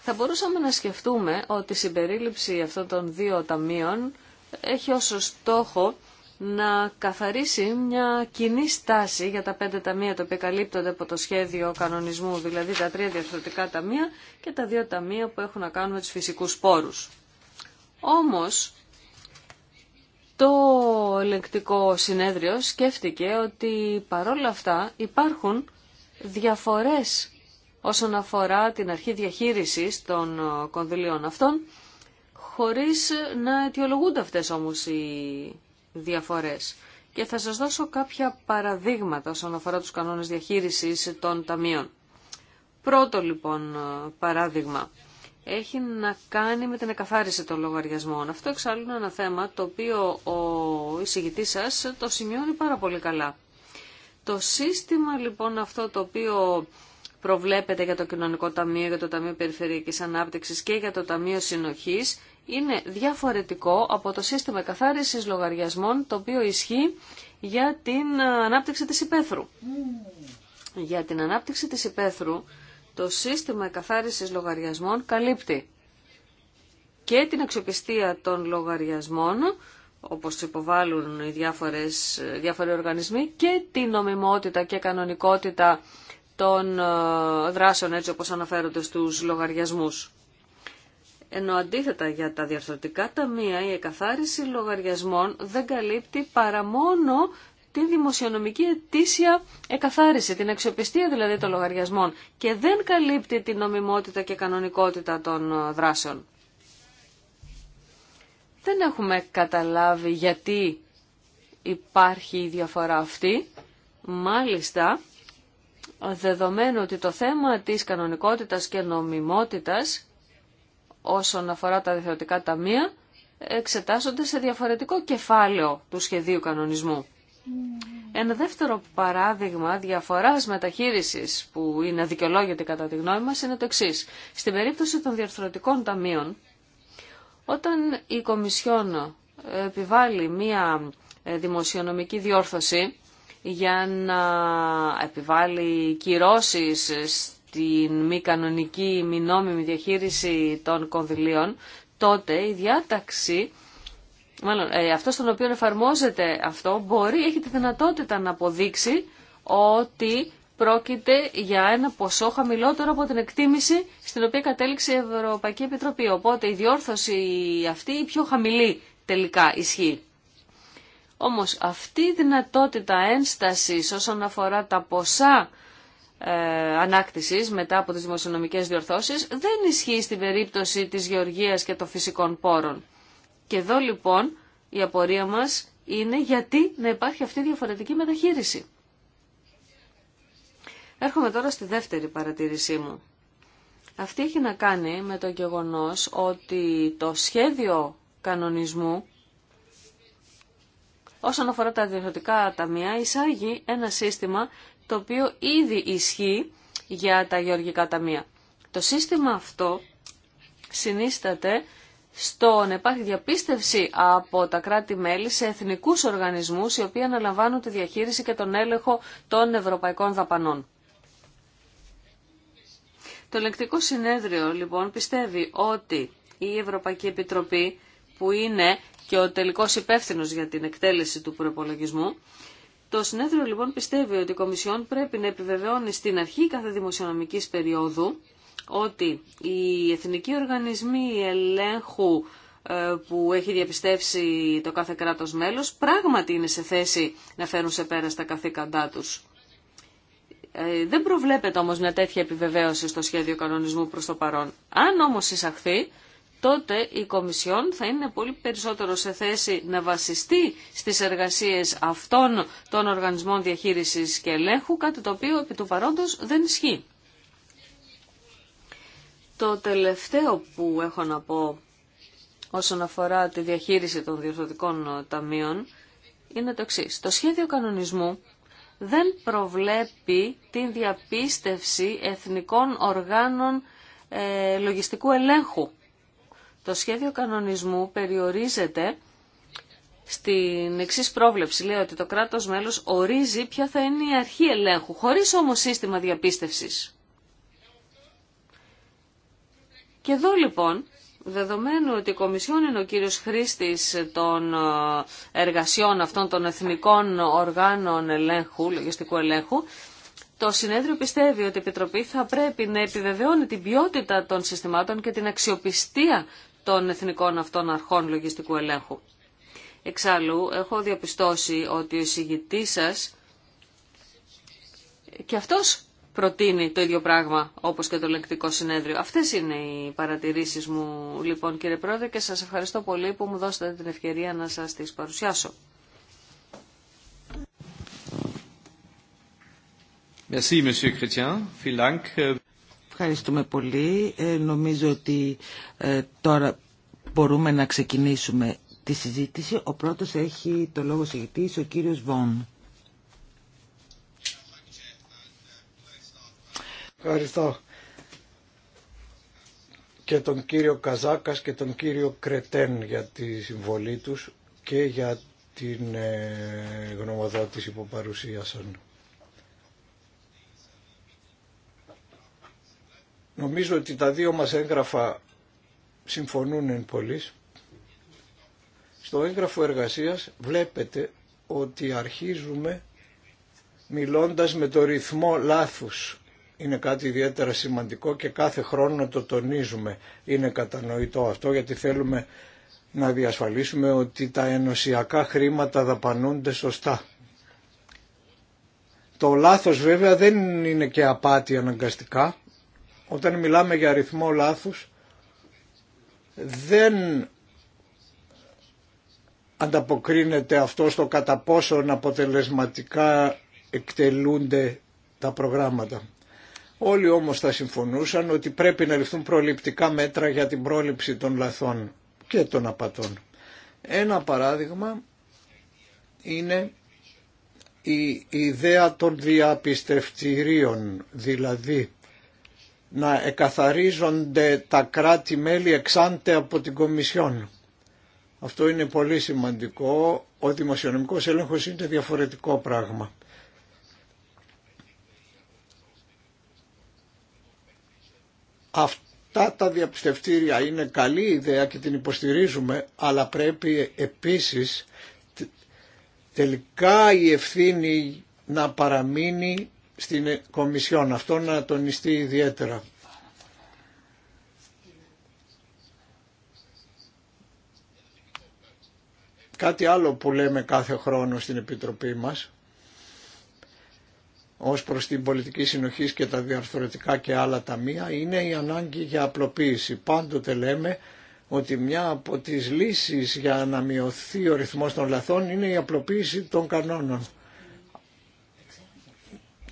Θα μπορούσαμε να σκεφτούμε ότι η συμπερίληψη αυτών των δύο ταμείων έχει ως στόχο να καθαρίσει μια κοινή στάση για τα πέντε ταμεία τα οποία καλύπτονται από το σχέδιο κανονισμού, δηλαδή τα τρία διαφορετικά ταμεία και τα δύο ταμεία που έχουν να κάνουν με τους φυσικούς σπόρους. Όμως, το ελεγκτικό συνέδριο σκέφτηκε ότι παρόλα αυτά υπάρχουν διαφορές όσον αφορά την αρχή διαχείρισης των κονδυλίων αυτών, χωρίς να αιτιολογούνται αυτές όμως οι διαφορές. Και θα σας δώσω κάποια παραδείγματα όσον αφορά τους κανόνες διαχείρισης των ταμείων. Πρώτο λοιπόν παράδειγμα έχει να κάνει με την εκαθάριση των λογαριασμών. Αυτό εξάλλου είναι ένα θέμα το οποίο ο εισηγητής σας το σημειώνει πάρα πολύ καλά. Το σύστημα λοιπόν αυτό το οποίο προβλέπεται για το Κοινωνικό Ταμείο, για το Ταμείο Περιφερειακής Ανάπτυξης και για το Ταμείο Συνοχής είναι διαφορετικό από το σύστημα καθάρισης λογαριασμών το οποίο ισχύει για την ανάπτυξη της υπαίθρου. Για την ανάπτυξη της υπαίθρου το σύστημα καθάρισης λογαριασμών καλύπτει και την αξιοπιστία των λογαριασμών όπως υποβάλλουν οι διάφορες, διάφοροι οργανισμοί και την νομιμότητα και κανονικότητα των ε, δράσεων έτσι όπως αναφέρονται στους λογαριασμούς. Ενώ αντίθετα για τα διαρθρωτικά ταμεία η εκαθάριση λογαριασμών δεν καλύπτει παρά μόνο τη δημοσιονομική ετήσια εκαθάριση, την αξιοπιστία δηλαδή των λογαριασμών και δεν καλύπτει την νομιμότητα και κανονικότητα των ε, δράσεων. Δεν έχουμε καταλάβει γιατί υπάρχει η διαφορά αυτή. Μάλιστα, δεδομένου ότι το θέμα της κανονικότητας και νομιμότητας όσον αφορά τα διευθυντικά ταμεία εξετάζονται σε διαφορετικό κεφάλαιο του σχεδίου κανονισμού. Ένα δεύτερο παράδειγμα διαφοράς μεταχείρισης που είναι αδικαιολόγητη κατά τη γνώμη μας είναι το εξή. Στην περίπτωση των διαρθρωτικών ταμείων, όταν η Κομισιόν επιβάλλει μία ε, δημοσιονομική διόρθωση για να επιβάλλει κυρώσεις την μη κανονική, μη νόμιμη διαχείριση των κονδυλίων, τότε η διάταξη, μάλλον ε, αυτό στον οποίο εφαρμόζεται αυτό, μπορεί, έχει τη δυνατότητα να αποδείξει ότι πρόκειται για ένα ποσό χαμηλότερο από την εκτίμηση στην οποία κατέληξε η Ευρωπαϊκή Επιτροπή. Οπότε η διόρθωση αυτή η πιο χαμηλή τελικά ισχύει. Όμως αυτή η δυνατότητα ένστασης όσον αφορά τα ποσά ε, ανάκτησης μετά από τις δημοσιονομικές διορθώσεις δεν ισχύει στην περίπτωση της γεωργίας και των φυσικών πόρων. Και εδώ λοιπόν η απορία μας είναι γιατί να υπάρχει αυτή η διαφορετική μεταχείριση. Έρχομαι τώρα στη δεύτερη παρατήρησή μου. Αυτή έχει να κάνει με το γεγονός ότι το σχέδιο κανονισμού όσον αφορά τα διευθυντικά ταμεία εισάγει ένα σύστημα το οποίο ήδη ισχύει για τα γεωργικά ταμεία. Το σύστημα αυτό συνίσταται στο να υπάρχει διαπίστευση από τα κράτη-μέλη σε εθνικούς οργανισμούς οι οποίοι αναλαμβάνουν τη διαχείριση και τον έλεγχο των ευρωπαϊκών δαπανών. Το Ελεκτικό συνέδριο λοιπόν πιστεύει ότι η Ευρωπαϊκή Επιτροπή που είναι και ο τελικός υπεύθυνος για την εκτέλεση του προπολογισμού το συνέδριο λοιπόν πιστεύει ότι η Κομισιόν πρέπει να επιβεβαιώνει στην αρχή κάθε δημοσιονομικής περίοδου ότι οι εθνικοί οργανισμοί ελέγχου ε, που έχει διαπιστεύσει το κάθε κράτος μέλος πράγματι είναι σε θέση να φέρουν σε πέρα στα καθήκοντά τους. Ε, δεν προβλέπεται όμως μια τέτοια επιβεβαίωση στο σχέδιο κανονισμού προς το παρόν. Αν όμως εισαχθεί, τότε η Κομισιόν θα είναι πολύ περισσότερο σε θέση να βασιστεί στις εργασίες αυτών των οργανισμών διαχείρισης και ελέγχου, κάτι το οποίο επί του παρόντος δεν ισχύει. Το τελευταίο που έχω να πω όσον αφορά τη διαχείριση των διορθωτικών ταμείων είναι το εξή. Το σχέδιο κανονισμού δεν προβλέπει την διαπίστευση εθνικών οργάνων ε, λογιστικού ελέγχου το σχέδιο κανονισμού περιορίζεται στην εξή πρόβλεψη. Λέει ότι το κράτος μέλος ορίζει ποια θα είναι η αρχή ελέγχου, χωρίς όμως σύστημα διαπίστευσης. Και εδώ λοιπόν, δεδομένου ότι η Κομισιόν είναι ο κύριος χρήστης των ε, εργασιών αυτών των εθνικών οργάνων ελέγχου, λογιστικού ελέγχου, το συνέδριο πιστεύει ότι η Επιτροπή θα πρέπει να επιβεβαιώνει την ποιότητα των συστημάτων και την αξιοπιστία των εθνικών αυτών αρχών λογιστικού ελέγχου. Εξάλλου, έχω διαπιστώσει ότι ο συγητή σα και αυτός προτείνει το ίδιο πράγμα όπως και το λεκτικό συνέδριο. Αυτές είναι οι παρατηρήσεις μου λοιπόν κύριε Πρόεδρε και σας ευχαριστώ πολύ που μου δώσατε την ευκαιρία να σας τις παρουσιάσω. Merci, Monsieur Chrétien. Vielen Ευχαριστούμε πολύ. Ε, νομίζω ότι ε, τώρα μπορούμε να ξεκινήσουμε τη συζήτηση. Ο πρώτος έχει το λόγο συγητής, ο κύριος Βον. Ευχαριστώ και τον κύριο Καζάκας και τον κύριο Κρετέν για τη συμβολή τους και για την ε, γνωμοδότηση που παρουσίασαν. Νομίζω ότι τα δύο μας έγγραφα συμφωνούν εν Στο έγγραφο εργασίας βλέπετε ότι αρχίζουμε μιλώντας με το ρυθμό λάθους. Είναι κάτι ιδιαίτερα σημαντικό και κάθε χρόνο το τονίζουμε. Είναι κατανοητό αυτό γιατί θέλουμε να διασφαλίσουμε ότι τα ενωσιακά χρήματα δαπανούνται σωστά. Το λάθος βέβαια δεν είναι και απάτη αναγκαστικά, όταν μιλάμε για αριθμό λάθους δεν ανταποκρίνεται αυτό στο κατά πόσον αποτελεσματικά εκτελούνται τα προγράμματα. Όλοι όμως θα συμφωνούσαν ότι πρέπει να ληφθούν προληπτικά μέτρα για την πρόληψη των λαθών και των απατών. Ένα παράδειγμα είναι η ιδέα των διαπιστευτηρίων, δηλαδή να εκαθαρίζονται τα κράτη-μέλη εξάντε από την Κομισιόν. Αυτό είναι πολύ σημαντικό. Ο δημοσιονομικός έλεγχος είναι διαφορετικό πράγμα. Αυτά τα διαπιστευτήρια είναι καλή ιδέα και την υποστηρίζουμε, αλλά πρέπει επίσης τελικά η ευθύνη να παραμείνει στην Κομισιόν. Αυτό να τονιστεί ιδιαίτερα. Κάτι άλλο που λέμε κάθε χρόνο στην Επιτροπή μας ως προς την πολιτική συνοχή και τα διαρθρωτικά και άλλα ταμεία είναι η ανάγκη για απλοποίηση. Πάντοτε λέμε ότι μια από τις λύσεις για να μειωθεί ο ρυθμός των λαθών είναι η απλοποίηση των κανόνων.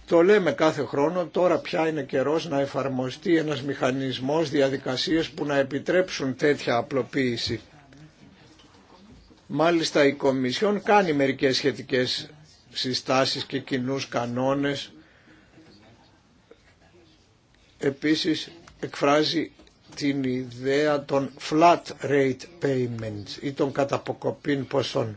Το λέμε κάθε χρόνο, τώρα πια είναι καιρός να εφαρμοστεί ένας μηχανισμός διαδικασίες που να επιτρέψουν τέτοια απλοποίηση. Μάλιστα η Κομισιόν κάνει μερικές σχετικές συστάσεις και κοινούς κανόνες. Επίσης εκφράζει την ιδέα των flat rate payments ή των καταποκοπήν ποσών.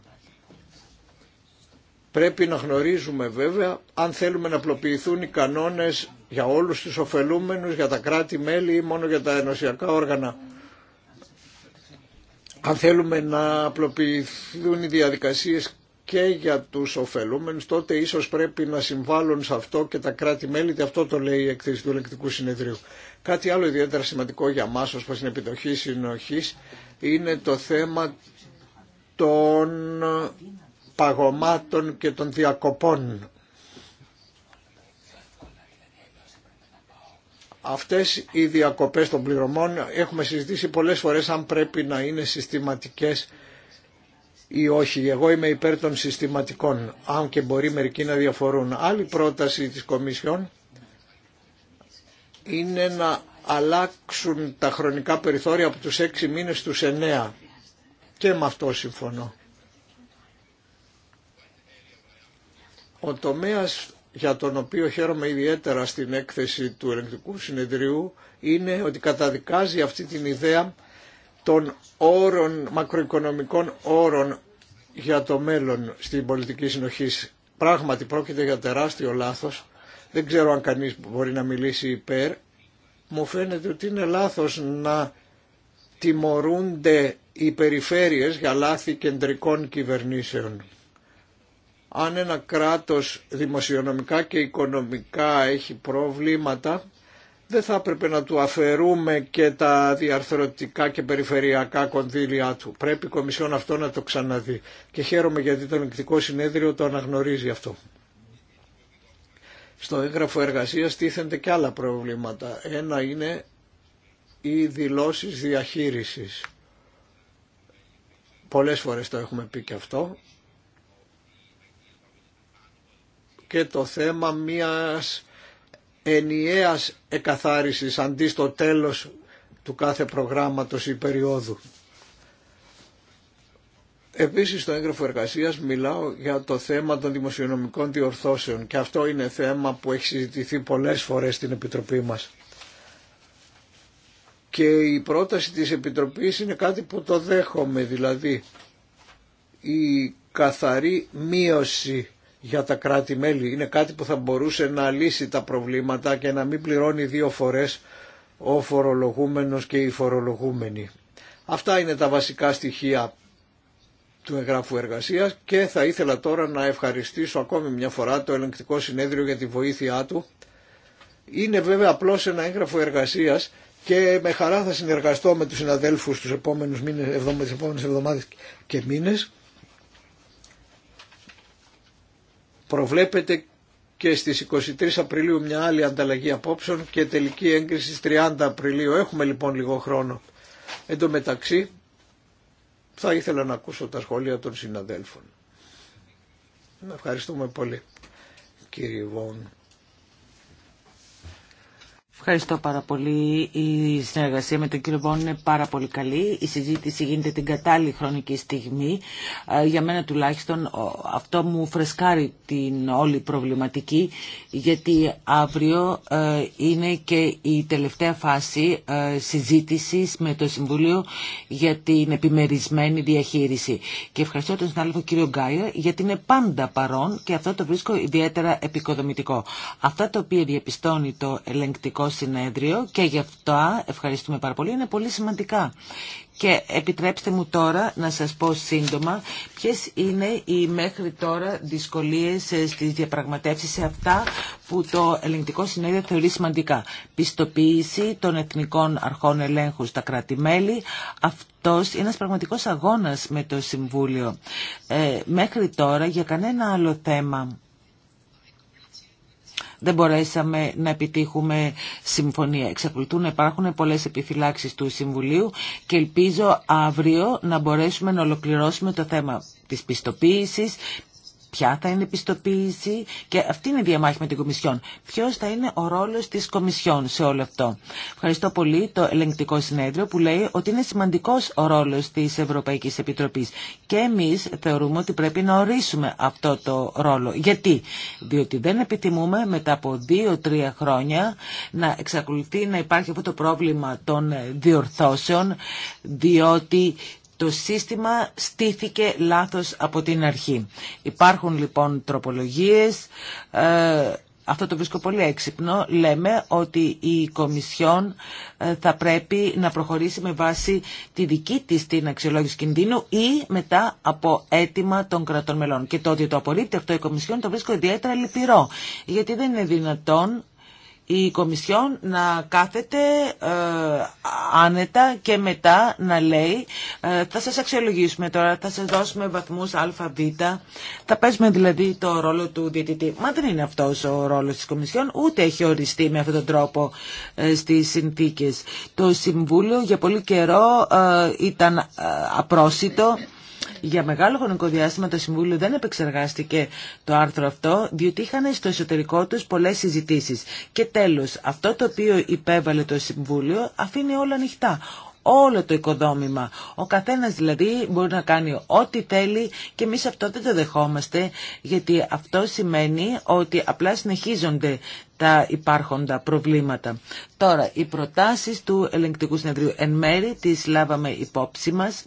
Πρέπει να γνωρίζουμε βέβαια αν θέλουμε να απλοποιηθούν οι κανόνες για όλους τους ωφελούμενους, για τα κράτη-μέλη ή μόνο για τα ενωσιακά όργανα. Αν θέλουμε να απλοποιηθούν οι διαδικασίες και για τους ωφελούμενους, τότε ίσως πρέπει να συμβάλλουν σε αυτό και τα κράτη-μέλη, και αυτό το λέει η εκθέση του ελεκτικού συνεδρίου. Κάτι άλλο ιδιαίτερα σημαντικό για μας ως προς την επιτοχή συνοχής είναι το θέμα των παγωμάτων και των διακοπών. Αυτές οι διακοπές των πληρωμών έχουμε συζητήσει πολλές φορές αν πρέπει να είναι συστηματικές ή όχι. Εγώ είμαι υπέρ των συστηματικών, αν και μπορεί μερικοί να διαφορούν. Άλλη πρόταση της Κομισιόν είναι να αλλάξουν τα χρονικά περιθώρια από τους έξι μήνες στους εννέα Και με αυτό συμφωνώ. Ο τομέας για τον οποίο χαίρομαι ιδιαίτερα στην έκθεση του ελεγκτικού συνεδρίου είναι ότι καταδικάζει αυτή την ιδέα των όρων, μακροοικονομικών όρων για το μέλλον στην πολιτική συνοχή. Πράγματι πρόκειται για τεράστιο λάθος. Δεν ξέρω αν κανείς μπορεί να μιλήσει υπέρ. Μου φαίνεται ότι είναι λάθος να τιμωρούνται οι περιφέρειες για λάθη κεντρικών κυβερνήσεων. Αν ένα κράτος δημοσιονομικά και οικονομικά έχει πρόβληματα, δεν θα έπρεπε να του αφαιρούμε και τα διαρθρωτικά και περιφερειακά κονδύλια του. Πρέπει η Κομισιόν αυτό να το ξαναδεί. Και χαίρομαι γιατί το νοικτικό Συνέδριο το αναγνωρίζει αυτό. Στο έγγραφο εργασίας τίθενται και άλλα προβλήματα. Ένα είναι οι δηλώσεις διαχείρισης. Πολλές φορές το έχουμε πει και αυτό. και το θέμα μιας ενιαίας εκαθάρισης αντί στο τέλος του κάθε προγράμματος ή περίοδου. Επίσης στο έγγραφο εργασίας μιλάω για το θέμα των δημοσιονομικών διορθώσεων και αυτό είναι θέμα που έχει συζητηθεί πολλές φορές στην Επιτροπή μας. Και η πρόταση της Επιτροπής είναι κάτι που το δέχομαι, δηλαδή η καθαρή μείωση για τα κράτη-μέλη. Είναι κάτι που θα μπορούσε να λύσει τα προβλήματα και να μην πληρώνει δύο φορές ο φορολογούμενος και οι φορολογούμενοι. Αυτά είναι τα βασικά στοιχεία του εγγράφου εργασίας και θα ήθελα τώρα να ευχαριστήσω ακόμη μια φορά το ελεγκτικό συνέδριο για τη βοήθειά του. Είναι βέβαια απλώς ένα έγγραφο εργασίας και με χαρά θα συνεργαστώ με τους συναδέλφους τους επόμενους μήνες, επόμενες εβδομάδες και μήνες Προβλέπεται και στις 23 Απριλίου μια άλλη ανταλλαγή απόψεων και τελική έγκριση στις 30 Απριλίου. Έχουμε λοιπόν λίγο χρόνο. Εν τω μεταξύ θα ήθελα να ακούσω τα σχόλια των συναδέλφων. Ευχαριστούμε πολύ κύριε Βόν. Ευχαριστώ πάρα πολύ. Η συνεργασία με τον κύριο Βόν είναι πάρα πολύ καλή. Η συζήτηση γίνεται την κατάλληλη χρονική στιγμή. Ε, για μένα τουλάχιστον αυτό μου φρεσκάρει την όλη προβληματική γιατί αύριο ε, είναι και η τελευταία φάση ε, συζήτησης με το Συμβούλιο για την επιμερισμένη διαχείριση. Και ευχαριστώ τον συνάδελφο κύριο Γκάιερ γιατί είναι πάντα παρόν και αυτό το βρίσκω ιδιαίτερα επικοδομητικό. Αυτά τα οποία διαπιστώνει το ελεγκτικό Συνέδριο και γι' αυτό ευχαριστούμε πάρα πολύ, είναι πολύ σημαντικά. Και επιτρέψτε μου τώρα να σας πω σύντομα ποιες είναι οι μέχρι τώρα δυσκολίες ε, στις διαπραγματεύσεις σε αυτά που το ελεγκτικό συνέδριο θεωρεί σημαντικά. Πιστοποίηση των εθνικών αρχών ελέγχου στα κράτη-μέλη. Αυτός είναι ένας πραγματικός αγώνας με το Συμβούλιο. Ε, μέχρι τώρα για κανένα άλλο θέμα δεν μπορέσαμε να επιτύχουμε συμφωνία. Εξακολουθούν να υπάρχουν πολλές επιφυλάξεις του Συμβουλίου και ελπίζω αύριο να μπορέσουμε να ολοκληρώσουμε το θέμα της πιστοποίησης ποια θα είναι η και αυτή είναι η διαμάχη με την Κομισιόν. Ποιο θα είναι ο ρόλο τη Κομισιόν σε όλο αυτό. Ευχαριστώ πολύ το ελεγκτικό συνέδριο που λέει ότι είναι σημαντικό ο ρόλο τη Ευρωπαϊκή Επιτροπή. Και εμεί θεωρούμε ότι πρέπει να ορίσουμε αυτό το ρόλο. Γιατί? Διότι δεν επιθυμούμε μετά από δύο-τρία χρόνια να εξακολουθεί να υπάρχει αυτό το πρόβλημα των διορθώσεων, διότι το σύστημα στήθηκε λάθος από την αρχή. Υπάρχουν λοιπόν τροπολογίες, ε, αυτό το βρίσκω πολύ έξυπνο, λέμε ότι η Κομισιόν ε, θα πρέπει να προχωρήσει με βάση τη δική της την αξιολόγηση κινδύνου ή μετά από αίτημα των κρατών μελών. Και το ότι το απορρίπτει αυτό η Κομισιόν το βρίσκω ιδιαίτερα λυπηρό, γιατί δεν είναι δυνατόν η Κομισιόν να κάθεται ε, άνετα και μετά να λέει ε, θα σας αξιολογήσουμε τώρα, θα σας δώσουμε βαθμούς α, β, θα παίζουμε δηλαδή το ρόλο του διαιτητή. Μα δεν είναι αυτός ο ρόλος της Κομισιόν, ούτε έχει οριστεί με αυτόν τον τρόπο ε, στις συνθήκες. Το Συμβούλιο για πολύ καιρό ε, ήταν απρόσιτο για μεγάλο χρονικό διάστημα το Συμβούλιο δεν επεξεργάστηκε το άρθρο αυτό, διότι είχαν στο εσωτερικό τους πολλές συζητήσεις. Και τέλος, αυτό το οποίο υπέβαλε το Συμβούλιο αφήνει όλα ανοιχτά όλο το οικοδόμημα. Ο καθένας δηλαδή μπορεί να κάνει ό,τι θέλει και εμείς αυτό δεν το δεχόμαστε γιατί αυτό σημαίνει ότι απλά συνεχίζονται τα υπάρχοντα προβλήματα. Τώρα, οι προτάσεις του ελεγκτικού συνεδρίου εν μέρη τις λάβαμε υπόψη μας.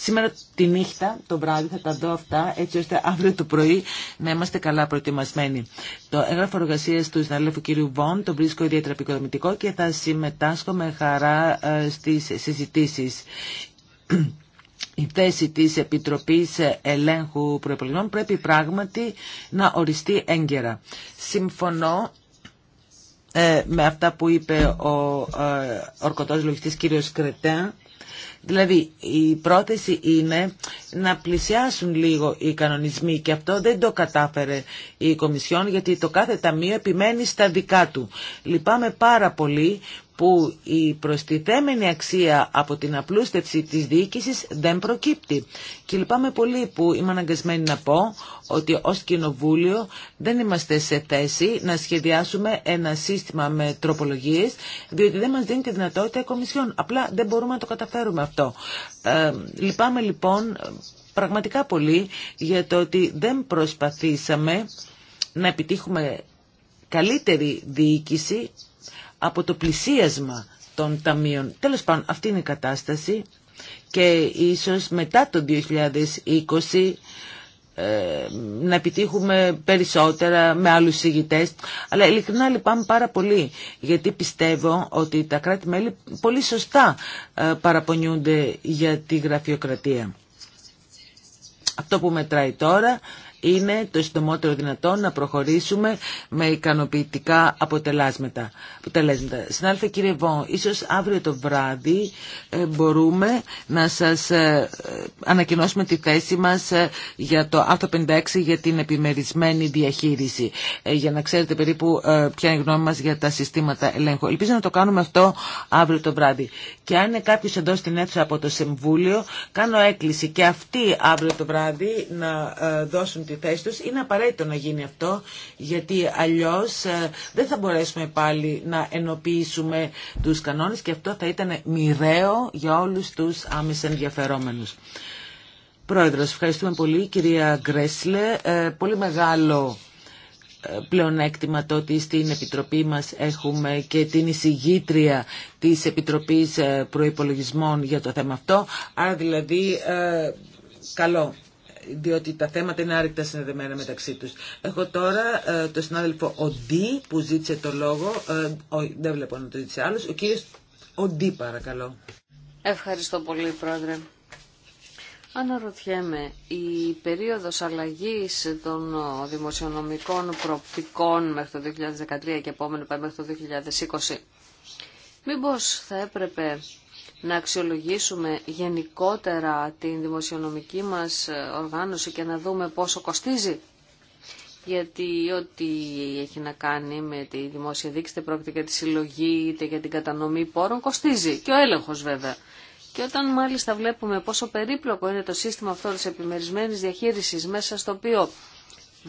Σήμερα τη νύχτα, το βράδυ θα τα δω αυτά έτσι ώστε αύριο το πρωί να είμαστε καλά προετοιμασμένοι. Το έγγραφο εργασία του συναδέλφου κ. Βον το βρίσκω ιδιαίτερα επικοδομητικό και θα συμμετάσχω με χαρά ε, στις συζητήσεις. Η θέση της Επιτροπής Ελέγχου Προεπολιμών πρέπει πράγματι να οριστεί έγκαιρα. Συμφωνώ ε, με αυτά που είπε ο ε, ορκωτός λογιστής κύριος Κρετέν Δηλαδή η πρόθεση είναι να πλησιάσουν λίγο οι κανονισμοί και αυτό δεν το κατάφερε η Κομισιόν γιατί το κάθε ταμείο επιμένει στα δικά του. Λυπάμαι πάρα πολύ που η προστιθέμενη αξία από την απλούστευση της διοίκησης δεν προκύπτει. Και λυπάμαι πολύ που είμαι αναγκασμένη να πω ότι ως Κοινοβούλιο δεν είμαστε σε θέση να σχεδιάσουμε ένα σύστημα με τροπολογίες, διότι δεν μας δίνει τη δυνατότητα κομισιών. Απλά δεν μπορούμε να το καταφέρουμε αυτό. Ε, λυπάμαι λοιπόν πραγματικά πολύ για το ότι δεν προσπαθήσαμε να επιτύχουμε καλύτερη διοίκηση από το πλησίασμα των ταμείων. Τέλος πάντων, αυτή είναι η κατάσταση και ίσως μετά το 2020 ε, να επιτύχουμε περισσότερα με άλλους συγητές. Αλλά ειλικρινά λυπάμαι πάρα πολύ, γιατί πιστεύω ότι τα κράτη-μέλη πολύ σωστά ε, παραπονιούνται για τη γραφειοκρατία. Αυτό που μετράει τώρα είναι το συντομότερο δυνατό να προχωρήσουμε με ικανοποιητικά αποτελέσματα. αποτελέσματα. Συνάλφε κύριε Βόν, ίσως αύριο το βράδυ ε, μπορούμε να σας ε, ανακοινώσουμε τη θέση μας ε, για το άρθρο 56 για την επιμερισμένη διαχείριση. για να ξέρετε περίπου ποια είναι η γνώμη μας για τα συστήματα ελέγχου. Ελπίζω να το κάνουμε αυτό αύριο το βράδυ. Και αν είναι κάποιος εδώ στην αίθουσα από το Συμβούλιο, κάνω έκκληση και αυτοί αύριο το βράδυ να δώσουν τη τους. Είναι απαραίτητο να γίνει αυτό, γιατί αλλιώς ε, δεν θα μπορέσουμε πάλι να ενοποιήσουμε τους κανόνες και αυτό θα ήταν μοιραίο για όλους τους άμεσα ενδιαφερόμενους. Πρόεδρο, ευχαριστούμε πολύ. Κυρία Γκρέσλε, ε, πολύ μεγάλο ε, πλεονέκτημα το ότι στην Επιτροπή μας έχουμε και την εισηγήτρια της Επιτροπής Προϋπολογισμών για το θέμα αυτό. Άρα δηλαδή, καλό διότι τα θέματα είναι άρρηκτα συνδεδεμένα μεταξύ τους. Έχω τώρα ε, το συνάδελφο Οντί που ζήτησε το λόγο, ε, δεν βλέπω να το ζήτησε άλλος, ο κύριος Οντί παρακαλώ. Ευχαριστώ πολύ πρόεδρε. Αναρωτιέμαι, η περίοδος αλλαγής των ε, δημοσιονομικών προοπτικών μέχρι το 2013 και επόμενο πάει μέχρι το 2020, μήπως θα έπρεπε να αξιολογήσουμε γενικότερα την δημοσιονομική μας ε, οργάνωση και να δούμε πόσο κοστίζει. Γιατί ό,τι έχει να κάνει με τη δημόσια δίκη, είτε πρόκειται για τη συλλογή, είτε για την κατανομή πόρων, κοστίζει. Και ο έλεγχος βέβαια. Και όταν μάλιστα βλέπουμε πόσο περίπλοκο είναι το σύστημα αυτό της επιμερισμένης διαχείρισης μέσα στο οποίο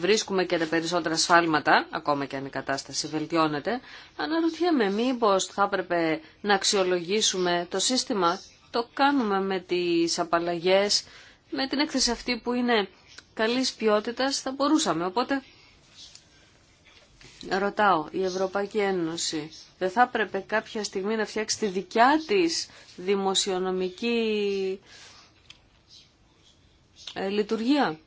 βρίσκουμε και τα περισσότερα σφάλματα, ακόμα και αν η κατάσταση βελτιώνεται, αναρωτιέμαι μήπως θα έπρεπε να αξιολογήσουμε το σύστημα. Το κάνουμε με τις απαλλαγές, με την έκθεση αυτή που είναι καλής ποιότητας θα μπορούσαμε. Οπότε ρωτάω, η Ευρωπαϊκή Ένωση δεν θα έπρεπε κάποια στιγμή να φτιάξει τη δικιά της δημοσιονομική ε, λειτουργία.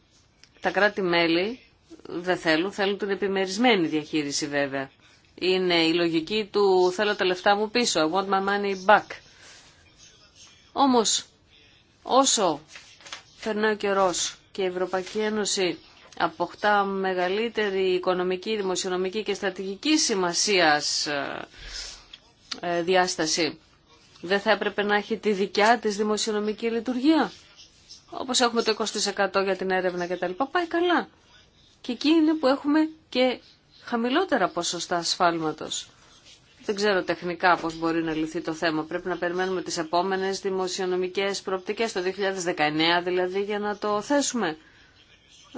Τα κράτη-μέλη δεν θέλουν, θέλουν την επιμερισμένη διαχείριση βέβαια. Είναι η λογική του θέλω τα λεφτά μου πίσω, I want my money back. Όμως, όσο περνάει ο καιρός και η Ευρωπαϊκή Ένωση αποκτά μεγαλύτερη οικονομική, δημοσιονομική και στρατηγική σημασίας ε, ε, διάσταση, δεν θα έπρεπε να έχει τη δικιά της δημοσιονομική λειτουργία. Όπως έχουμε το 20% για την έρευνα κτλ. Πάει καλά και εκεί είναι που έχουμε και χαμηλότερα ποσοστά ασφάλματος. Δεν ξέρω τεχνικά πώς μπορεί να λυθεί το θέμα. Πρέπει να περιμένουμε τις επόμενες δημοσιονομικές προοπτικές, το 2019 δηλαδή, για να το θέσουμε.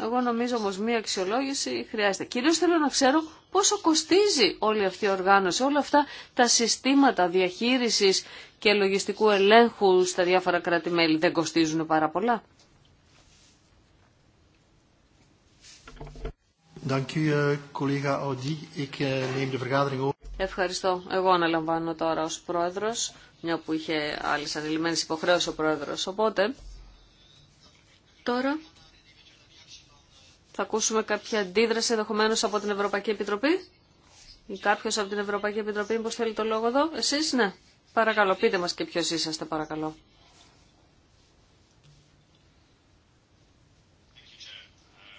Εγώ νομίζω όμως μία αξιολόγηση χρειάζεται. Κυρίως θέλω να ξέρω πόσο κοστίζει όλη αυτή η οργάνωση, όλα αυτά τα συστήματα διαχείρισης και λογιστικού ελέγχου στα διάφορα κράτη-μέλη δεν κοστίζουν πάρα πολλά. Eh, eh, Ευχαριστώ. Εγώ αναλαμβάνω τώρα ως πρόεδρος, μια που είχε άλλες ανελημμένες υποχρέωσεις ο πρόεδρος. Οπότε, τώρα θα ακούσουμε κάποια αντίδραση ενδεχομένω από την Ευρωπαϊκή Επιτροπή. Ή κάποιο από την Ευρωπαϊκή Επιτροπή, μήπω θέλει το λόγο εδώ. Εσείς, ναι. Παρακαλώ, πείτε μα και ποιο είσαστε, παρακαλώ.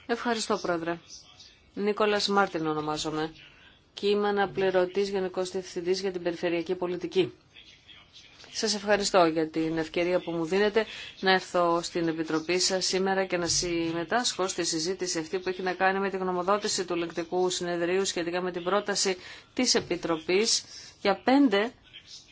Ευχαριστώ, Πρόεδρε. Νίκολας Μάρτιν ονομάζομαι και είμαι αναπληρωτή Γενικός Διευθυντή για την Περιφερειακή Πολιτική. Σας ευχαριστώ για την ευκαιρία που μου δίνετε να έρθω στην Επιτροπή σας σήμερα και να συμμετάσχω στη συζήτηση αυτή που έχει να κάνει με την γνωμοδότηση του Λεκτικού Συνεδρίου σχετικά με την πρόταση τη Επιτροπής για πέντε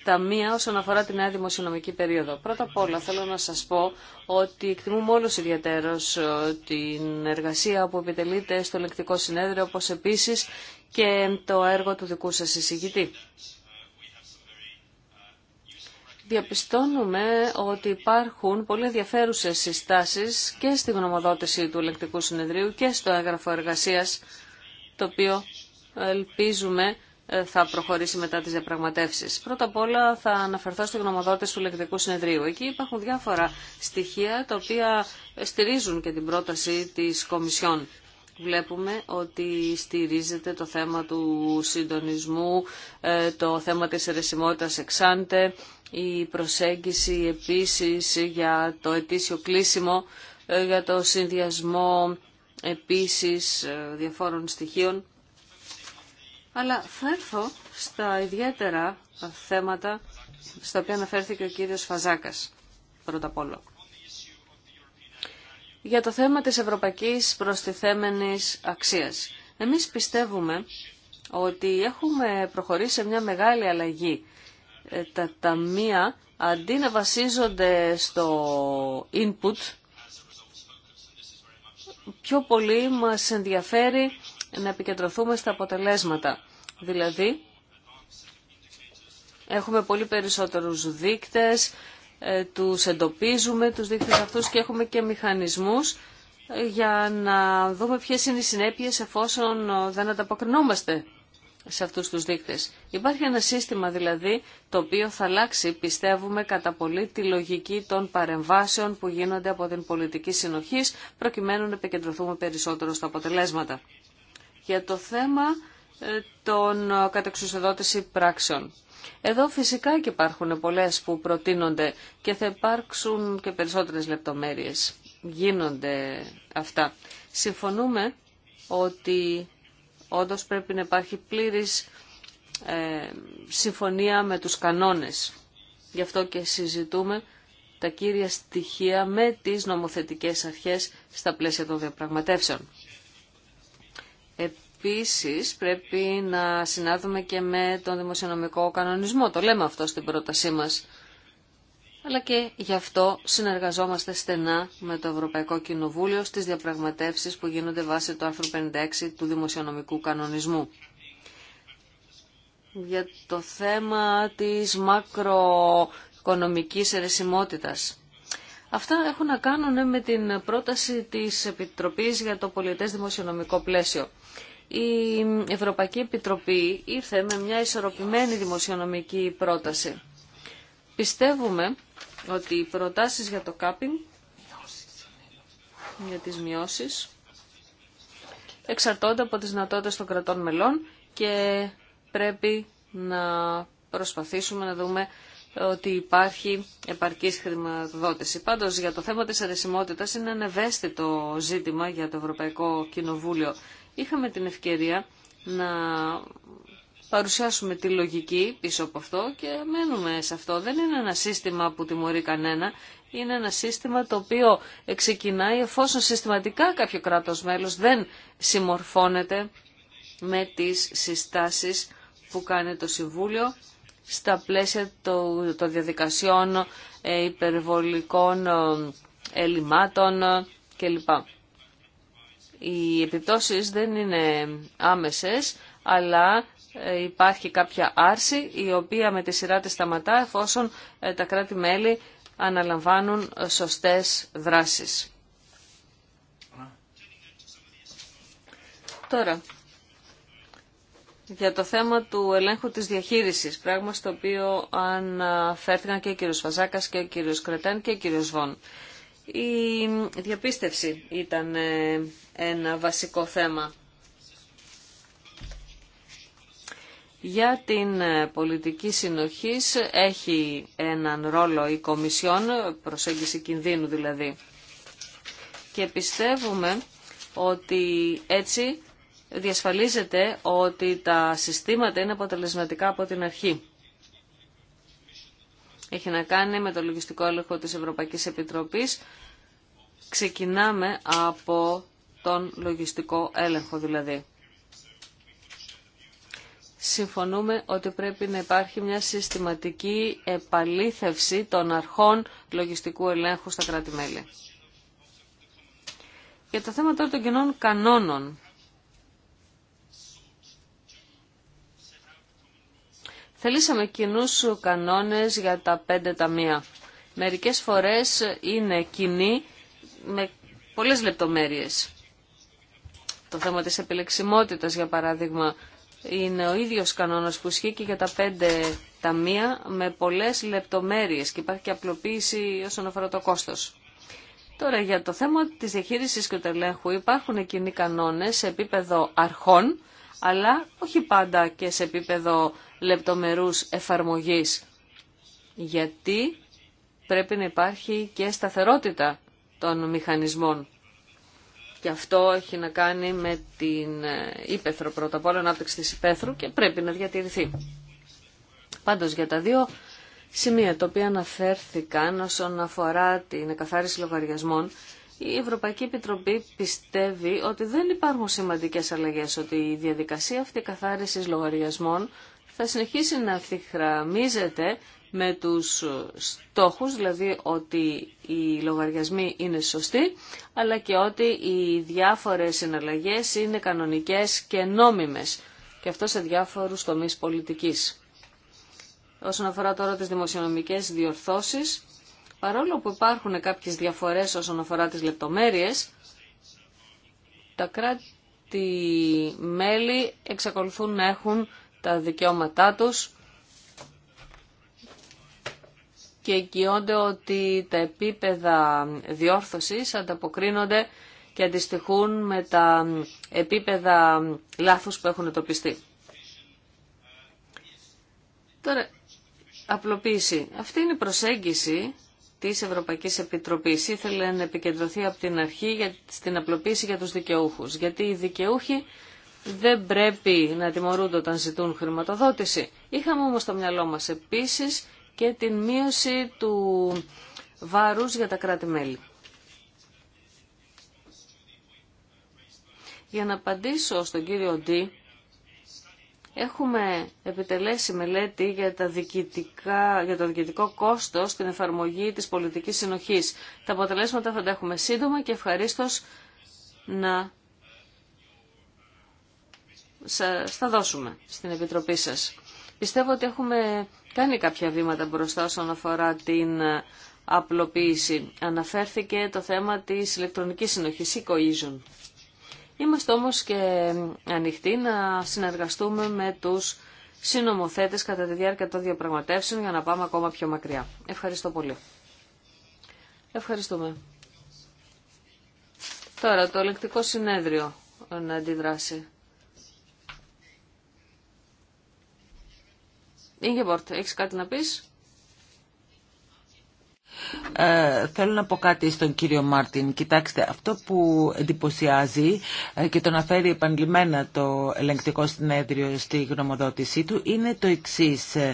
τα μία όσον αφορά την νέα δημοσιονομική περίοδο. Πρώτα απ' όλα θέλω να σας πω ότι εκτιμούμε όλους ιδιαίτερως ε, την εργασία που επιτελείται στο λεκτικό συνέδριο, όπως επίσης και το έργο του δικού σας εισηγητή. Διαπιστώνουμε ότι υπάρχουν πολύ ενδιαφέρουσε συστάσεις και στη γνωμοδότηση του ελεκτικού συνεδρίου και στο έγγραφο εργασίας, το οποίο ελπίζουμε ε, θα προχωρήσει μετά τις διαπραγματεύσει. Πρώτα απ' όλα θα αναφερθώ στη γνωμοδότηση του Λεκτικού Συνεδρίου. Εκεί υπάρχουν διάφορα στοιχεία τα οποία στηρίζουν και την πρόταση της Κομισιόν. Βλέπουμε ότι στηρίζεται το θέμα του συντονισμού, ε, το θέμα της αιρεσιμότητας εξάντε, η προσέγγιση επίσης για το ετήσιο κλείσιμο, ε, για το συνδυασμό επίσης διαφόρων στοιχείων αλλά θα έρθω στα ιδιαίτερα θέματα στα οποία αναφέρθηκε ο κύριος Φαζάκας, πρώτα απ' όλο. Για το θέμα της ευρωπαϊκής προστιθέμενης αξίας. Εμείς πιστεύουμε ότι έχουμε προχωρήσει σε μια μεγάλη αλλαγή. Ε, τα ταμεία αντί να βασίζονται στο input, πιο πολύ μας ενδιαφέρει να επικεντρωθούμε στα αποτελέσματα. Δηλαδή, έχουμε πολύ περισσότερους δείκτες, ε, τους εντοπίζουμε τους δείκτες αυτούς και έχουμε και μηχανισμούς ε, για να δούμε ποιες είναι οι συνέπειες εφόσον ε, δεν ανταποκρινόμαστε σε αυτούς τους δείκτες. Υπάρχει ένα σύστημα δηλαδή το οποίο θα αλλάξει πιστεύουμε κατά πολύ τη λογική των παρεμβάσεων που γίνονται από την πολιτική συνοχής προκειμένου να επικεντρωθούμε περισσότερο στα αποτελέσματα για το θέμα ε, των ε, κατεξουσιοδότηση πράξεων. Εδώ φυσικά και υπάρχουν πολλές που προτείνονται και θα υπάρξουν και περισσότερες λεπτομέρειες. Γίνονται αυτά. Συμφωνούμε ότι όντως πρέπει να υπάρχει πλήρης ε, συμφωνία με τους κανόνες. Γι' αυτό και συζητούμε τα κύρια στοιχεία με τις νομοθετικές αρχές στα πλαίσια των διαπραγματεύσεων. Επίσης πρέπει να συνάδουμε και με τον δημοσιονομικό κανονισμό. Το λέμε αυτό στην πρότασή μας. Αλλά και γι' αυτό συνεργαζόμαστε στενά με το Ευρωπαϊκό Κοινοβούλιο στις διαπραγματεύσεις που γίνονται βάσει του άρθρου 56 του δημοσιονομικού κανονισμού. Για το θέμα της μακροοικονομικής ερεσιμότητας. Αυτά έχουν να κάνουν με την πρόταση της Επιτροπής για το πολιτές δημοσιονομικό πλαίσιο. Η Ευρωπαϊκή Επιτροπή ήρθε με μια ισορροπημένη δημοσιονομική πρόταση. Πιστεύουμε ότι οι προτάσεις για το κάπινγκ, για τις μειώσεις, εξαρτώνται από τις δυνατότητες των κρατών μελών και πρέπει να προσπαθήσουμε να δούμε ότι υπάρχει επαρκής χρηματοδότηση. Πάντως για το θέμα της αρεσιμότητας είναι ένα ευαίσθητο ζήτημα για το Ευρωπαϊκό Κοινοβούλιο. Είχαμε την ευκαιρία να παρουσιάσουμε τη λογική πίσω από αυτό και μένουμε σε αυτό. Δεν είναι ένα σύστημα που τιμωρεί κανένα. Είναι ένα σύστημα το οποίο ξεκινάει εφόσον συστηματικά κάποιο κράτος μέλος δεν συμμορφώνεται με τις συστάσεις που κάνει το Συμβούλιο στα πλαίσια των διαδικασιών ε, υπερβολικών ε, ελλημάτων ε, κλπ. Οι επιπτώσεις δεν είναι άμεσες, αλλά υπάρχει κάποια άρση η οποία με τη σειρά της σταματά εφόσον τα κράτη-μέλη αναλαμβάνουν σωστές δράσεις. Τώρα, για το θέμα του ελέγχου της διαχείρισης, πράγμα στο οποίο αναφέρθηκαν και ο κύριος Φαζάκας και ο κύριος Κρετάν και ο κύριος Βον. Η διαπίστευση ήταν ε, ένα βασικό θέμα. Για την ε, πολιτική συνοχής έχει έναν ρόλο η Κομισιόν, προσέγγιση κινδύνου δηλαδή. Και πιστεύουμε ότι έτσι διασφαλίζεται ότι τα συστήματα είναι αποτελεσματικά από την αρχή. Έχει να κάνει με το λογιστικό έλεγχο της Ευρωπαϊκής Επιτροπής. Ξεκινάμε από τον λογιστικό έλεγχο δηλαδή. Συμφωνούμε ότι πρέπει να υπάρχει μια συστηματική επαλήθευση των αρχών λογιστικού ελέγχου στα κράτη-μέλη. Για το θέμα τώρα των κοινών κανόνων Θελήσαμε κοινού κανόνες για τα πέντε ταμεία. Μερικές φορές είναι κοινοί με πολλές λεπτομέρειες. Το θέμα της επιλεξιμότητας, για παράδειγμα, είναι ο ίδιος κανόνας που ισχύει για τα πέντε ταμεία με πολλές λεπτομέρειες και υπάρχει και απλοποίηση όσον αφορά το κόστος. Τώρα για το θέμα της διαχείρισης και του ελέγχου υπάρχουν κοινοί κανόνες σε επίπεδο αρχών, αλλά όχι πάντα και σε επίπεδο λεπτομερούς εφαρμογής. Γιατί πρέπει να υπάρχει και σταθερότητα των μηχανισμών. Και αυτό έχει να κάνει με την ε, ύπεθρο πρώτα απ' όλα, ανάπτυξη της ύπεθρου και πρέπει να διατηρηθεί. Πάντως για τα δύο σημεία τα οποία αναφέρθηκαν όσον αφορά την εκαθάριση λογαριασμών, η Ευρωπαϊκή Επιτροπή πιστεύει ότι δεν υπάρχουν σημαντικές αλλαγές, ότι η διαδικασία αυτή καθάρισης λογαριασμών θα συνεχίσει να θυχραμίζεται με τους στόχους, δηλαδή ότι οι λογαριασμοί είναι σωστοί, αλλά και ότι οι διάφορες συναλλαγές είναι κανονικές και νόμιμες, και αυτό σε διάφορους τομείς πολιτικής. Όσον αφορά τώρα τις δημοσιονομικές διορθώσεις, παρόλο που υπάρχουν κάποιες διαφορές όσον αφορά τις λεπτομέρειες, τα κράτη-μέλη εξακολουθούν να έχουν τα δικαιώματά τους και εγγυώνται ότι τα επίπεδα διόρθωσης ανταποκρίνονται και αντιστοιχούν με τα επίπεδα λάθους που έχουν τοπιστεί. Τώρα, απλοποίηση. Αυτή είναι η προσέγγιση της Ευρωπαϊκής Επιτροπής. Ήθελε να επικεντρωθεί από την αρχή στην απλοποίηση για τους δικαιούχους, γιατί οι δικαιούχοι δεν πρέπει να τιμωρούνται όταν ζητούν χρηματοδότηση. Είχαμε όμως στο μυαλό μας επίσης και την μείωση του βάρους για τα κράτη-μέλη. Για να απαντήσω στον κύριο Ντί, έχουμε επιτελέσει μελέτη για, τα για το διοικητικό κόστος στην εφαρμογή της πολιτικής συνοχής. Τα αποτελέσματα θα τα έχουμε σύντομα και ευχαρίστως να σας θα δώσουμε στην Επιτροπή σας. Πιστεύω ότι έχουμε κάνει κάποια βήματα μπροστά όσον αφορά την ε, απλοποίηση. Αναφέρθηκε το θέμα της ηλεκτρονικής η e-cohesion. Είμαστε όμως και ε, ανοιχτοί να συνεργαστούμε με τους συνομοθέτες κατά τη διάρκεια των διαπραγματεύσεων για να πάμε ακόμα πιο μακριά. Ευχαριστώ πολύ. Ευχαριστούμε. Τώρα το ελεκτικό συνέδριο να αντιδράσει. Ίγκεμπορτ, έχεις κάτι να πεις? Ε, θέλω να πω κάτι στον κύριο Μάρτιν. Κοιτάξτε, αυτό που εντυπωσιάζει ε, και το αναφέρει επανειλημμένα το ελεγκτικό συνέδριο στη γνωμοδότησή του είναι το εξή. Ε,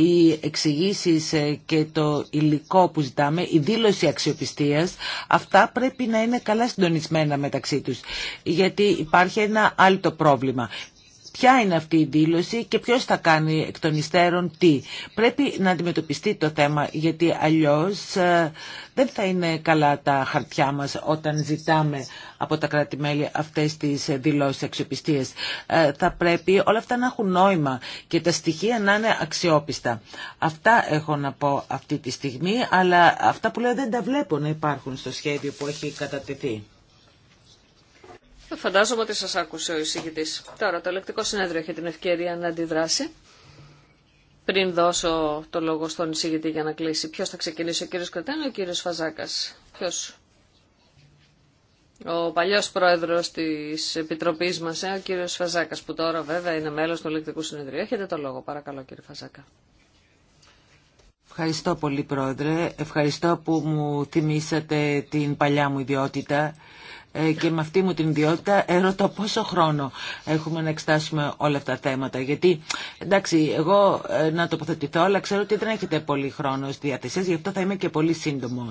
οι εξηγήσει ε, και το υλικό που ζητάμε, η δήλωση αξιοπιστία, αυτά πρέπει να είναι καλά συντονισμένα μεταξύ του. Γιατί υπάρχει ένα άλλο πρόβλημα. Ποια είναι αυτή η δήλωση και ποιος θα κάνει εκ των υστέρων τι. Πρέπει να αντιμετωπιστεί το θέμα γιατί αλλιώς ε, δεν θα είναι καλά τα χαρτιά μας όταν ζητάμε από τα κράτη-μέλη αυτές τις δηλώσεις αξιοπιστίας. Ε, θα πρέπει όλα αυτά να έχουν νόημα και τα στοιχεία να είναι αξιόπιστα. Αυτά έχω να πω αυτή τη στιγμή, αλλά αυτά που λέω δεν τα βλέπω να υπάρχουν στο σχέδιο που έχει κατατεθεί. Φαντάζομαι ότι σας άκουσε ο εισηγητής. Τώρα το ελεκτικό συνέδριο έχει την ευκαιρία να αντιδράσει. Πριν δώσω το λόγο στον εισηγητή για να κλείσει, ποιος θα ξεκινήσει, ο κύριος Κρατένο ή ο κύριος Φαζάκας. Ποιος. Ο παλιός πρόεδρος της Επιτροπής μας, ε, ο κύριος Φαζάκας, που τώρα βέβαια είναι μέλος του ελεκτικού συνεδρίου. Έχετε το λόγο, παρακαλώ κύριε Φαζάκα. Ευχαριστώ πολύ πρόεδρε, ευχαριστώ που μου θυμήσατε την παλιά μου ιδιότητα ε, και με αυτή μου την ιδιότητα ερωτώ πόσο χρόνο έχουμε να εξτάσουμε όλα αυτά τα θέματα. Γιατί, εντάξει, εγώ ε, να τοποθετηθώ, αλλά ξέρω ότι δεν έχετε πολύ χρόνο στη διάθεσή γι' αυτό θα είμαι και πολύ σύντομο.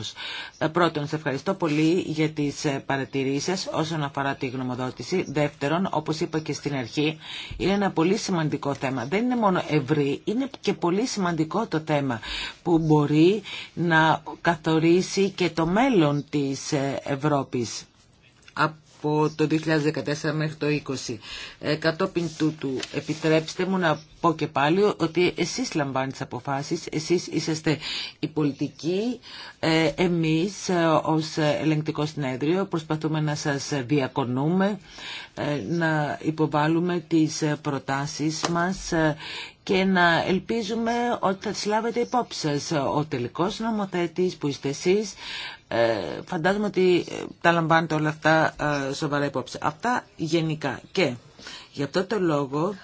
Ε, πρώτον, σε ευχαριστώ πολύ για τι παρατηρήσει όσον αφορά τη γνωμοδότηση. Δεύτερον, όπω είπα και στην αρχή, είναι ένα πολύ σημαντικό θέμα. Δεν είναι μόνο ευρύ, είναι και πολύ σημαντικό το θέμα που μπορεί να καθορίσει και το μέλλον της Ευρώπης από το 2014 μέχρι το 2020. Ε, κατόπιν τούτου, επιτρέψτε μου να πω και πάλι ότι εσείς λαμβάνετε αποφάσεις, εσείς είσαστε οι πολιτικοί, ε, εμείς ε, ως ελεγκτικό συνέδριο προσπαθούμε να σας διακονούμε, ε, να υποβάλουμε τις προτάσεις μας ε, και να ελπίζουμε ότι θα τις λάβετε υπόψη σας. Ο τελικός νομοθέτης που είστε εσείς ε, φαντάζομαι ότι ε, τα λαμβάνετε όλα αυτά ε, σοβαρά υπόψη. Αυτά γενικά. Και γι' αυτό το λόγο,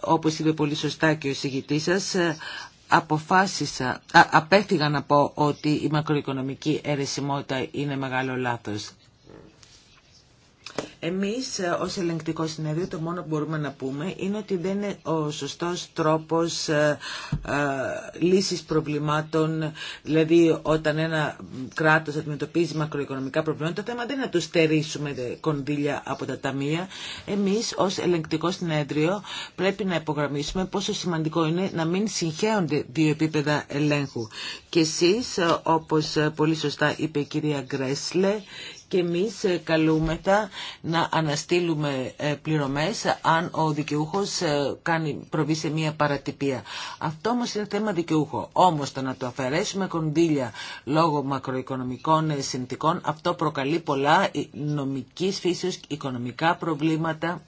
όπως είπε πολύ σωστά και ο συγητή σας, ε, αποφάσισα, απέφυγα να πω ότι η μακροοικονομική αιρεσιμότητα είναι μεγάλο λάθος. Εμείς ε, ως ελεγκτικό συνέδριο το μόνο που μπορούμε να πούμε είναι ότι δεν είναι ο σωστός τρόπος ε, ε, λύσης προβλημάτων. Δηλαδή όταν ένα κράτος αντιμετωπίζει μακροοικονομικά προβλήματα, το θέμα δεν είναι να του στερήσουμε κονδύλια από τα ταμεία. Εμείς ως ελεγκτικό συνέδριο πρέπει να υπογραμμίσουμε πόσο σημαντικό είναι να μην συγχέονται δύο επίπεδα ελέγχου. Και εσείς, ε, όπως πολύ σωστά είπε η κυρία Γκρέσλε, και εμείς ε, καλούμετα να αναστείλουμε ε, πληρωμές αν ο δικαιούχος ε, κάνει, προβεί σε μία παρατυπία. Αυτό όμως είναι θέμα δικαιούχο. Όμως το να το αφαιρέσουμε κονδύλια λόγω μακροοικονομικών συνθήκων αυτό προκαλεί πολλά νομικής φύσεως οικονομικά προβλήματα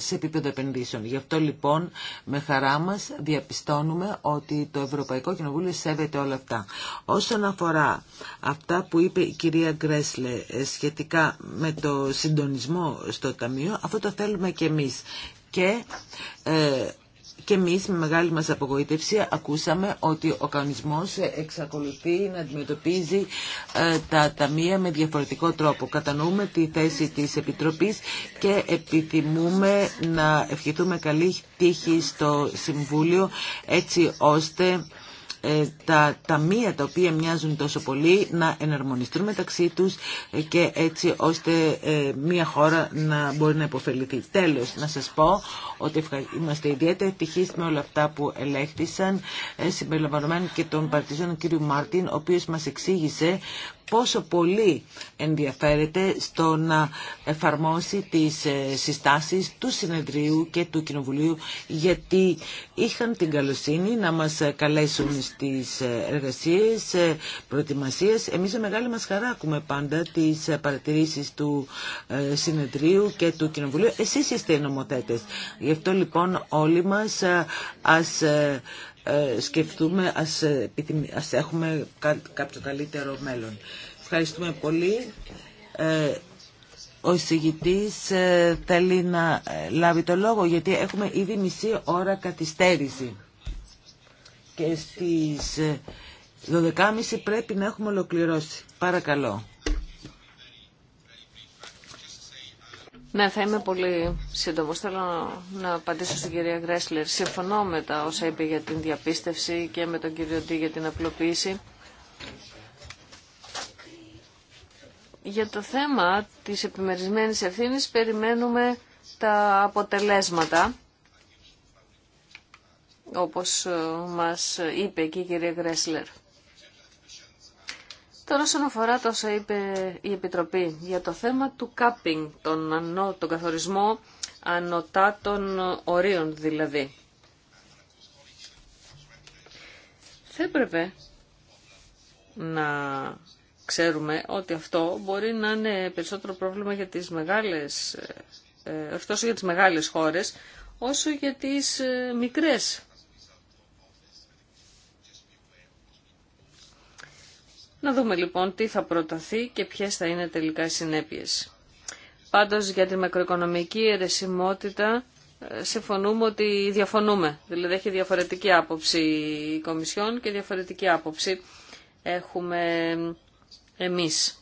σε επίπεδο επενδύσεων. Γι' αυτό λοιπόν με χαρά μας διαπιστώνουμε ότι το Ευρωπαϊκό Κοινοβούλιο σέβεται όλα αυτά. Όσον αφορά αυτά που είπε η κυρία Γκρέσλε ε, σχετικά με το συντονισμό στο Ταμείο, αυτό το θέλουμε και εμείς. Και ε, και εμείς με μεγάλη μας απογοήτευση ακούσαμε ότι ο κανονισμός εξακολουθεί να αντιμετωπίζει ε, τα ταμεία με διαφορετικό τρόπο. Κατανοούμε τη θέση της Επιτροπής και επιθυμούμε να ευχηθούμε καλή τύχη στο Συμβούλιο έτσι ώστε ε, τα ταμεία τα οποία μοιάζουν τόσο πολύ να εναρμονιστούν μεταξύ τους ε, και έτσι ώστε ε, μια χώρα να μπορεί να υποφεληθεί. Τέλος, να σας πω ότι είμαστε ιδιαίτερα ευτυχείς με όλα αυτά που ελέγχθησαν συμπεριλαμβανομένου και τον παρτιζόν κ. Μάρτιν ο οποίος μας εξήγησε πόσο πολύ ενδιαφέρεται στο να εφαρμόσει τις ε, συστάσεις του Συνεδρίου και του Κοινοβουλίου γιατί είχαν την καλοσύνη να μας καλέσουν στις ε, εργασίες ε, προετοιμασίες. Εμείς με μεγάλη μας χαρά ακούμε πάντα τις παρατηρήσεις του Συνεδρίου και του Κοινοβουλίου. Εσείς είστε οι νομοθέτες. Γι' αυτό λοιπόν όλοι μας ας ε, σκεφτούμε, ας, ας έχουμε κάποιο καλύτερο μέλλον. Ευχαριστούμε πολύ. Ε, ο εισηγητής ε, θέλει να λάβει το λόγο γιατί έχουμε ήδη μισή ώρα καθυστέρηση και στις 12.30 πρέπει να έχουμε ολοκληρώσει. Παρακαλώ. Ναι, θα είμαι πολύ σύντομο. Θέλω να απαντήσω στην κυρία Γκρέσλερ. Συμφωνώ με τα όσα είπε για την διαπίστευση και με τον κύριο για την απλοποίηση. Για το θέμα της επιμερισμένης ευθύνης περιμένουμε τα αποτελέσματα, όπως ε, μας είπε και η κυρία Γκρέσλερ. Τώρα όσον αφορά όσα είπε η Επιτροπή για το θέμα του κάπινγκ, τον, ανώ, τον καθορισμό ανωτά των ορίων δηλαδή. Θα έπρεπε να ξέρουμε ότι αυτό μπορεί να είναι περισσότερο πρόβλημα για τις μεγάλες, ε, ε για τις μεγάλες χώρες, όσο για τις ε, μικρές Να δούμε λοιπόν τι θα προταθεί και ποιες θα είναι τελικά οι συνέπειες. Πάντως για τη μακροοικονομική αιρεσιμότητα ε, συμφωνούμε ότι διαφωνούμε. Δηλαδή έχει διαφορετική άποψη η Κομισιόν και διαφορετική άποψη έχουμε εμείς.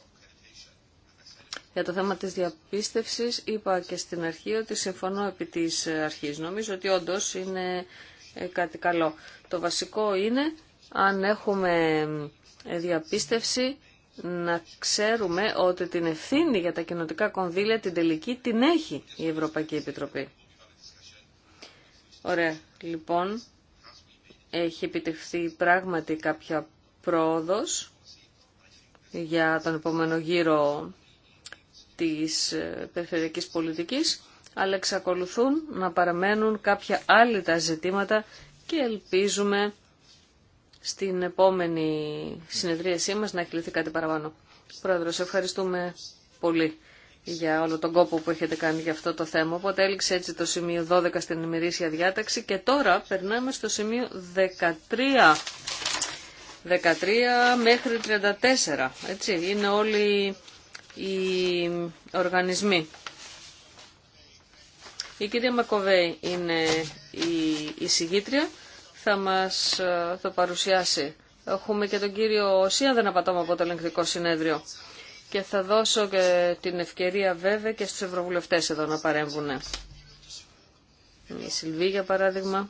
Για το θέμα της διαπίστευσης είπα και στην αρχή ότι συμφωνώ επί της αρχής. Νομίζω ότι όντως είναι ε, κάτι καλό. Το βασικό είναι αν έχουμε διαπίστευση να ξέρουμε ότι την ευθύνη για τα κοινοτικά κονδύλια την τελική την έχει η Ευρωπαϊκή Επιτροπή. Ωραία, λοιπόν, έχει επιτευχθεί πράγματι κάποια πρόοδος για τον επόμενο γύρο της ε, περιφερειακής πολιτικής, αλλά εξακολουθούν να παραμένουν κάποια άλλη τα ζητήματα και ελπίζουμε στην επόμενη συνεδρίασή μας να έχει κάτι παραπάνω. Πρόεδρος, ευχαριστούμε πολύ για όλο τον κόπο που έχετε κάνει για αυτό το θέμα. Οπότε έληξε έτσι το σημείο 12 στην ημερήσια διάταξη και τώρα περνάμε στο σημείο 13. 13 μέχρι 34, έτσι, είναι όλοι οι οργανισμοί. Η κυρία Μακοβέη είναι η συγγήτρια θα μας ε, το παρουσιάσει. Έχουμε και τον κύριο Σία, δεν απατώμε από το ελεγκτικό συνέδριο. Και θα δώσω και την ευκαιρία βέβαια και στους ευρωβουλευτές εδώ να παρέμβουν. Η Σιλβή για παράδειγμα.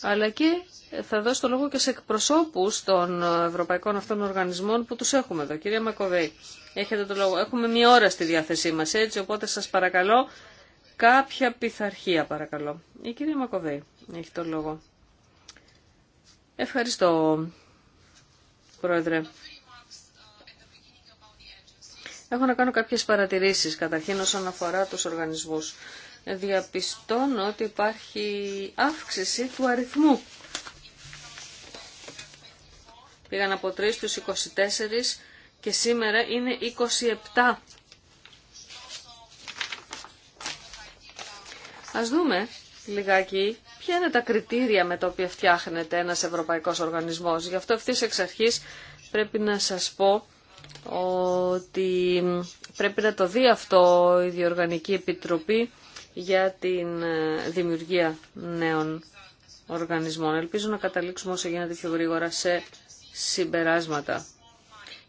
Αλλά και θα δώσω το λόγο και σε εκπροσώπους των ευρωπαϊκών αυτών οργανισμών που τους έχουμε εδώ. Κυρία Μακοβέη, έχετε το λόγο. Έχουμε μία ώρα στη διάθεσή μας έτσι, οπότε σας παρακαλώ κάποια πειθαρχία παρακαλώ. Η κυρία Μακοβέη έχει το λόγο. Ευχαριστώ, Πρόεδρε. Έχω να κάνω κάποιες παρατηρήσεις, καταρχήν όσον αφορά τους οργανισμούς. Διαπιστώνω ότι υπάρχει αύξηση του αριθμού. Πήγαν από 3 στους 24 και σήμερα είναι 27 Ας δούμε λιγάκι ποια είναι τα κριτήρια με τα οποία φτιάχνεται ένας ευρωπαϊκός οργανισμός. Γι' αυτό ευθύς εξ αρχής πρέπει να σας πω ότι πρέπει να το δει αυτό η Διοργανική Επιτροπή για την ε, δημιουργία νέων οργανισμών. Ελπίζω να καταλήξουμε όσο γίνεται πιο γρήγορα σε συμπεράσματα.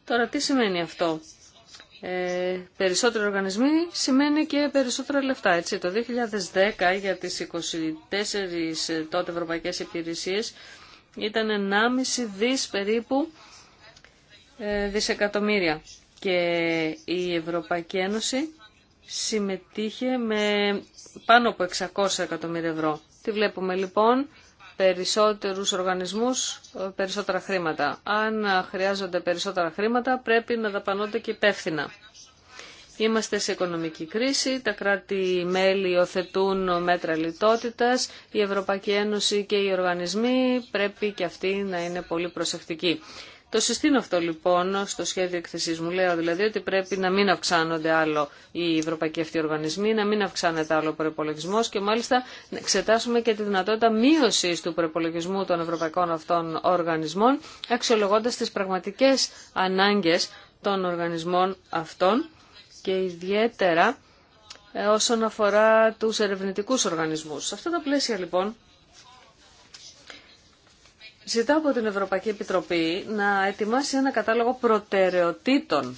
Τώρα τι σημαίνει αυτό ε, περισσότεροι οργανισμοί σημαίνει και περισσότερα λεφτά. Έτσι. Το 2010 για τις 24 ε, τότε ευρωπαϊκές υπηρεσίες ήταν 1,5 δις περίπου ε, δισεκατομμύρια και η Ευρωπαϊκή Ένωση συμμετείχε με πάνω από 600 εκατομμύρια ευρώ. Τι βλέπουμε λοιπόν περισσότερους οργανισμούς ε, περισσότερα χρήματα. Αν χρειάζονται περισσότερα χρήματα πρέπει να δαπανώνται και υπεύθυνα. Είμαστε σε οικονομική κρίση, τα κράτη-μέλη υιοθετούν μέτρα λιτότητας, η Ευρωπαϊκή Ένωση και οι οργανισμοί πρέπει και αυτοί να είναι πολύ προσεκτικοί. Το συστήνω αυτό λοιπόν στο σχέδιο εκθεσή μου. Λέω δηλαδή ότι πρέπει να μην αυξάνονται άλλο οι ευρωπαϊκοί αυτοί οργανισμοί, να μην αυξάνεται άλλο ο προπολογισμό και μάλιστα να εξετάσουμε και τη δυνατότητα μείωση του προπολογισμού των ευρωπαϊκών αυτών οργανισμών, αξιολογώντα τι πραγματικέ ανάγκε των οργανισμών αυτών και ιδιαίτερα ε, όσον αφορά τους ερευνητικούς οργανισμούς. Σε αυτά τα πλαίσια λοιπόν ζητά από την Ευρωπαϊκή Επιτροπή να ετοιμάσει ένα κατάλογο προτεραιοτήτων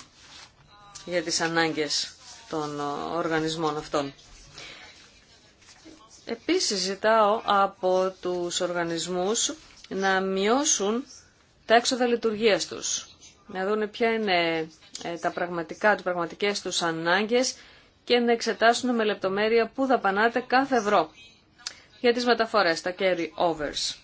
για τις ανάγκες των ε, οργανισμών αυτών. Επίσης ζητάω από τους οργανισμούς να μειώσουν τα έξοδα λειτουργίας τους, να δουν ποια είναι ε, τα πραγματικά, τις πραγματικές τους ανάγκες και να εξετάσουν με λεπτομέρεια πού δαπανάτε κάθε ευρώ για τις μεταφορές, τα carry-overs.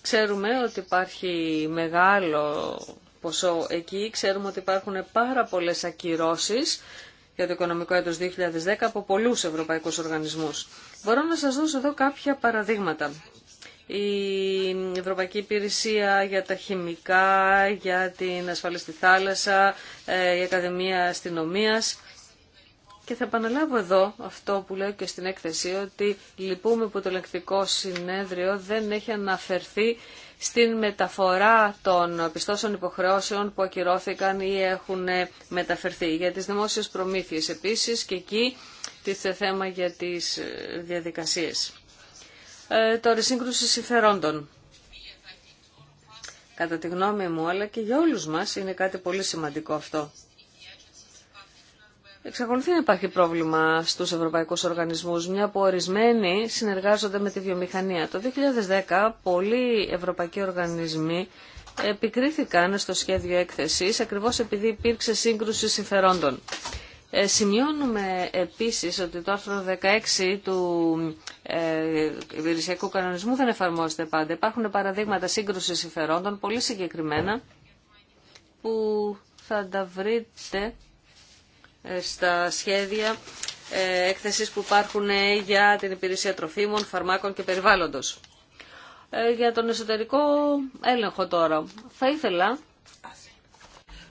Ξέρουμε ότι υπάρχει μεγάλο ποσό εκεί, ξέρουμε ότι υπάρχουν πάρα πολλές ακυρώσεις για το οικονομικό έτος 2010 από πολλούς ευρωπαϊκούς οργανισμούς. Μπορώ να σας δώσω εδώ κάποια παραδείγματα. Η Ευρωπαϊκή Υπηρεσία για τα Χημικά, για την Ασφαλή στη Θάλασσα, ε, η Ακαδημία Αστυνομίας. Και θα επαναλάβω εδώ αυτό που λέω και στην έκθεση, ότι λυπούμε που το λεκτικό συνέδριο δεν έχει αναφερθεί στην μεταφορά των πιστώσεων υποχρεώσεων που ακυρώθηκαν ή έχουν μεταφερθεί. Για τις δημόσιες προμήθειες επίσης και εκεί τίθεται θέμα για τις διαδικασίες. Ε, τώρα, σύγκρουση συμφερόντων. Κατά τη γνώμη μου, αλλά και για όλους μας, είναι κάτι πολύ σημαντικό αυτό. Εξακολουθεί να υπάρχει πρόβλημα στους ευρωπαϊκούς οργανισμούς, μια που ορισμένοι συνεργάζονται με τη βιομηχανία. Το 2010 πολλοί ευρωπαϊκοί οργανισμοί επικρίθηκαν στο σχέδιο έκθεσης ακριβώς επειδή υπήρξε σύγκρουση συμφερόντων. Ε, σημειώνουμε επίσης ότι το άρθρο 16 του υπηρεσιακού ε, κανονισμού δεν εφαρμόζεται πάντα. Υπάρχουν παραδείγματα σύγκρουση συμφερόντων πολύ συγκεκριμένα που θα τα βρείτε στα σχέδια ε, έκθεσης που υπάρχουν ε, για την υπηρεσία τροφίμων, φαρμάκων και περιβάλλοντος. Ε, για τον εσωτερικό έλεγχο τώρα. Θα ήθελα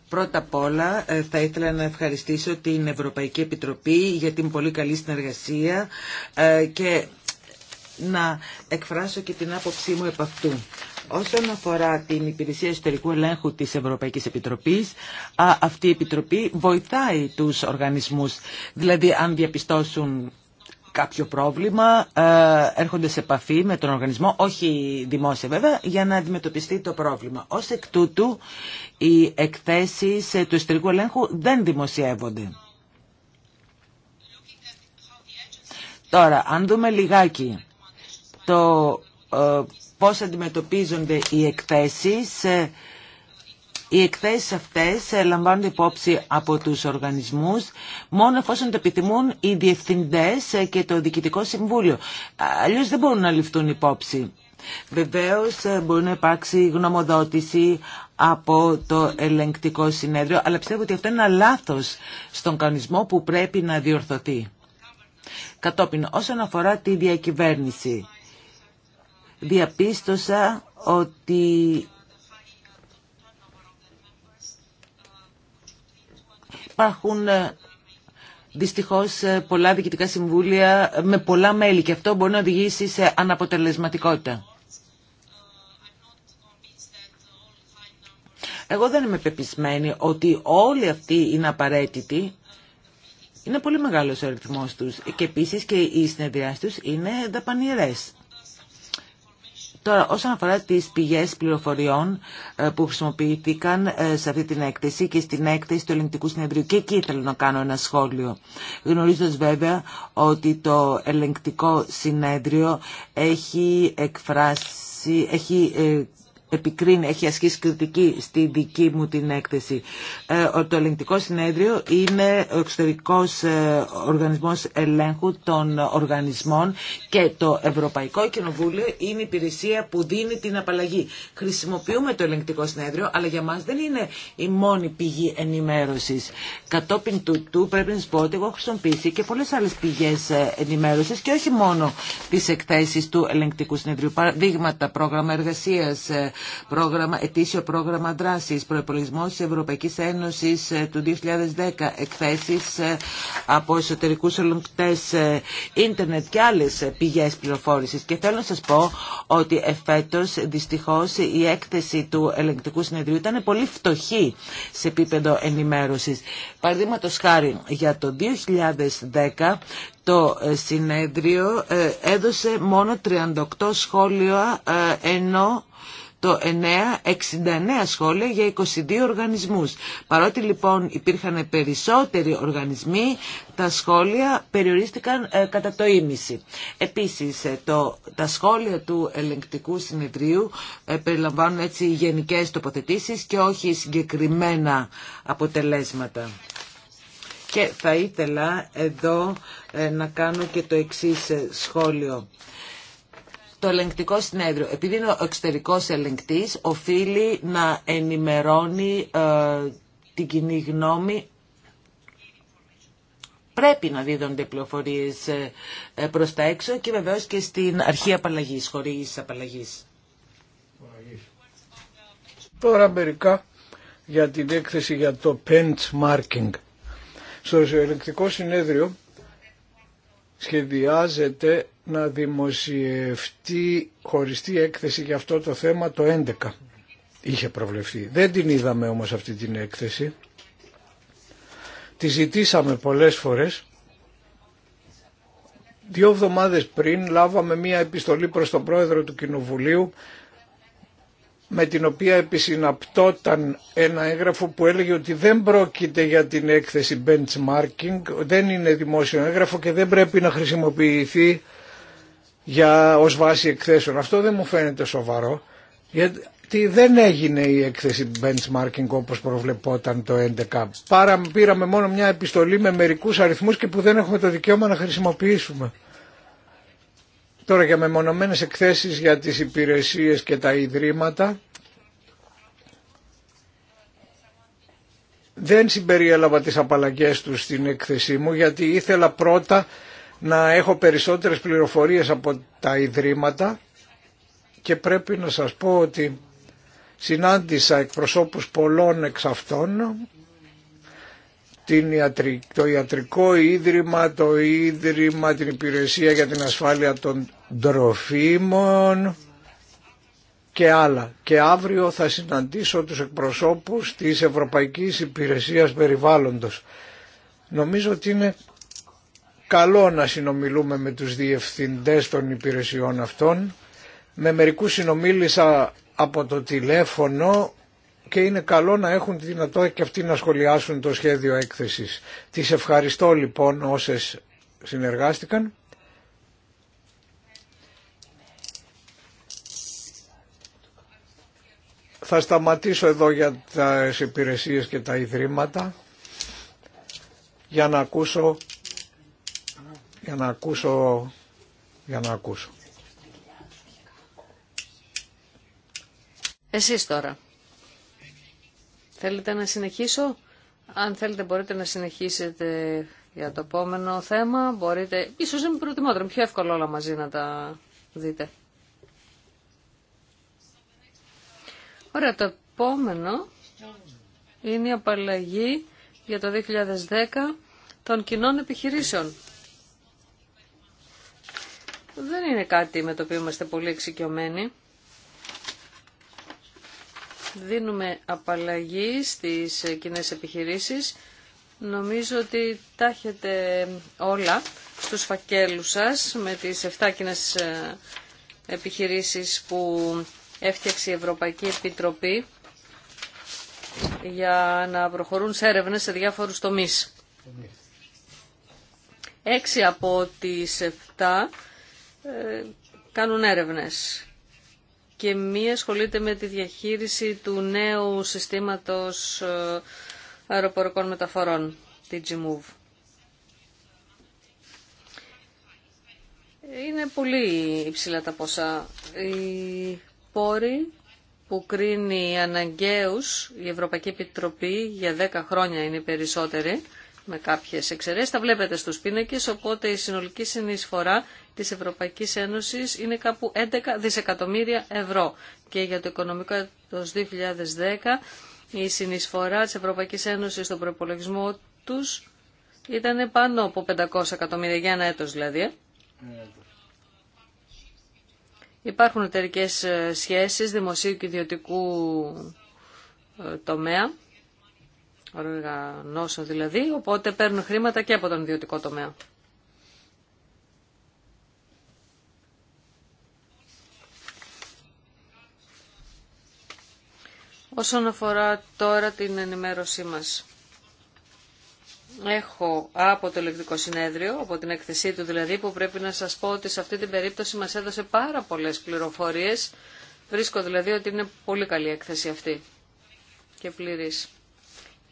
Πρώτα απ' όλα θα ήθελα να ευχαριστήσω την Ευρωπαϊκή Επιτροπή για την πολύ καλή συνεργασία και να εκφράσω και την άποψή μου επ' αυτού. Όσον αφορά την Υπηρεσία εσωτερικού Ελέγχου της Ευρωπαϊκής Επιτροπής, αυτή η Επιτροπή βοηθάει τους οργανισμούς. Δηλαδή, αν διαπιστώσουν κάποιο πρόβλημα, ε, έρχονται σε επαφή με τον οργανισμό, όχι δημόσια βέβαια, για να αντιμετωπιστεί το πρόβλημα. Ως εκ τούτου, οι εκθέσεις ε, του εσωτερικού ελέγχου δεν δημοσιεύονται. Τώρα, αν δούμε λιγάκι το ε, πώς αντιμετωπίζονται οι εκθέσεις. Ε, οι εκθέσεις αυτές ε, λαμβάνονται υπόψη από τους οργανισμούς μόνο εφόσον το επιθυμούν οι διευθυντές και το Διοικητικό Συμβούλιο. Αλλιώς δεν μπορούν να ληφθούν υπόψη. Βεβαίως μπορεί να υπάρξει γνωμοδότηση από το ελεγκτικό συνέδριο, αλλά πιστεύω ότι αυτό είναι ένα λάθος στον κανονισμό που πρέπει να διορθωθεί. Κατόπιν, όσον αφορά τη διακυβέρνηση, διαπίστωσα ότι υπάρχουν ε, δυστυχώς ε, πολλά διοικητικά συμβούλια με πολλά μέλη και αυτό μπορεί να οδηγήσει σε αναποτελεσματικότητα. Εγώ δεν είμαι πεπισμένη ότι όλοι αυτοί είναι απαραίτητοι. Είναι πολύ μεγάλος ο αριθμός τους και επίσης και οι συνεδριάσεις τους είναι δαπανηρές. Τώρα, όσον αφορά τις πηγές πληροφοριών ε, που χρησιμοποιήθηκαν ε, σε αυτή την έκθεση και στην έκθεση του Ελληνικού Συνεδρίου, και εκεί ήθελα να κάνω ένα σχόλιο. Γνωρίζοντας βέβαια ότι το ελληνικό Συνέδριο έχει εκφράσει έχει ε, επικρίνει, έχει ασκήσει κριτική στη δική μου την έκθεση. Ε, το ελεγκτικό συνέδριο είναι ο εξωτερικός ε, οργανισμός ελέγχου των οργανισμών και το Ευρωπαϊκό Κοινοβούλιο είναι η υπηρεσία που δίνει την απαλλαγή. Χρησιμοποιούμε το ελεγκτικό συνέδριο, αλλά για μας δεν είναι η μόνη πηγή ενημέρωσης. Κατόπιν του πρέπει να σας πω ότι εγώ έχω χρησιμοποιήσει και πολλές άλλες πηγές ε, ενημέρωσης και όχι μόνο τις εκθέσεις του ελεγκτικού συνέδριου. Παραδείγματα, πρόγραμμα εργασίας, πρόγραμμα, ετήσιο πρόγραμμα δράση. προπολογισμό τη Ευρωπαϊκή Ένωσης ε, του 2010, εκθέσει ε, από εσωτερικού ελεγκτές, ε, ίντερνετ και άλλε πηγέ πληροφόρηση. Και θέλω να σα πω ότι εφέτο, δυστυχώ, η έκθεση του ελεγκτικού συνεδρίου ήταν πολύ φτωχή σε επίπεδο ενημέρωση. Παραδείγματο χάρη για το 2010 το συνέδριο έδωσε μόνο 38 σχόλια ενώ το 9 69 σχόλια για 22 οργανισμούς. Παρότι λοιπόν υπήρχαν περισσότεροι οργανισμοί, τα σχόλια περιορίστηκαν ε, κατά το ίμιση. Επίσης, ε, το, τα σχόλια του ελεγκτικού συνεδρίου ε, περιλαμβάνουν έτσι γενικές τοποθετήσεις και όχι συγκεκριμένα αποτελέσματα. Και θα ήθελα εδώ να κάνω και το εξής σχόλιο το ελεγκτικό συνέδριο, επειδή είναι ο εξωτερικός ελεγκτής, οφείλει να ενημερώνει ε, την κοινή γνώμη πρέπει να δίδονται πληροφορίες ε, ε, προς τα έξω και βεβαίως και στην αρχή απαλλαγής, χωρίς απαλλαγής. Τώρα μερικά για την έκθεση για το benchmarking. Στο ελεγκτικό συνέδριο σχεδιάζεται να δημοσιευτεί χωριστή έκθεση για αυτό το θέμα το 11. Είχε προβλεφθεί. Δεν την είδαμε όμως αυτή την έκθεση. Τη ζητήσαμε πολλές φορές. Δύο εβδομάδες πριν λάβαμε μία επιστολή προς τον πρόεδρο του Κοινοβουλίου με την οποία επισυναπτόταν ένα έγγραφο που έλεγε ότι δεν πρόκειται για την έκθεση benchmarking, δεν είναι δημόσιο έγγραφο και δεν πρέπει να χρησιμοποιηθεί για, ως βάση εκθέσεων. Αυτό δεν μου φαίνεται σοβαρό, γιατί δεν έγινε η έκθεση benchmarking όπως προβλεπόταν το 2011. Πάρα, πήραμε μόνο μια επιστολή με μερικούς αριθμούς και που δεν έχουμε το δικαίωμα να χρησιμοποιήσουμε. Τώρα για μεμονωμένες εκθέσεις για τις υπηρεσίες και τα ιδρύματα δεν συμπεριέλαβα τις απαλλαγές τους στην έκθεσή μου γιατί ήθελα πρώτα να έχω περισσότερες πληροφορίες από τα Ιδρύματα και πρέπει να σας πω ότι συνάντησα εκπροσώπους πολλών εξ αυτών την το Ιατρικό Ίδρυμα, το Ίδρυμα, την Υπηρεσία για την Ασφάλεια των Τροφίμων και άλλα. Και αύριο θα συναντήσω τους εκπροσώπους της Ευρωπαϊκής Υπηρεσίας Περιβάλλοντος. Νομίζω ότι είναι καλό να συνομιλούμε με τους διευθυντές των υπηρεσιών αυτών. Με μερικούς συνομίλησα από το τηλέφωνο και είναι καλό να έχουν τη δυνατότητα και αυτοί να σχολιάσουν το σχέδιο έκθεσης. Τις ευχαριστώ λοιπόν όσες συνεργάστηκαν. Θα σταματήσω εδώ για τις υπηρεσίες και τα ιδρύματα για να ακούσω για να ακούσω, για να ακούσω. Εσείς τώρα. Θέλετε να συνεχίσω. Αν θέλετε μπορείτε να συνεχίσετε για το επόμενο θέμα. Μπορείτε, ίσως είναι προτιμότερο, πιο εύκολο όλα μαζί να τα δείτε. Ωραία, το επόμενο είναι η απαλλαγή για το 2010 των κοινών επιχειρήσεων δεν είναι κάτι με το οποίο είμαστε πολύ εξοικειωμένοι. Δίνουμε απαλλαγή στις κοινέ επιχειρήσεις. Νομίζω ότι τα όλα στους φακέλους σας με τις 7 κοινέ ε, επιχειρήσεις που έφτιαξε η Ευρωπαϊκή Επιτροπή για να προχωρούν σε έρευνες σε διάφορους τομείς. Έξι από τις 7 ε, κάνουν έρευνες και μία ασχολείται με τη διαχείριση του νέου συστήματος ε, αεροπορικών μεταφορών, τη G-Move. Είναι πολύ υψηλά τα ποσά. Οι πόροι που κρίνει αναγκαίους η Ευρωπαϊκή Επιτροπή για 10 χρόνια είναι οι με κάποιες εξαιρέσεις. Τα βλέπετε στους πίνακες, οπότε η συνολική συνεισφορά της Ευρωπαϊκής Ένωσης είναι κάπου 11 δισεκατομμύρια ευρώ. Και για το οικονομικό έτος 2010 η συνεισφορά της Ευρωπαϊκής Ένωσης στον προπολογισμό τους ήταν πάνω από 500 εκατομμύρια για ένα έτος δηλαδή. Υπάρχουν εταιρικέ ε, σχέσεις δημοσίου και ιδιωτικού ε, τομέα οργανώσεων δηλαδή, οπότε παίρνουν χρήματα και από τον ιδιωτικό τομέα. Όσον αφορά τώρα την ενημέρωσή μας. Έχω από το ελεκτικό συνέδριο, από την εκθεσή του δηλαδή, που πρέπει να σας πω ότι σε αυτή την περίπτωση μας έδωσε πάρα πολλές πληροφορίες. Βρίσκω δηλαδή ότι είναι πολύ καλή η εκθέση αυτή και πλήρης.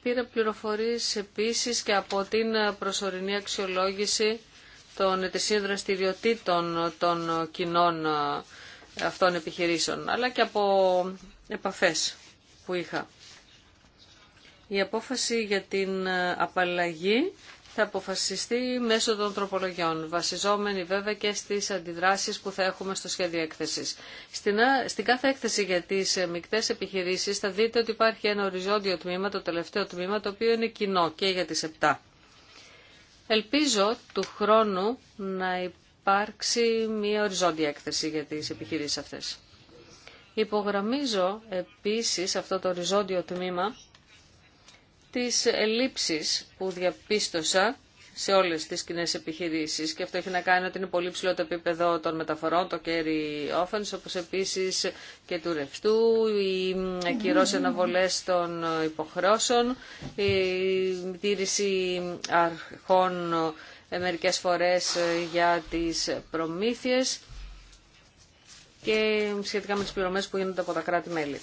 Πήρα πληροφορίες επίσης και από την προσωρινή αξιολόγηση των ετησίων δραστηριοτήτων των κοινών ε, αυτών επιχειρήσεων, αλλά και από επαφές που είχα. Η απόφαση για την ε, απαλλαγή θα αποφασιστεί μέσω των τροπολογιών, βασιζόμενοι βέβαια και στις αντιδράσεις που θα έχουμε στο σχέδιο έκθεσης. Στην, στην κάθε έκθεση για τις ε, μικτές επιχειρήσεις θα δείτε ότι υπάρχει ένα οριζόντιο τμήμα, το τελευταίο τμήμα, το οποίο είναι κοινό και για τις 7. Ελπίζω του χρόνου να υπάρξει μια οριζόντια έκθεση για τις επιχειρήσεις αυτές. Υπογραμμίζω επίσης αυτό το οριζόντιο τμήμα τις ελλείψεις που διαπίστωσα σε όλες τις κοινέ επιχειρήσεις και αυτό έχει να κάνει ότι είναι πολύ ψηλό το επίπεδο των μεταφορών, το κέρι offense, όπως επίσης και του ρευστού, οι ακυρώσεις αναβολές των υποχρώσεων, η τήρηση αρχών μερικές φορές για τις προμήθειες και σχετικά με τις πληρωμές που γίνονται από τα κράτη-μέλη.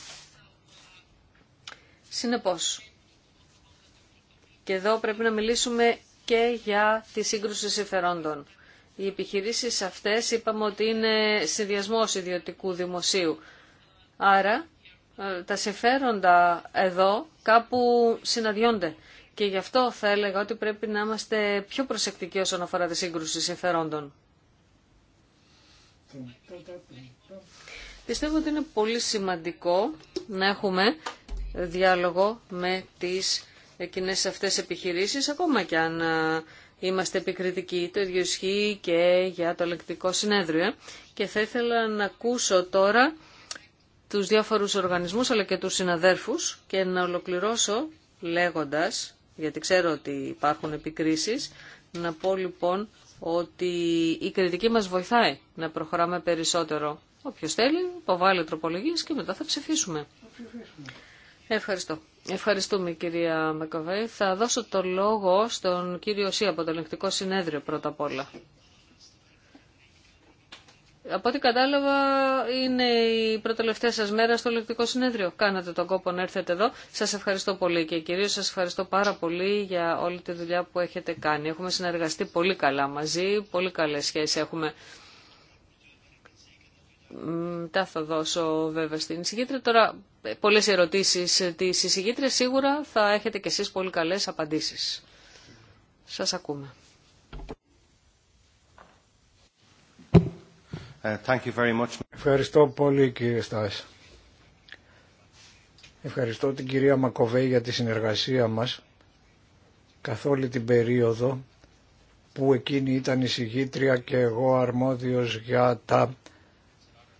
Συνεπώς, και εδώ πρέπει να μιλήσουμε και για τη σύγκρουση συμφερόντων. Οι επιχειρήσεις αυτές είπαμε ότι είναι συνδυασμό ιδιωτικού δημοσίου. Άρα ε, τα συμφέροντα εδώ κάπου συναντιόνται. Και γι' αυτό θα έλεγα ότι πρέπει να είμαστε πιο προσεκτικοί όσον αφορά τη σύγκρουση συμφερόντων. Πιστεύω ότι είναι πολύ σημαντικό να έχουμε διάλογο με τις εκείνες αυτές επιχειρήσεις, ακόμα και αν ε, είμαστε επικριτικοί. Το ίδιο ισχύει και για το ελεκτικό συνέδριο. Ε. Και θα ήθελα να ακούσω τώρα τους διάφορους οργανισμούς αλλά και τους συναδέρφους και να ολοκληρώσω λέγοντας, γιατί ξέρω ότι υπάρχουν επικρίσεις, να πω λοιπόν ότι η κριτική μας βοηθάει να προχωράμε περισσότερο. Όποιος θέλει, υποβάλλει τροπολογίες και μετά θα ψηφίσουμε. Ευχαριστώ. Ευχαριστούμε κυρία Μακοβέη. Θα δώσω το λόγο στον κύριο Σύ από το Ελεγκτικό Συνέδριο πρώτα απ' όλα. Από ό,τι κατάλαβα είναι η προτελευταία σας μέρα στο Ελεγκτικό Συνέδριο. Κάνατε τον κόπο να έρθετε εδώ. Σας ευχαριστώ πολύ και κυρίως σας ευχαριστώ πάρα πολύ για όλη τη δουλειά που έχετε κάνει. Έχουμε συνεργαστεί πολύ καλά μαζί, πολύ καλές σχέσεις έχουμε τα θα δώσω βέβαια στην εισηγήτρια. Τώρα πολλές ερωτήσεις τη εισηγήτρια. Σίγουρα θα έχετε και εσείς πολύ καλές απαντήσεις. Σας ακούμε. Ε, Ευχαριστώ πολύ κύριε Στάση. Ευχαριστώ την κυρία Μακοβέη για τη συνεργασία μας καθ' όλη την περίοδο που εκείνη ήταν η και εγώ αρμόδιος για τα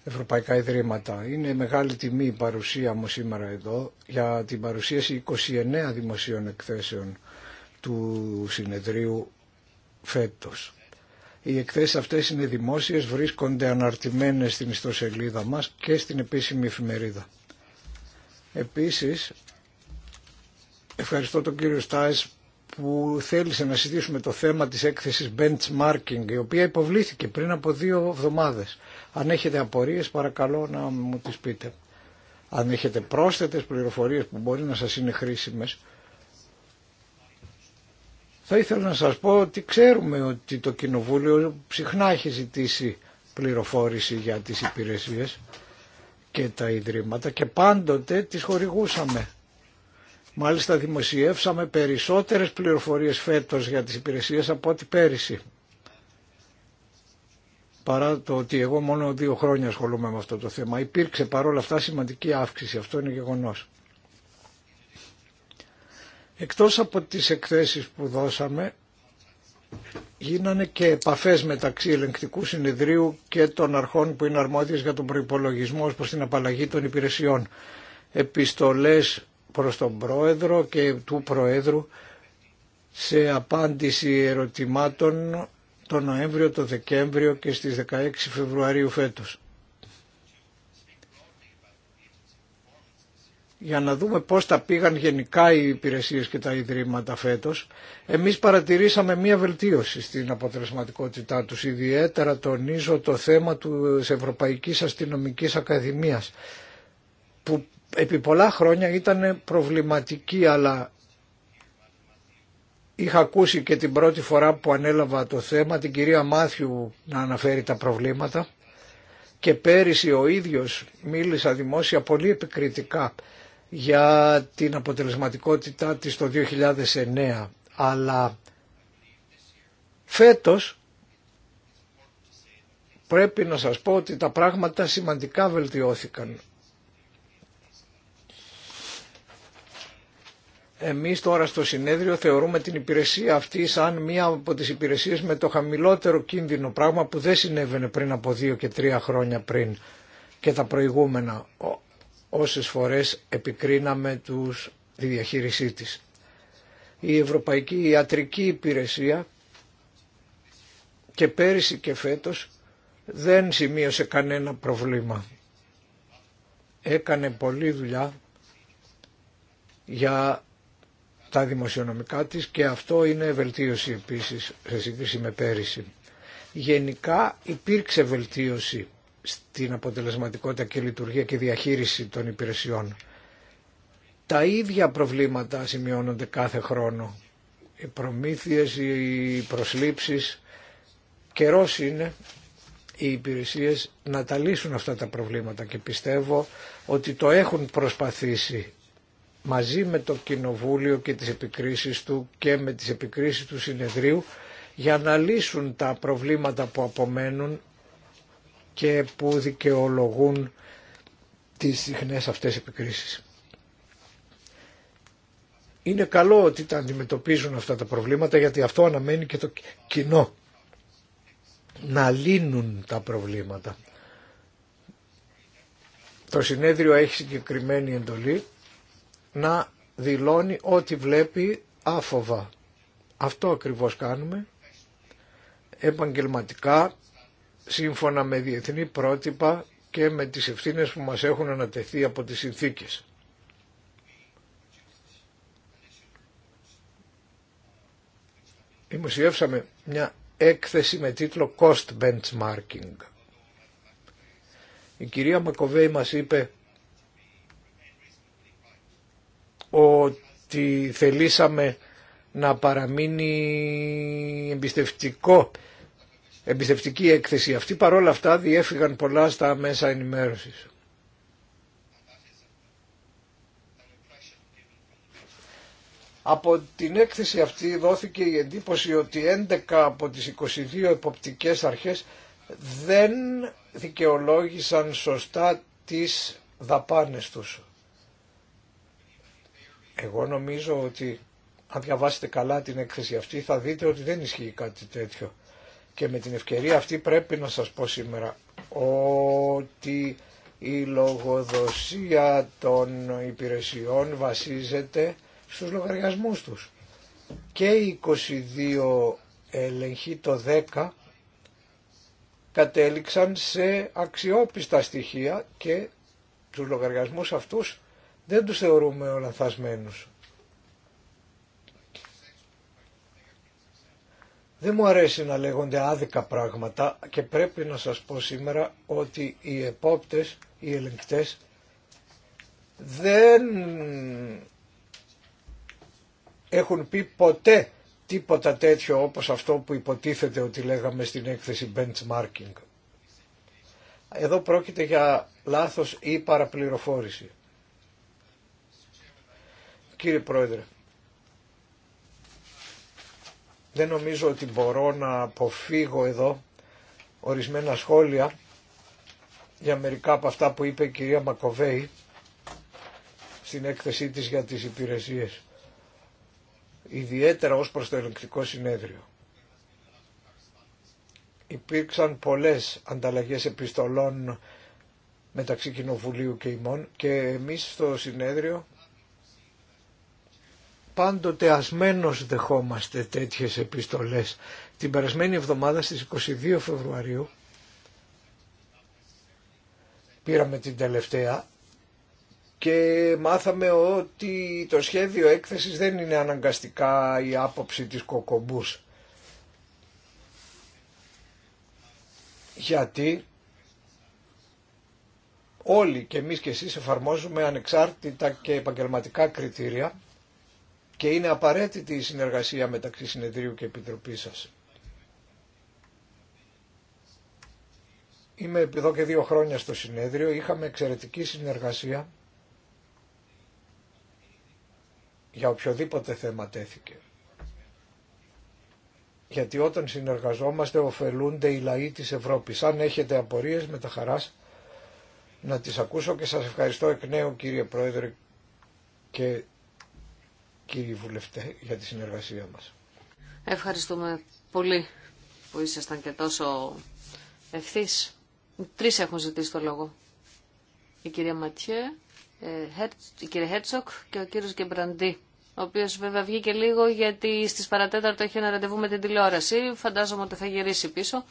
ευρωπαϊκά ιδρύματα. Είναι μεγάλη τιμή η παρουσία μου σήμερα εδώ για την παρουσίαση 29 δημοσίων εκθέσεων του συνεδρίου φέτος. Οι εκθέσεις αυτές είναι δημόσιες, βρίσκονται αναρτημένες στην ιστοσελίδα μας και στην επίσημη εφημερίδα. Επίσης, ευχαριστώ τον κύριο Στάις που θέλησε να συζητήσουμε το θέμα της έκθεσης benchmarking, η οποία υποβλήθηκε πριν από δύο εβδομάδες. Αν έχετε απορίες παρακαλώ να μου τις πείτε. Αν έχετε πρόσθετες πληροφορίες που μπορεί να σας είναι χρήσιμες, θα ήθελα να σας πω ότι ξέρουμε ότι το Κοινοβούλιο συχνά έχει ζητήσει πληροφόρηση για τις υπηρεσίες και τα Ιδρύματα και πάντοτε τις χορηγούσαμε. Μάλιστα δημοσιεύσαμε περισσότερες πληροφορίες φέτος για τις υπηρεσίες από ό,τι πέρυσι. Παρά το ότι εγώ μόνο δύο χρόνια ασχολούμαι με αυτό το θέμα. Υπήρξε παρόλα αυτά σημαντική αύξηση. Αυτό είναι γεγονός. Εκτός από τις εκθέσεις που δώσαμε, γίνανε και επαφές μεταξύ ελεγκτικού συνεδρίου και των αρχών που είναι αρμόδιες για τον προϋπολογισμό ως προς την απαλλαγή των υπηρεσιών. Επιστολές προς τον Πρόεδρο και του Προέδρου σε απάντηση ερωτημάτων το Νοέμβριο, το Δεκέμβριο και στις 16 Φεβρουαρίου φέτος. για να δούμε πώς τα πήγαν γενικά οι υπηρεσίες και τα ιδρύματα φέτος, εμείς παρατηρήσαμε μία βελτίωση στην αποτελεσματικότητά τους. Ιδιαίτερα τονίζω το θέμα του Ευρωπαϊκής Αστυνομικής Ακαδημίας, που επί πολλά χρόνια ήταν προβληματική αλλά είχα ακούσει και την πρώτη φορά που ανέλαβα το θέμα την κυρία Μάθιου να αναφέρει τα προβλήματα και πέρυσι ο ίδιος μίλησα δημόσια πολύ επικριτικά για την αποτελεσματικότητά της το 2009 αλλά φέτος πρέπει να σας πω ότι τα πράγματα σημαντικά βελτιώθηκαν Εμείς τώρα στο συνέδριο θεωρούμε την υπηρεσία αυτή σαν μία από τις υπηρεσίες με το χαμηλότερο κίνδυνο, πράγμα που δεν συνέβαινε πριν από δύο και τρία χρόνια πριν και τα προηγούμενα όσες φορές επικρίναμε τους, τη διαχείρισή της. Η Ευρωπαϊκή Ιατρική Υπηρεσία και πέρυσι και φέτος δεν σημείωσε κανένα προβλήμα. Έκανε πολλή δουλειά για τα δημοσιονομικά της και αυτό είναι βελτίωση επίσης σε σύγκριση με πέρυσι. Γενικά υπήρξε βελτίωση στην αποτελεσματικότητα και λειτουργία και διαχείριση των υπηρεσιών. Τα ίδια προβλήματα σημειώνονται κάθε χρόνο. Οι προμήθειες, οι προσλήψεις. Καιρός είναι οι υπηρεσίες να τα λύσουν αυτά τα προβλήματα και πιστεύω ότι το έχουν προσπαθήσει μαζί με το Κοινοβούλιο και τις επικρίσεις του και με τις επικρίσεις του συνεδρίου για να λύσουν τα προβλήματα που απομένουν και που δικαιολογούν τις συχνές αυτές επικρίσεις. Είναι καλό ότι τα αντιμετωπίζουν αυτά τα προβλήματα γιατί αυτό αναμένει και το κοινό να λύνουν τα προβλήματα. Το συνέδριο έχει συγκεκριμένη εντολή να δηλώνει ό,τι βλέπει άφοβα. Αυτό ακριβώς κάνουμε επαγγελματικά σύμφωνα με διεθνή πρότυπα και με τις ευθύνες που μας έχουν ανατεθεί από τις συνθήκες. Δημοσιεύσαμε μια έκθεση με τίτλο Cost Benchmarking. Η κυρία Μακοβέη μας είπε ότι θελήσαμε να παραμείνει εμπιστευτικό, εμπιστευτική έκθεση. Αυτή παρόλα αυτά διέφυγαν πολλά στα μέσα ενημέρωσης. Από την έκθεση αυτή δόθηκε η εντύπωση ότι 11 από τις 22 εποπτικές αρχές δεν δικαιολόγησαν σωστά τις δαπάνες τους. Εγώ νομίζω ότι αν διαβάσετε καλά την έκθεση αυτή θα δείτε ότι δεν ισχύει κάτι τέτοιο. Και με την ευκαιρία αυτή πρέπει να σας πω σήμερα ότι η λογοδοσία των υπηρεσιών βασίζεται στους λογαριασμούς τους. Και οι 22 έλεγχοι το 10 κατέληξαν σε αξιόπιστα στοιχεία και τους λογαριασμούς αυτούς δεν τους θεωρούμε λανθασμένους. Δεν μου αρέσει να λέγονται άδικα πράγματα και πρέπει να σας πω σήμερα ότι οι επόπτες, οι ελεγκτές δεν έχουν πει ποτέ τίποτα τέτοιο όπως αυτό που υποτίθεται ότι λέγαμε στην έκθεση benchmarking. Εδώ πρόκειται για λάθος ή παραπληροφόρηση. Κύριε Πρόεδρε, δεν νομίζω ότι μπορώ να αποφύγω εδώ ορισμένα σχόλια για μερικά από αυτά που είπε η κυρία Μακοβέη στην έκθεσή της για τις υπηρεσίες. Ιδιαίτερα ως προς το ελεγκτικό συνέδριο. Υπήρξαν πολλές ανταλλαγές επιστολών μεταξύ Κοινοβουλίου και ημών και εμείς στο συνέδριο πάντοτε ασμένος δεχόμαστε τέτοιες επιστολές. Την περασμένη εβδομάδα στις 22 Φεβρουαρίου πήραμε την τελευταία και μάθαμε ότι το σχέδιο έκθεσης δεν είναι αναγκαστικά η άποψη της κοκομπούς. Γιατί όλοι και εμείς και εσείς εφαρμόζουμε ανεξάρτητα και επαγγελματικά κριτήρια και είναι απαραίτητη η συνεργασία μεταξύ συνεδρίου και επιτροπής σας. Είμαι εδώ και δύο χρόνια στο συνέδριο, είχαμε εξαιρετική συνεργασία για οποιοδήποτε θέμα τέθηκε. Γιατί όταν συνεργαζόμαστε ωφελούνται οι λαοί της Ευρώπης. Αν έχετε απορίες με τα χαράς να τις ακούσω και σας ευχαριστώ εκ νέου κύριε Πρόεδρε και κύριοι βουλευτέ για τη συνεργασία μας. Ευχαριστούμε πολύ που ήσασταν και τόσο ευθύς. Τρεις έχουν ζητήσει το λόγο. Η κυρία Ματιέ, ε, η κυρία Χέτσοκ και ο κύριος Γκεμπραντή, ο οποίο βέβαια βγήκε λίγο γιατί στις παρατέταρτο έχει ένα ραντεβού με την τηλεόραση. Φαντάζομαι ότι θα γυρίσει πίσω.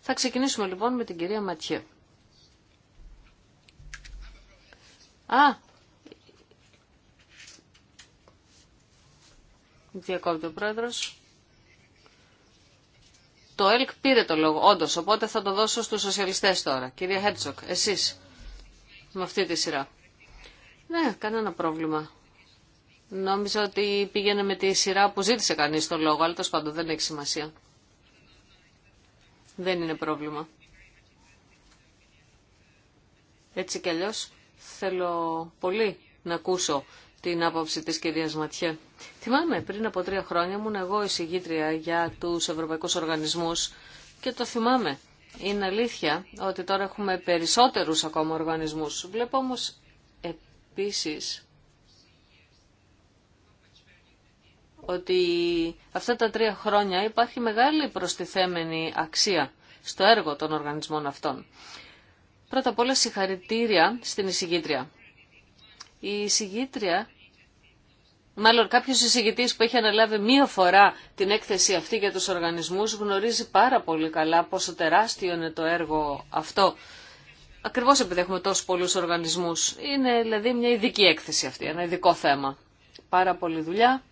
Θα ξεκινήσουμε λοιπόν με την κυρία Ματιέ. Α, Διακόπτει ο πρόεδρος. Το ΕΛΚ πήρε το λόγο, όντως, οπότε θα το δώσω στους σοσιαλιστές τώρα. Κυρία Χέρτσοκ, εσείς, με αυτή τη σειρά. Ναι, κανένα πρόβλημα. Νόμιζα ότι πήγαινε με τη σειρά που ζήτησε κανείς το λόγο, αλλά τόσο πάντων δεν έχει σημασία. Δεν είναι πρόβλημα. Έτσι κι αλλιώς θέλω πολύ να ακούσω την άποψη της κυρίας Ματιέ. Θυμάμαι πριν από τρία χρόνια ήμουν εγώ εισηγήτρια για τους ευρωπαϊκούς οργανισμούς και το θυμάμαι. Είναι αλήθεια ότι τώρα έχουμε περισσότερους ακόμα οργανισμούς. Βλέπω όμως επίσης ότι αυτά τα τρία χρόνια υπάρχει μεγάλη προστιθέμενη αξία στο έργο των οργανισμών αυτών. Πρώτα απ' όλα συγχαρητήρια στην εισηγήτρια. Η συγγήτρια, μάλλον κάποιος εισηγητής που έχει αναλάβει μία φορά την έκθεση αυτή για τους οργανισμούς γνωρίζει πάρα πολύ καλά πόσο τεράστιο είναι το έργο αυτό. Ακριβώς επειδή έχουμε τόσους πολλούς οργανισμούς. Είναι δηλαδή μια ειδική έκθεση αυτή, ένα ειδικό θέμα. Πάρα πολλή δουλειά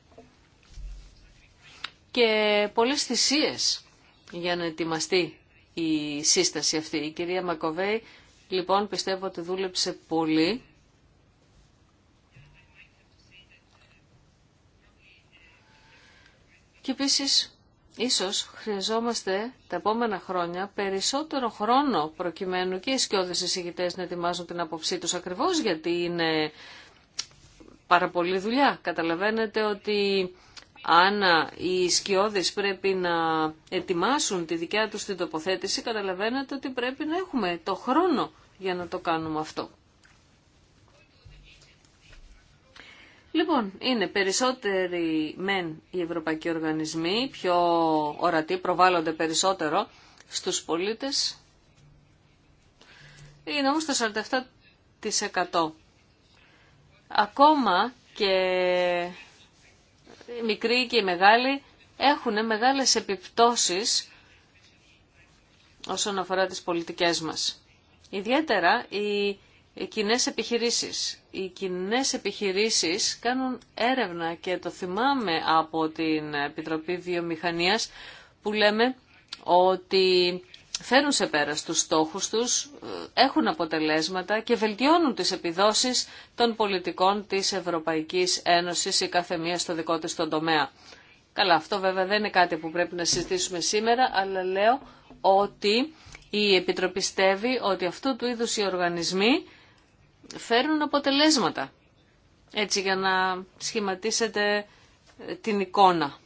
και πολλές θυσίες για να ετοιμαστεί η σύσταση αυτή. Η κυρία Μακοβέη λοιπόν πιστεύω ότι δούλεψε πολύ Και επίσης ίσως χρειαζόμαστε τα επόμενα χρόνια περισσότερο χρόνο προκειμένου και οι σκιώδες εισηγητές να ετοιμάζουν την άποψή του ακριβώς γιατί είναι πάρα πολλή δουλειά. Καταλαβαίνετε ότι αν οι σκιώδες πρέπει να ετοιμάσουν τη δικιά τους την τοποθέτηση, καταλαβαίνετε ότι πρέπει να έχουμε το χρόνο για να το κάνουμε αυτό. Λοιπόν, είναι περισσότεροι μεν οι ευρωπαϊκοί οργανισμοί, πιο ορατοί, προβάλλονται περισσότερο στους πολίτες. Είναι όμως το 47%. Ακόμα και οι μικροί και οι μεγάλοι έχουν μεγάλες επιπτώσεις όσον αφορά τις πολιτικές μας. Ιδιαίτερα οι οι κοινέ επιχειρήσεις. Οι κάνουν έρευνα και το θυμάμαι από την Επιτροπή Βιομηχανία που λέμε ότι φέρουν σε πέρα τους στόχους τους, έχουν αποτελέσματα και βελτιώνουν τις επιδόσεις των πολιτικών της Ευρωπαϊκής Ένωσης ή κάθε μία στο δικό της τον τομέα. Καλά, αυτό βέβαια δεν είναι κάτι που πρέπει να συζητήσουμε σήμερα, αλλά λέω ότι η Επιτροπή ότι αυτού του είδους οι οργανισμοί φέρνουν αποτελέσματα. Έτσι για να σχηματίσετε ε, την εικόνα.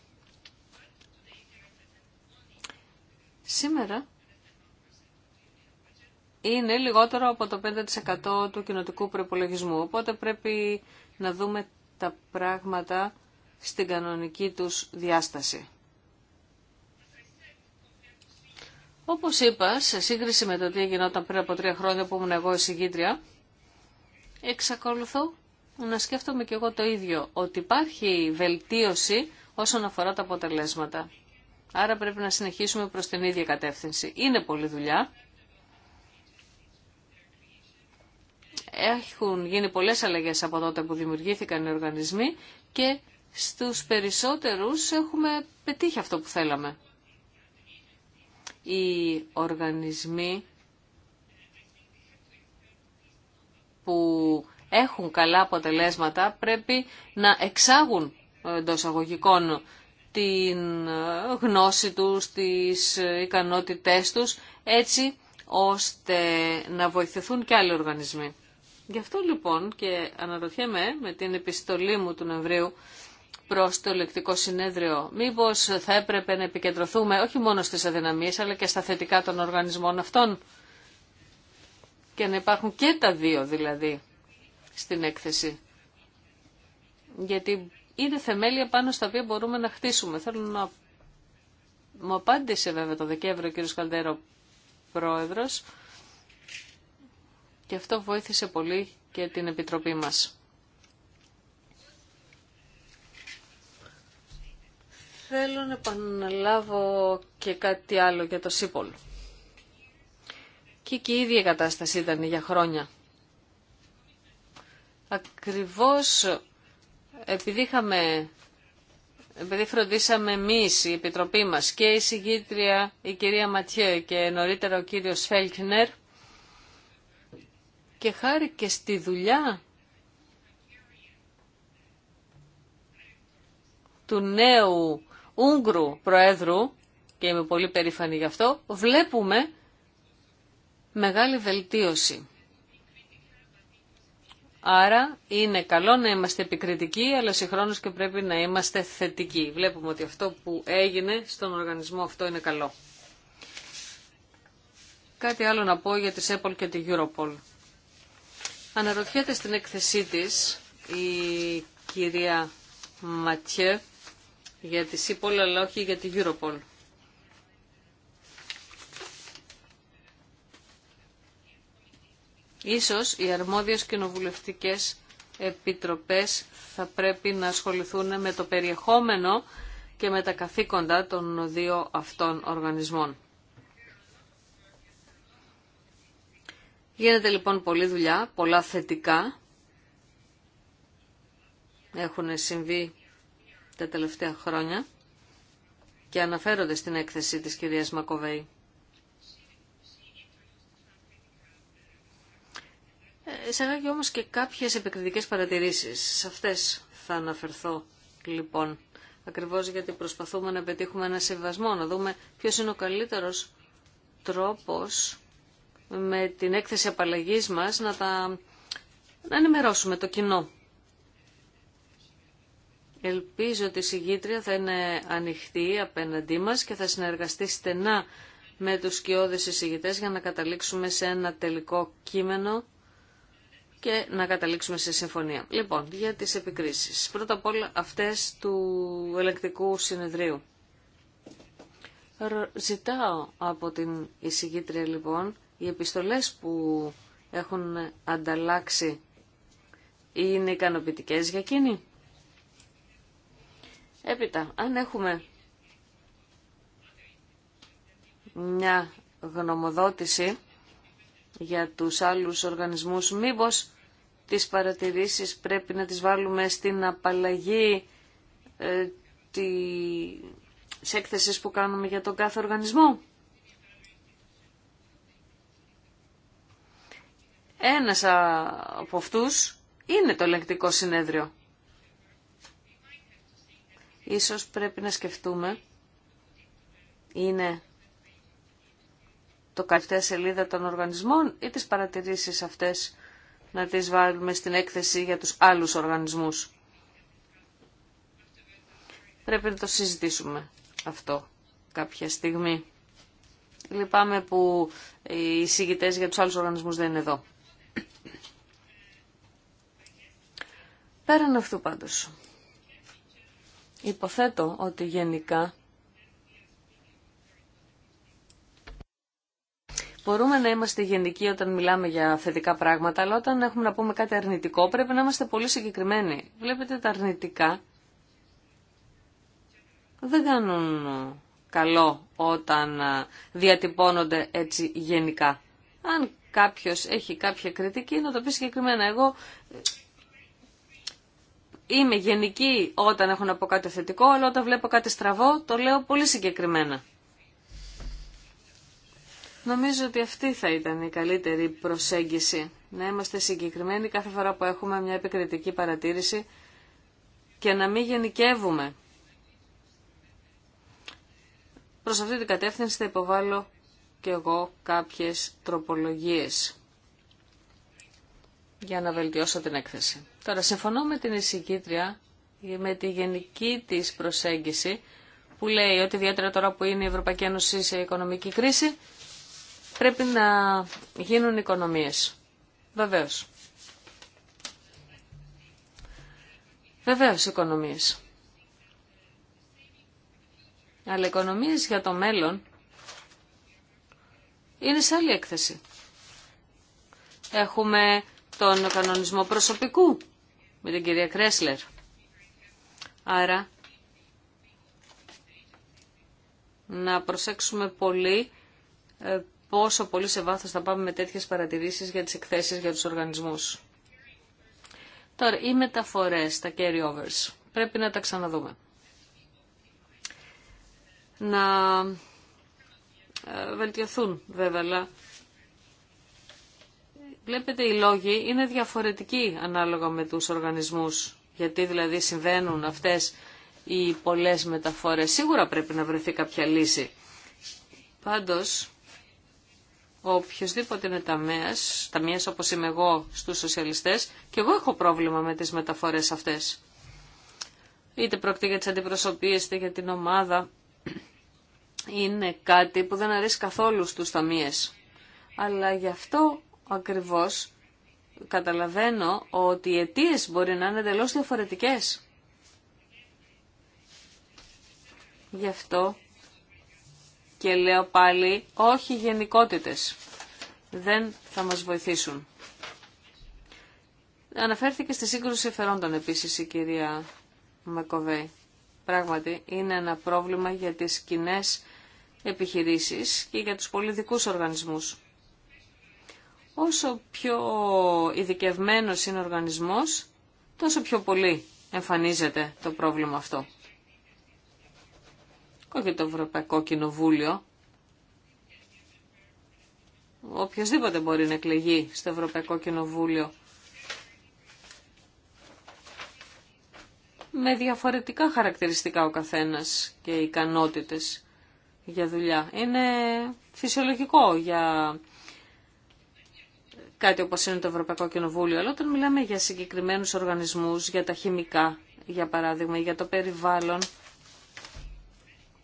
Σήμερα είναι λιγότερο από το 5% του κοινοτικού προπολογισμού, οπότε πρέπει να δούμε τα πράγματα στην κανονική τους διάσταση. Όπως είπα, σε σύγκριση με το τι γινόταν πριν από τρία χρόνια που ήμουν εγώ εισηγήτρια, εξακολουθώ να σκέφτομαι και εγώ το ίδιο, ότι υπάρχει βελτίωση όσον αφορά τα αποτελέσματα. Άρα πρέπει να συνεχίσουμε προς την ίδια κατεύθυνση. Είναι πολλή δουλειά. Έχουν γίνει πολλές αλλαγές από τότε που δημιουργήθηκαν οι οργανισμοί και στους περισσότερους έχουμε πετύχει αυτό που θέλαμε. Οι οργανισμοί που έχουν καλά αποτελέσματα πρέπει να εξάγουν εντό αγωγικών την ε, γνώση τους, τις ε, ικανότητές τους, έτσι ώστε να βοηθηθούν και άλλοι οργανισμοί. Γι' αυτό λοιπόν και αναρωτιέμαι με την επιστολή μου του Νευρίου προς το λεκτικό συνέδριο, μήπως θα έπρεπε να επικεντρωθούμε όχι μόνο στις αδυναμίες αλλά και στα θετικά των οργανισμών αυτών και να υπάρχουν και τα δύο δηλαδή στην έκθεση. Γιατί είναι θεμέλια πάνω στα οποία μπορούμε να χτίσουμε. Θέλω να μου απάντησε βέβαια το Δεκέμβριο ο κ. Καλτέρο πρόεδρος και αυτό βοήθησε πολύ και την Επιτροπή μας. Θέλω να επαναλάβω και κάτι άλλο για το ΣΥΠΟΛ. Και η ίδια κατάσταση ήταν για χρόνια. Ακριβώς επειδή είχαμε επειδή φροντίσαμε εμεί η Επιτροπή μας και η συγκήτρια η κυρία Ματιέ και νωρίτερα ο κύριος Φέλκνερ και χάρη και στη δουλειά του νέου Ούγγρου Προέδρου και είμαι πολύ περήφανη γι' αυτό, βλέπουμε μεγάλη βελτίωση. Άρα είναι καλό να είμαστε επικριτικοί, αλλά συγχρόνως και πρέπει να είμαστε θετικοί. Βλέπουμε ότι αυτό που έγινε στον οργανισμό αυτό είναι καλό. Κάτι άλλο να πω για τη ΣΕΠΟΛ και τη Europol. Αναρωτιέται στην έκθεσή της η κυρία Ματιέ για τη ΣΥΠΟΛ αλλά όχι για τη Europol. Ίσως οι αρμόδιες κοινοβουλευτικές επιτροπές θα πρέπει να ασχοληθούν με το περιεχόμενο και με τα καθήκοντα των δύο αυτών οργανισμών. Γίνεται λοιπόν πολλή δουλειά, πολλά θετικά. Έχουν συμβεί τα τελευταία χρόνια και αναφέρονται στην έκθεση της κυρίας Μακοβέη. εισαγάγει όμως και κάποιες επικριτικές παρατηρήσεις. Σε αυτές θα αναφερθώ λοιπόν, ακριβώς γιατί προσπαθούμε να πετύχουμε ένα συμβασμό. να δούμε ποιος είναι ο καλύτερος τρόπος με την έκθεση απαλλαγής μας να τα να ενημερώσουμε το κοινό. Ελπίζω ότι η συγγήτρια θα είναι ανοιχτή απέναντί μας και θα συνεργαστεί στενά με τους σκιώδες εισηγητές για να καταλήξουμε σε ένα τελικό κείμενο και να καταλήξουμε σε συμφωνία. Λοιπόν, για τις επικρίσεις. Πρώτα απ' όλα αυτές του ελεκτικού συνεδρίου. Ζητάω από την εισηγήτρια λοιπόν οι επιστολές που έχουν ανταλλάξει είναι ικανοποιητικέ για εκείνη. Έπειτα, αν έχουμε μια γνωμοδότηση για τους άλλους οργανισμούς. Μήπως τις παρατηρήσεις πρέπει να τις βάλουμε στην απαλλαγή ε, της έκθεσης που κάνουμε για τον κάθε οργανισμό. Ένας από αυτούς είναι το ελεγκτικό συνέδριο. Ίσως πρέπει να σκεφτούμε είναι το καλύτερα σελίδα των οργανισμών ή τις παρατηρήσεις αυτές να τις βάλουμε στην έκθεση για τους άλλους οργανισμούς. Πρέπει να το συζητήσουμε αυτό κάποια στιγμή. Λυπάμαι που οι εισηγητές για τους άλλους οργανισμούς δεν είναι εδώ. Πέραν αυτού πάντως, υποθέτω ότι γενικά Μπορούμε να είμαστε γενικοί όταν μιλάμε για θετικά πράγματα, αλλά όταν έχουμε να πούμε κάτι αρνητικό πρέπει να είμαστε πολύ συγκεκριμένοι. Βλέπετε τα αρνητικά δεν κάνουν καλό όταν διατυπώνονται έτσι γενικά. Αν κάποιος έχει κάποια κριτική, να το πει συγκεκριμένα. Εγώ ε, είμαι γενική όταν έχω να πω κάτι θετικό, αλλά όταν βλέπω κάτι στραβό, το λέω πολύ συγκεκριμένα. Νομίζω ότι αυτή θα ήταν η καλύτερη προσέγγιση. Να είμαστε συγκεκριμένοι κάθε φορά που έχουμε μια επικριτική παρατήρηση και να μην γενικεύουμε. Προς αυτή την κατεύθυνση θα υποβάλω και εγώ κάποιες τροπολογίες για να βελτιώσω την έκθεση. Τώρα, συμφωνώ με την εισηγήτρια με τη γενική της προσέγγιση που λέει ότι ιδιαίτερα τώρα που είναι η Ευρωπαϊκή Ένωση σε οικονομική κρίση πρέπει να γίνουν οικονομίες. Βεβαίως. Βεβαίως οικονομίες. Αλλά οικονομίες για το μέλλον είναι σε άλλη έκθεση. Έχουμε τον κανονισμό προσωπικού με την κυρία Κρέσλερ. Άρα να προσέξουμε πολύ ε, πόσο πολύ σε βάθος θα πάμε με τέτοιες παρατηρήσεις για τις εκθέσεις για τους οργανισμούς. Τώρα, οι μεταφορές, τα carry-overs, πρέπει να τα ξαναδούμε. Να ε, βελτιωθούν βέβαια, αλλά βλέπετε οι λόγοι είναι διαφορετικοί ανάλογα με τους οργανισμούς. Γιατί δηλαδή συμβαίνουν αυτές οι πολλές μεταφορές. Σίγουρα πρέπει να βρεθεί κάποια λύση. Πάντως, οποιοδήποτε είναι τα ταμείας όπως είμαι εγώ στους σοσιαλιστές, και εγώ έχω πρόβλημα με τις μεταφορές αυτές. Είτε πρόκειται για τις αντιπροσωπείες, είτε για την ομάδα. Είναι κάτι που δεν αρέσει καθόλου στους ταμείες. Αλλά γι' αυτό ακριβώς καταλαβαίνω ότι οι αιτίε μπορεί να είναι εντελώ διαφορετικές. Γι' αυτό και λέω πάλι, όχι γενικότητες. Δεν θα μας βοηθήσουν. Αναφέρθηκε στη σύγκρουση εφερόντων επίσης η κυρία Μακοβέη. Πράγματι, είναι ένα πρόβλημα για τις κοινέ επιχειρήσεις και για τους πολιτικούς οργανισμούς. Όσο πιο ειδικευμένος είναι ο οργανισμός, τόσο πιο πολύ εμφανίζεται το πρόβλημα αυτό και το Ευρωπαϊκό Κοινοβούλιο. Οποιοςδήποτε μπορεί να εκλεγεί στο Ευρωπαϊκό Κοινοβούλιο. Με διαφορετικά χαρακτηριστικά ο καθένας και ικανότητες για δουλειά. Είναι φυσιολογικό για κάτι όπως είναι το Ευρωπαϊκό Κοινοβούλιο, αλλά όταν μιλάμε για συγκεκριμένους οργανισμούς, για τα χημικά, για παράδειγμα, για το περιβάλλον,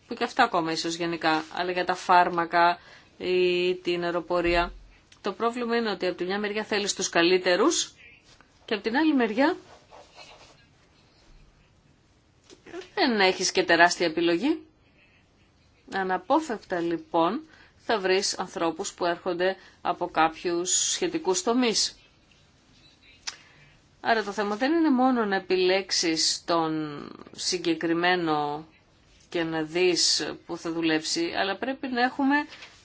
που και αυτά ακόμα ίσως γενικά, αλλά για τα φάρμακα ή την αεροπορία. Το πρόβλημα είναι ότι από τη μια μεριά θέλεις τους καλύτερους και από την άλλη μεριά δεν έχεις και τεράστια επιλογή. Αναπόφευκτα λοιπόν θα βρεις ανθρώπους που έρχονται από κάποιους σχετικούς τομείς. Άρα το θέμα δεν είναι μόνο να επιλέξεις τον συγκεκριμένο και να δεις που θα δουλέψει, αλλά πρέπει να έχουμε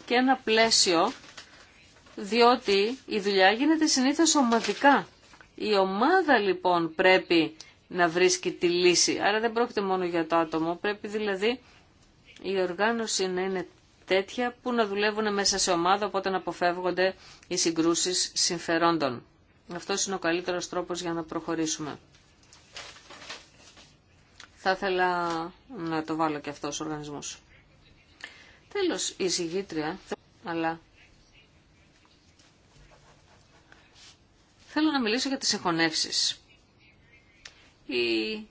και ένα πλαίσιο, διότι η δουλειά γίνεται συνήθως ομαδικά. Η ομάδα λοιπόν πρέπει να βρίσκει τη λύση, άρα δεν πρόκειται μόνο για το άτομο, πρέπει δηλαδή η οργάνωση να είναι τέτοια που να δουλεύουν μέσα σε ομάδα, οπότε να αποφεύγονται οι συγκρούσεις συμφερόντων. Αυτό είναι ο καλύτερος τρόπος για να προχωρήσουμε. Θα ήθελα να το βάλω και αυτό ο οργανισμός. Τέλος, η συγγήτρια, αλλά... Θέλω να μιλήσω για τις συγχωνεύσεις. Η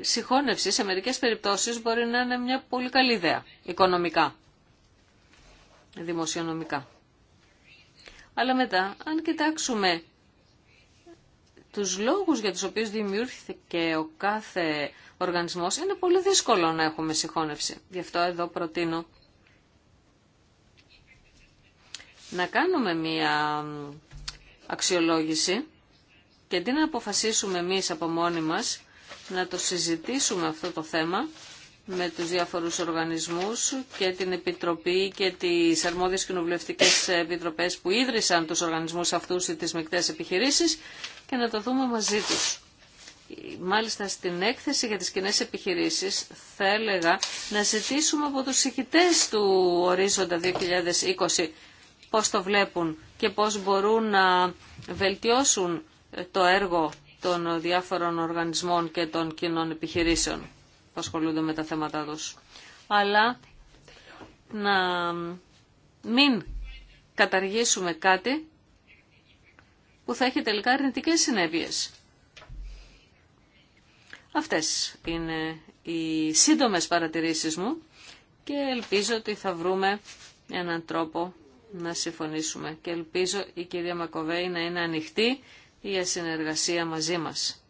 συγχώνευση σε μερικές περιπτώσεις μπορεί να είναι μια πολύ καλή ιδέα, οικονομικά, δημοσιονομικά. Αλλά μετά, αν κοιτάξουμε τους λόγους για τους οποίους δημιούργηθηκε ο κάθε οργανισμός είναι πολύ δύσκολο να έχουμε συγχώνευση. Γι' αυτό εδώ προτείνω να κάνουμε μία αξιολόγηση και αντί να αποφασίσουμε εμείς από μόνοι μας να το συζητήσουμε αυτό το θέμα με τους διάφορους οργανισμούς και την Επιτροπή και τις αρμόδιες κοινοβουλευτικές επιτροπές που ίδρυσαν τους οργανισμούς αυτούς ή τις μεικτές επιχειρήσεις και να το δούμε μαζί τους. Μάλιστα στην έκθεση για τις κοινέ επιχειρήσεις θα έλεγα να ζητήσουμε από τους ηχητές του ορίζοντα 2020 πώς το βλέπουν και πώς μπορούν να βελτιώσουν το έργο των διάφορων οργανισμών και των κοινών επιχειρήσεων που ασχολούνται με τα θέματα τους. Αλλά να μην καταργήσουμε κάτι που θα έχει τελικά αρνητικές συνέπειες. Αυτές είναι οι σύντομες παρατηρήσεις μου και ελπίζω ότι θα βρούμε έναν τρόπο να συμφωνήσουμε και ελπίζω η κυρία Μακοβέη να είναι ανοιχτή για συνεργασία μαζί μας.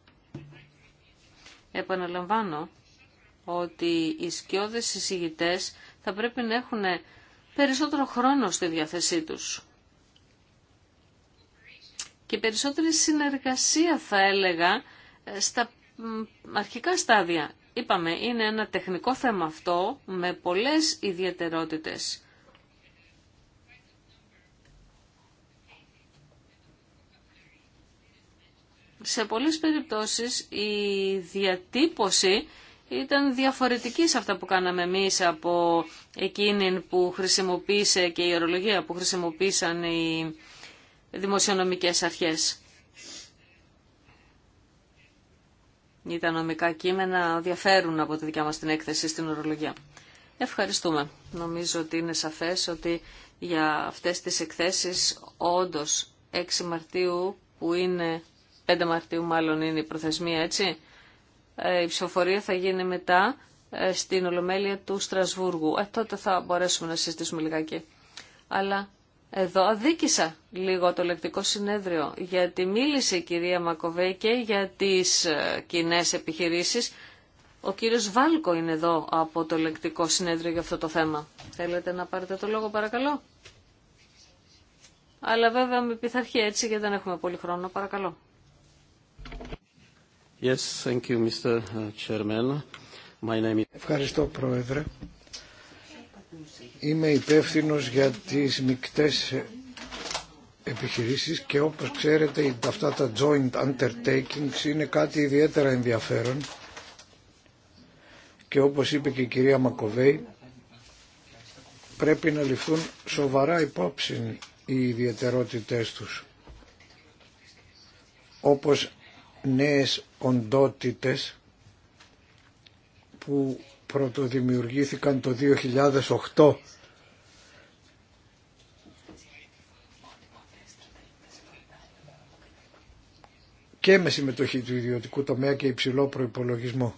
Επαναλαμβάνω ότι οι σκιώδες εισηγητές θα πρέπει να έχουν περισσότερο χρόνο στη διάθεσή τους. Και περισσότερη συνεργασία θα έλεγα στα αρχικά στάδια. Είπαμε, είναι ένα τεχνικό θέμα αυτό με πολλές ιδιαιτερότητες. Σε πολλές περιπτώσεις η διατύπωση ήταν διαφορετική σε αυτά που κάναμε εμείς από εκείνη που χρησιμοποίησε και η ορολογία που χρησιμοποίησαν οι δημοσιονομικές αρχές. Ή τα νομικά κείμενα διαφέρουν από τη δικιά μας την έκθεση στην ορολογία. Ευχαριστούμε. Νομίζω ότι είναι σαφές ότι για αυτές τις εκθέσεις όντως 6 Μαρτίου που είναι 5 Μαρτίου μάλλον είναι η προθεσμία έτσι ε, η ψηφοφορία θα γίνει μετά ε, στην Ολομέλεια του Στρασβούργου. Ε, τότε θα μπορέσουμε να συζητήσουμε λιγάκι. Αλλά εδώ αδίκησα λίγο το λεκτικό συνέδριο, γιατί μίλησε η κυρία Μακοβέ και για τις ε, κοινέ επιχειρήσεις. Ο κύριος Βάλκο είναι εδώ από το λεκτικό συνέδριο για αυτό το θέμα. Θέλετε να πάρετε το λόγο παρακαλώ. Αλλά βέβαια με πειθαρχία έτσι γιατί δεν έχουμε πολύ χρόνο. Παρακαλώ. Uh, Ευχαριστώ Πρόεδρε. Είμαι υπεύθυνο για τις μικτές επιχειρήσεις και όπως ξέρετε αυτά τα joint undertakings είναι κάτι ιδιαίτερα ενδιαφέρον και όπως είπε και η κυρία Μακοβέη πρέπει να ληφθούν σοβαρά υπόψη οι ιδιαιτερότητές τους όπως νέες οντότητες που πρωτοδημιουργήθηκαν το 2008 και με συμμετοχή του ιδιωτικού τομέα και υψηλό προϋπολογισμό.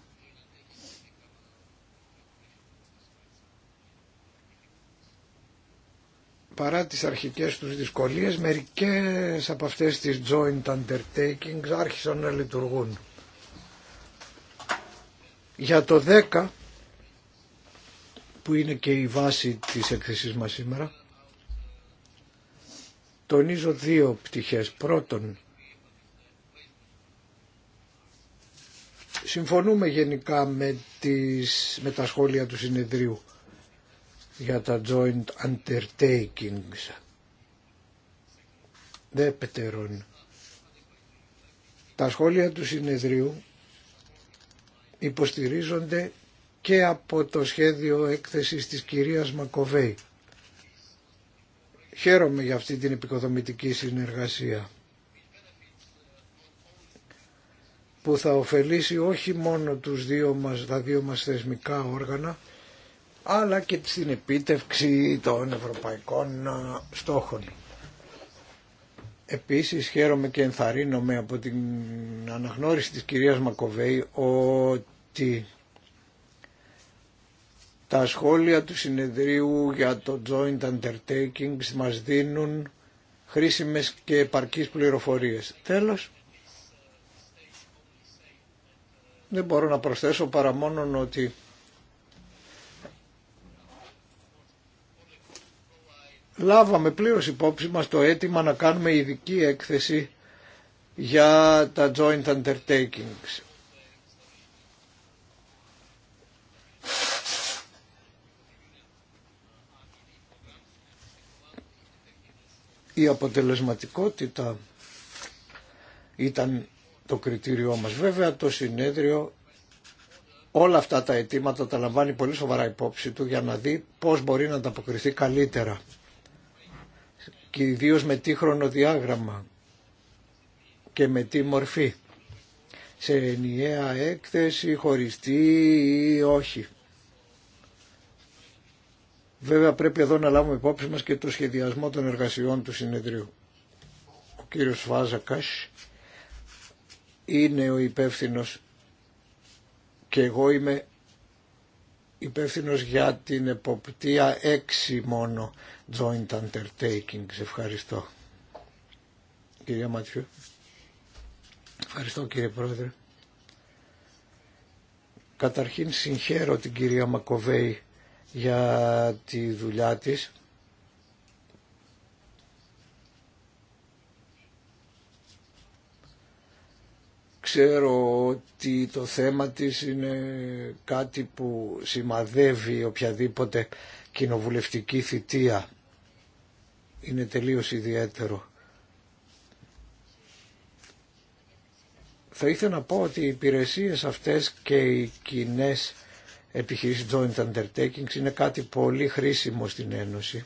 παρά τις αρχικές τους δυσκολίες, μερικές από αυτές τις joint undertakings άρχισαν να λειτουργούν. Για το 10, που είναι και η βάση της έκθεσης μας σήμερα, τονίζω δύο πτυχές. Πρώτον, συμφωνούμε γενικά με, τις, με τα σχόλια του συνεδρίου για τα joint undertakings. Δεύτερον, τα σχόλια του συνεδρίου υποστηρίζονται και από το σχέδιο έκθεσης της κυρίας Μακοβέη. Χαίρομαι για αυτή την επικοδομητική συνεργασία που θα ωφελήσει όχι μόνο τους δύο μας, τα δύο μας θεσμικά όργανα, αλλά και στην επίτευξη των ευρωπαϊκών στόχων. Επίσης χαίρομαι και ενθαρρύνομαι από την αναγνώριση της κυρίας Μακοβέη ότι τα σχόλια του συνεδρίου για το joint undertakings μας δίνουν χρήσιμες και επαρκείς πληροφορίες. Τέλος, δεν μπορώ να προσθέσω παρά μόνο ότι λάβαμε πλήρως υπόψη μας το αίτημα να κάνουμε ειδική έκθεση για τα joint undertakings. Η αποτελεσματικότητα ήταν το κριτήριό μας. Βέβαια το συνέδριο όλα αυτά τα αιτήματα τα λαμβάνει πολύ σοβαρά υπόψη του για να δει πώς μπορεί να ανταποκριθεί καλύτερα και ιδίως με τι χρονοδιάγραμμα και με τι μορφή. Σε ενιαία έκθεση, χωριστή ή όχι. Βέβαια πρέπει εδώ να λάβουμε υπόψη μας και το σχεδιασμό των εργασιών του συνεδρίου. Ο κύριος Φάζακας είναι ο υπεύθυνος και εγώ είμαι υπεύθυνος για την εποπτεία 6 μόνο joint undertaking. Σε ευχαριστώ. Κυρία Ματιού. Ευχαριστώ κύριε Πρόεδρε. Καταρχήν συγχαίρω την κυρία Μακοβέη για τη δουλειά της Ξέρω ότι το θέμα της είναι κάτι που σημαδεύει οποιαδήποτε κοινοβουλευτική θητεία. Είναι τελείως ιδιαίτερο. Θα ήθελα να πω ότι οι υπηρεσίες αυτές και οι κοινέ επιχειρήσεις joint undertakings είναι κάτι πολύ χρήσιμο στην Ένωση.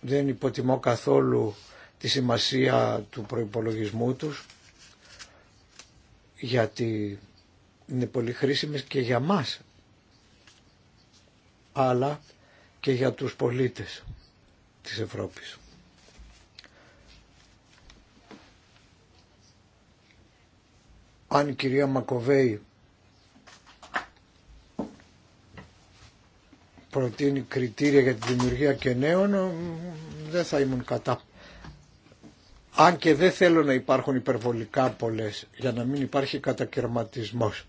Δεν υποτιμώ καθόλου τη σημασία του προϋπολογισμού τους γιατί είναι πολύ χρήσιμες και για μας αλλά και για τους πολίτες της Ευρώπης. Αν η κυρία Μακοβέη προτείνει κριτήρια για τη δημιουργία και νέων, δεν θα ήμουν κατά αν και δεν θέλω να υπάρχουν υπερβολικά πολλές για να μην υπάρχει κατακαιρματισμός.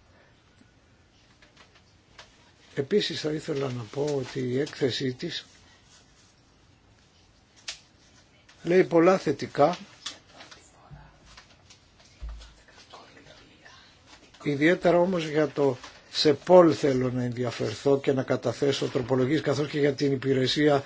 Επίσης θα ήθελα να πω ότι η έκθεσή της λέει πολλά θετικά ιδιαίτερα όμως για το σε πόλ θέλω να ενδιαφερθώ και να καταθέσω τροπολογίες καθώς και για την υπηρεσία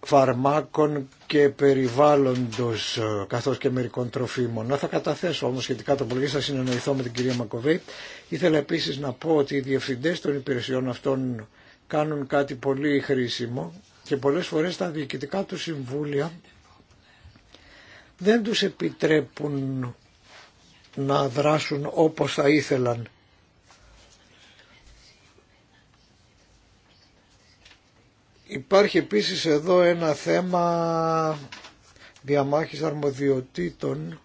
φαρμάκων και περιβάλλοντος ε, καθώς και μερικών τροφίμων. Να θα καταθέσω όμως σχετικά το πολύ, θα συνεννοηθώ με την κυρία Μακοβέη. Ήθελα επίσης να πω ότι οι διευθυντές των υπηρεσιών αυτών κάνουν κάτι πολύ χρήσιμο και πολλές φορές τα διοικητικά του συμβούλια δεν τους επιτρέπουν να δράσουν όπως θα ήθελαν Υπάρχει επίσης εδώ ένα θέμα διαμάχης αρμοδιοτήτων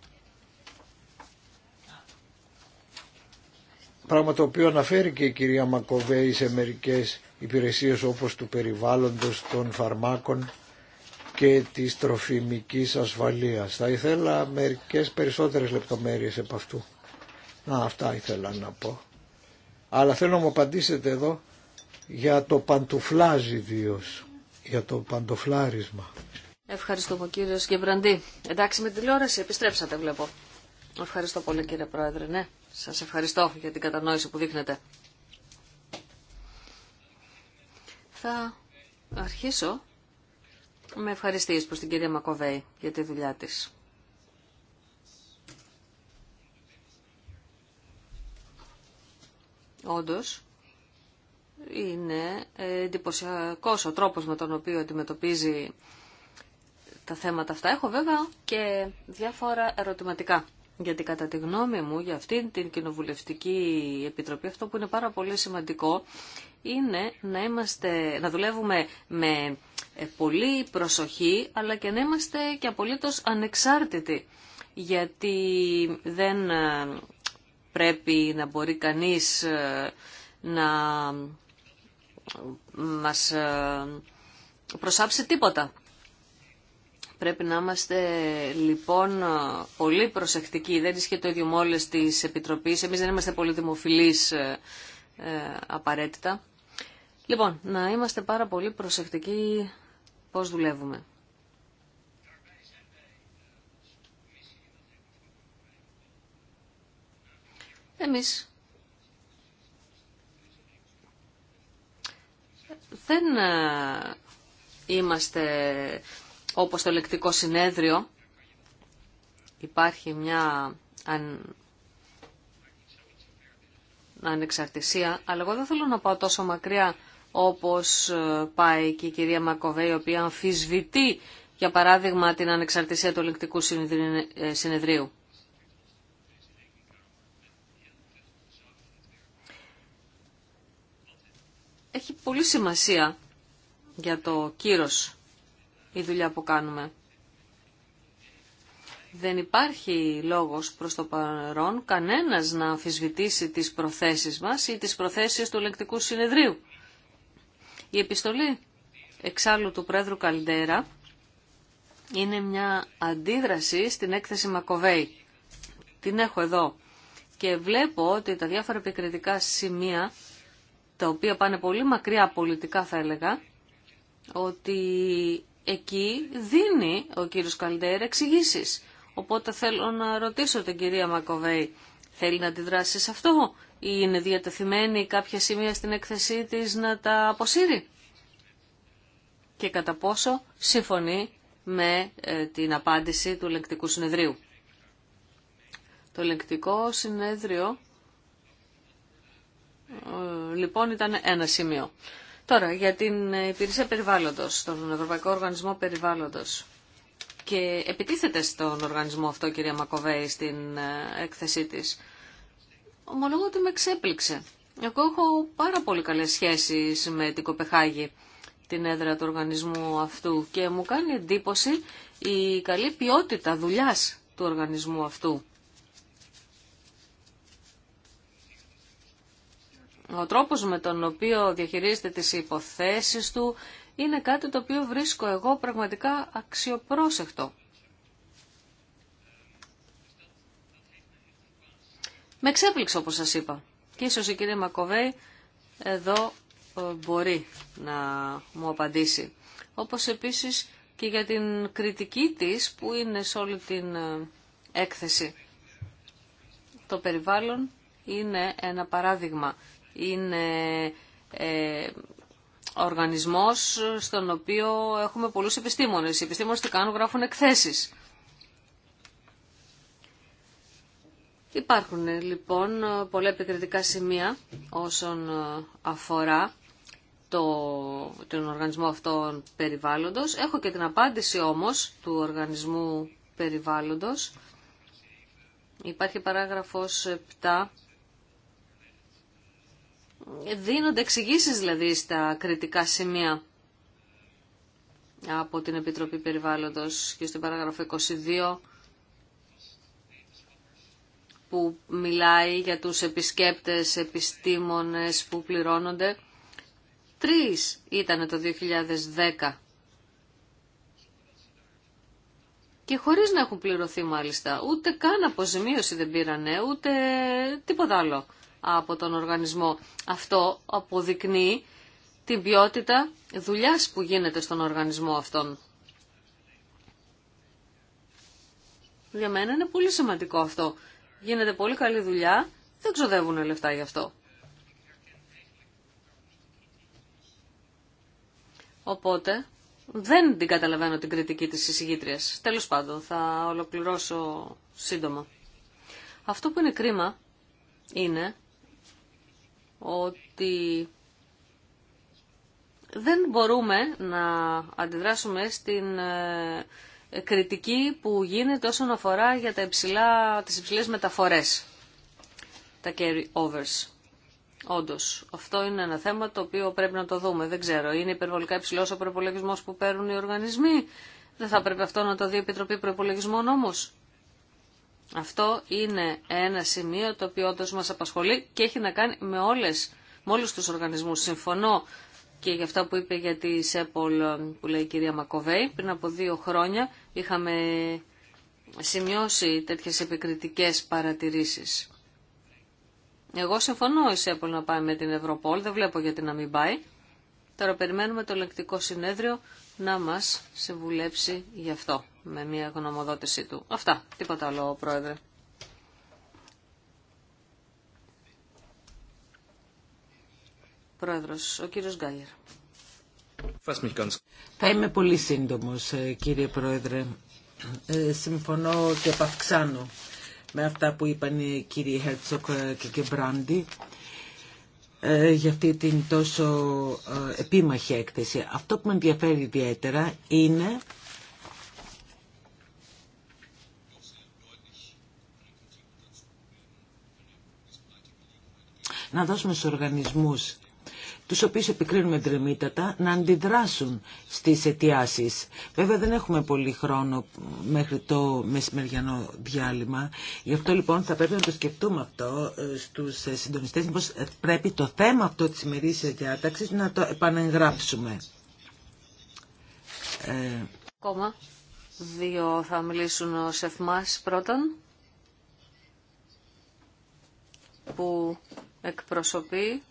πράγμα το οποίο αναφέρει και η κυρία Μακοβέη σε μερικές υπηρεσίες όπως του περιβάλλοντος, των φαρμάκων και της τροφιμικής ασφαλείας. Θα ήθελα μερικές περισσότερες λεπτομέρειες επ' αυτού. Να, αυτά ήθελα να πω. Αλλά θέλω να μου απαντήσετε εδώ για το παντουφλάζι ιδίως, για το παντοφλάρισμα. Ευχαριστούμε κύριο Σκεμπραντή. Εντάξει με τηλεόραση, επιστρέψατε βλέπω. Ευχαριστώ πολύ κύριε Πρόεδρε, ναι. Σας ευχαριστώ για την κατανόηση που δείχνετε. Θα αρχίσω με ευχαριστίες προς την κυρία Μακοβέη για τη δουλειά της. Όντως, είναι εντυπωσιακό ο τρόπος με τον οποίο αντιμετωπίζει τα θέματα αυτά. Έχω βέβαια και διάφορα ερωτηματικά. Γιατί κατά τη γνώμη μου για αυτήν την κοινοβουλευτική επιτροπή αυτό που είναι πάρα πολύ σημαντικό είναι να, είμαστε, να δουλεύουμε με ε, πολύ προσοχή αλλά και να είμαστε και απολύτως ανεξάρτητοι γιατί δεν ε, πρέπει να μπορεί κανείς ε, να μας ε, προσάψει τίποτα. Πρέπει να είμαστε λοιπόν ε, πολύ προσεκτικοί. Δεν ισχύει το ίδιο με όλες τις επιτροπές. Εμείς δεν είμαστε πολύ δημοφιλεί ε, απαραίτητα. Λοιπόν, να είμαστε πάρα πολύ προσεκτικοί πώς δουλεύουμε. Εμείς δεν ε, είμαστε όπως το λεκτικό συνέδριο. Υπάρχει μια αν... ανεξαρτησία, αλλά εγώ δεν θέλω να πάω τόσο μακριά όπως ε, πάει και η κυρία Μακοβέ, η οποία αμφισβητεί, για παράδειγμα, την ανεξαρτησία του λεκτικού ε, συνεδρίου. έχει πολύ σημασία για το κύρος η δουλειά που κάνουμε. Δεν υπάρχει λόγος προς το παρόν κανένας να αμφισβητήσει τις προθέσεις μας ή τις προθέσεις του ελεκτικού συνεδρίου. Η επιστολή εξάλλου του Πρόεδρου Καλντέρα είναι μια αντίδραση στην έκθεση Μακοβέη. Την έχω εδώ και βλέπω ότι τα διάφορα επικριτικά σημεία τα οποία πάνε πολύ μακριά πολιτικά θα έλεγα, ότι εκεί δίνει ο κύριος Καλντέρ εξηγήσει. Οπότε θέλω να ρωτήσω την κυρία Μακοβέη, θέλει να αντιδράσει σε αυτό ή είναι διατεθειμένη κάποια σημεία στην έκθεσή της να τα αποσύρει και κατά πόσο συμφωνεί με ε, την απάντηση του ελεγκτικού συνεδρίου. Το λεκτικό συνέδριο ε, λοιπόν, ήταν ένα σημείο. Τώρα, για την υπηρεσία περιβάλλοντος, τον Ευρωπαϊκό Οργανισμό Περιβάλλοντος. Και επιτίθεται στον οργανισμό αυτό, κυρία Μακοβέη, στην ε, έκθεσή της. Ομολογώ ότι με ξέπληξε. Εγώ έχω πάρα πολύ καλές σχέσεις με την Κοπεχάγη, την έδρα του οργανισμού αυτού και μου κάνει εντύπωση η καλή ποιότητα δουλειάς του οργανισμού αυτού. Ο τρόπος με τον οποίο διαχειρίζεται τις υποθέσεις του είναι κάτι το οποίο βρίσκω εγώ πραγματικά αξιοπρόσεχτο. Με εξέπληξε όπως σας είπα. Και ίσως η κυρία Μακοβέη εδώ ε, μπορεί να μου απαντήσει. Όπως επίσης και για την κριτική της που είναι σε όλη την ε, έκθεση. Το περιβάλλον είναι ένα παράδειγμα είναι ε, οργανισμός στον οποίο έχουμε πολλούς επιστήμονες. Οι επιστήμονες τι κάνουν, γράφουν εκθέσεις. Υπάρχουν ε, λοιπόν πολλά επικριτικά σημεία όσον ε, αφορά το, τον οργανισμό αυτόν περιβάλλοντος. Έχω και την απάντηση όμως του οργανισμού περιβάλλοντος. Υπάρχει παράγραφος 7 δίνονται εξηγήσει δηλαδή στα κριτικά σημεία από την Επιτροπή Περιβάλλοντος και στην παράγραφο 22 που μιλάει για τους επισκέπτες, επιστήμονες που πληρώνονται. Τρεις ήταν το 2010 και χωρίς να έχουν πληρωθεί μάλιστα. Ούτε καν αποζημίωση δεν πήρανε, ούτε τίποτα άλλο από τον οργανισμό. Αυτό αποδεικνύει την ποιότητα δουλειάς που γίνεται στον οργανισμό αυτόν. Για μένα είναι πολύ σημαντικό αυτό. Γίνεται πολύ καλή δουλειά, δεν ξοδεύουν λεφτά γι' αυτό. Οπότε, δεν την καταλαβαίνω την κριτική της εισηγήτριας. Τέλος πάντων, θα ολοκληρώσω σύντομα. Αυτό που είναι κρίμα είναι ότι δεν μπορούμε να αντιδράσουμε στην ε, κριτική που γίνεται όσον αφορά για τα υψηλά, τις υψηλές μεταφορές, τα carry-overs. όντω. αυτό είναι ένα θέμα το οποίο πρέπει να το δούμε. Δεν ξέρω, είναι υπερβολικά υψηλό ο προπολογισμό που παίρνουν οι οργανισμοί. Δεν θα πρέπει αυτό να το δει η Επιτροπή Προπολογισμών όμω. Αυτό είναι ένα σημείο το οποίο όντως μας απασχολεί και έχει να κάνει με, όλες, με όλους τους οργανισμούς. Συμφωνώ και για αυτά που είπε για τη ΣΕΠΟΛ ε, που λέει η κυρία Μακοβέη. Πριν από δύο χρόνια είχαμε σημειώσει τέτοιες επικριτικές παρατηρήσεις. Εγώ συμφωνώ η ΣΕΠΟΛ να πάει με την Ευρωπόλ, δεν βλέπω γιατί να μην πάει. Τώρα περιμένουμε το λεκτικό συνέδριο να μας συμβουλέψει γι' αυτό με μια γνωμοδότησή του. Αυτά, τίποτα άλλο, Πρόεδρε. Πρόεδρος, ο κύριος Γκάιερ. Θα είμαι πολύ σύντομος, ε, κύριε Πρόεδρε. Ε, συμφωνώ και επαυξάνω με αυτά που είπαν οι κύριοι Χέρτσοκ και Γκεμπράντι. Ε, για αυτή την τόσο ε, επίμαχη έκθεση. Αυτό που με ενδιαφέρει ιδιαίτερα είναι να δώσουμε στους οργανισμούς τους οποίους επικρίνουμε τρεμήτατα να αντιδράσουν στις αιτιάσει. Βέβαια δεν έχουμε πολύ χρόνο μέχρι το μεσημεριανό διάλειμμα. Γι' αυτό λοιπόν θα πρέπει να το σκεφτούμε αυτό ε, στους ε, συντονιστές. πώς ε, πρέπει το θέμα αυτό της ημερήσιας διάταξης να το επανεγγράψουμε. Ε... δύο θα μιλήσουν ο Σεφμάς πρώτον που εκπροσωπεί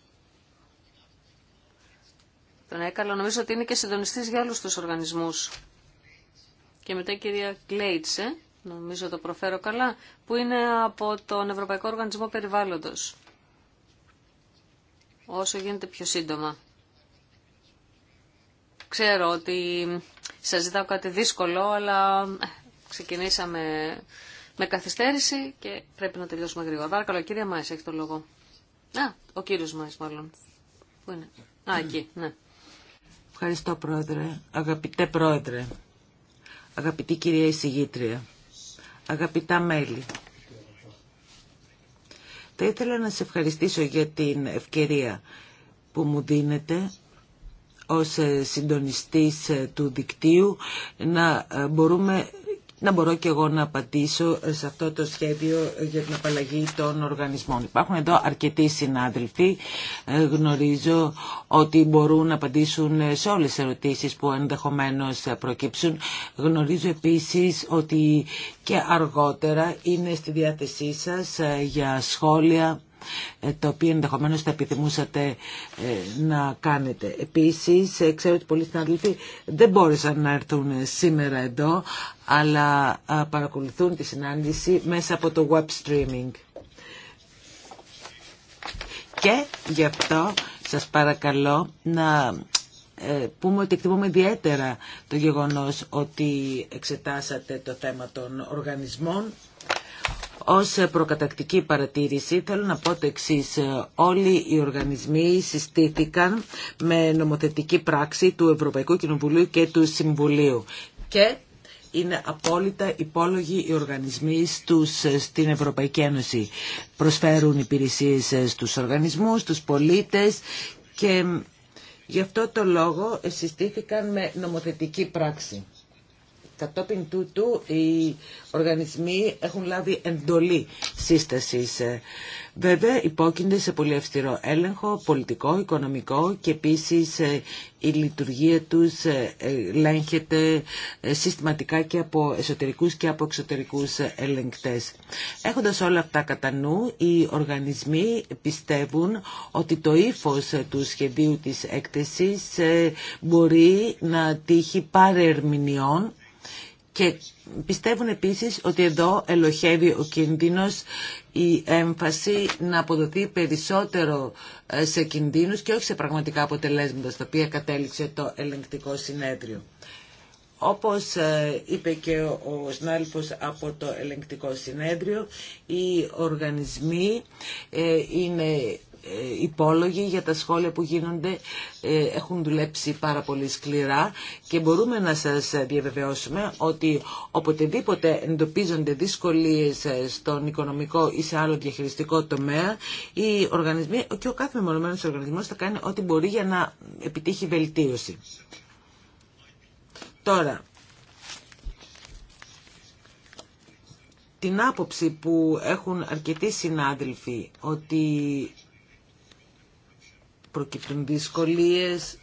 τον έκαλο. Νομίζω ότι είναι και συντονιστή για άλλους του οργανισμούς. Και μετά η κυρία Κλέιτσε, νομίζω το προφέρω καλά, που είναι από τον Ευρωπαϊκό Οργανισμό Περιβάλλοντος. Όσο γίνεται πιο σύντομα. Ξέρω ότι σας ζητάω κάτι δύσκολο, αλλά ε, ξεκινήσαμε με καθυστέρηση και πρέπει να τελειώσουμε γρήγορα. Παρακαλώ, κυρία Μάης, έχει το λόγο. Α, ο κύριος Μάης μάλλον. Πού είναι. Α, εκεί, ναι. Ευχαριστώ πρόεδρε, αγαπητέ πρόεδρε, αγαπητή κυρία εισηγήτρια, αγαπητά μέλη. Θα ήθελα να σε ευχαριστήσω για την ευκαιρία που μου δίνετε ως συντονιστής του δικτύου να μπορούμε να μπορώ και εγώ να απαντήσω σε αυτό το σχέδιο για την απαλλαγή των οργανισμών. Υπάρχουν εδώ αρκετοί συνάδελφοι. Ε, γνωρίζω ότι μπορούν να απαντήσουν σε όλες τις ερωτήσεις που ενδεχομένως προκύψουν. Γνωρίζω επίσης ότι και αργότερα είναι στη διάθεσή σας ε, για σχόλια ε, το οποίο ενδεχομένως θα επιθυμούσατε ε, να κάνετε. Επίσης, ε, ξέρω ότι πολλοί συναδελφοί δεν μπόρεσαν να έρθουν σήμερα εδώ, αλλά παρακολουθούν τη συνάντηση μέσα από το web streaming. Και γι' αυτό σας παρακαλώ να πούμε ότι εκτιμούμε ιδιαίτερα το γεγονός ότι εξετάσατε το θέμα των οργανισμών ως προκατακτική παρατήρηση θέλω να πω το Όλοι οι οργανισμοί συστήθηκαν με νομοθετική πράξη του Ευρωπαϊκού Κοινοβουλίου και του Συμβουλίου. Και είναι απόλυτα υπόλογοι οι οργανισμοί στους, στην Ευρωπαϊκή Ένωση. Προσφέρουν υπηρεσίες στους οργανισμούς, στους πολίτες και γι' αυτό το λόγο συστήθηκαν με νομοθετική πράξη. Κατόπιν τούτου οι οργανισμοί έχουν λάβει εντολή σύστασης. Ε, βέβαια υπόκεινται σε πολύ αυστηρό έλεγχο, πολιτικό, οικονομικό και επίσης ε, η λειτουργία τους ε, ελέγχεται συστηματικά και από εσωτερικούς και από εξωτερικούς ελεγκτές. Έχοντας όλα αυτά κατά νου, οι οργανισμοί πιστεύουν ότι το ύφος του σχεδίου της έκθεσης μπορεί να τύχει παρερμηνιών και πιστεύουν επίσης ότι εδώ ελοχεύει ο κίνδυνος η έμφαση να αποδοθεί περισσότερο ε, σε κινδύνους και όχι σε πραγματικά αποτελέσματα στα οποία κατέληξε το ελεγκτικό συνέδριο. Όπως ε, είπε και ο Σνάλφος από το ελεγκτικό συνέδριο, οι οργανισμοί ε, είναι ε, υπόλογοι για τα σχόλια που γίνονται ε, έχουν δουλέψει πάρα πολύ σκληρά και μπορούμε να σας διαβεβαιώσουμε ότι οποτεδήποτε εντοπίζονται δυσκολίες ε, στον οικονομικό ή σε άλλο διαχειριστικό τομέα οι οργανισμοί και ο κάθε μεμονωμένος οργανισμός θα κάνει ό,τι μπορεί για να επιτύχει βελτίωση. Τώρα, την άποψη που έχουν αρκετοί συνάδελφοι ότι προκύπτουν δυσκολίες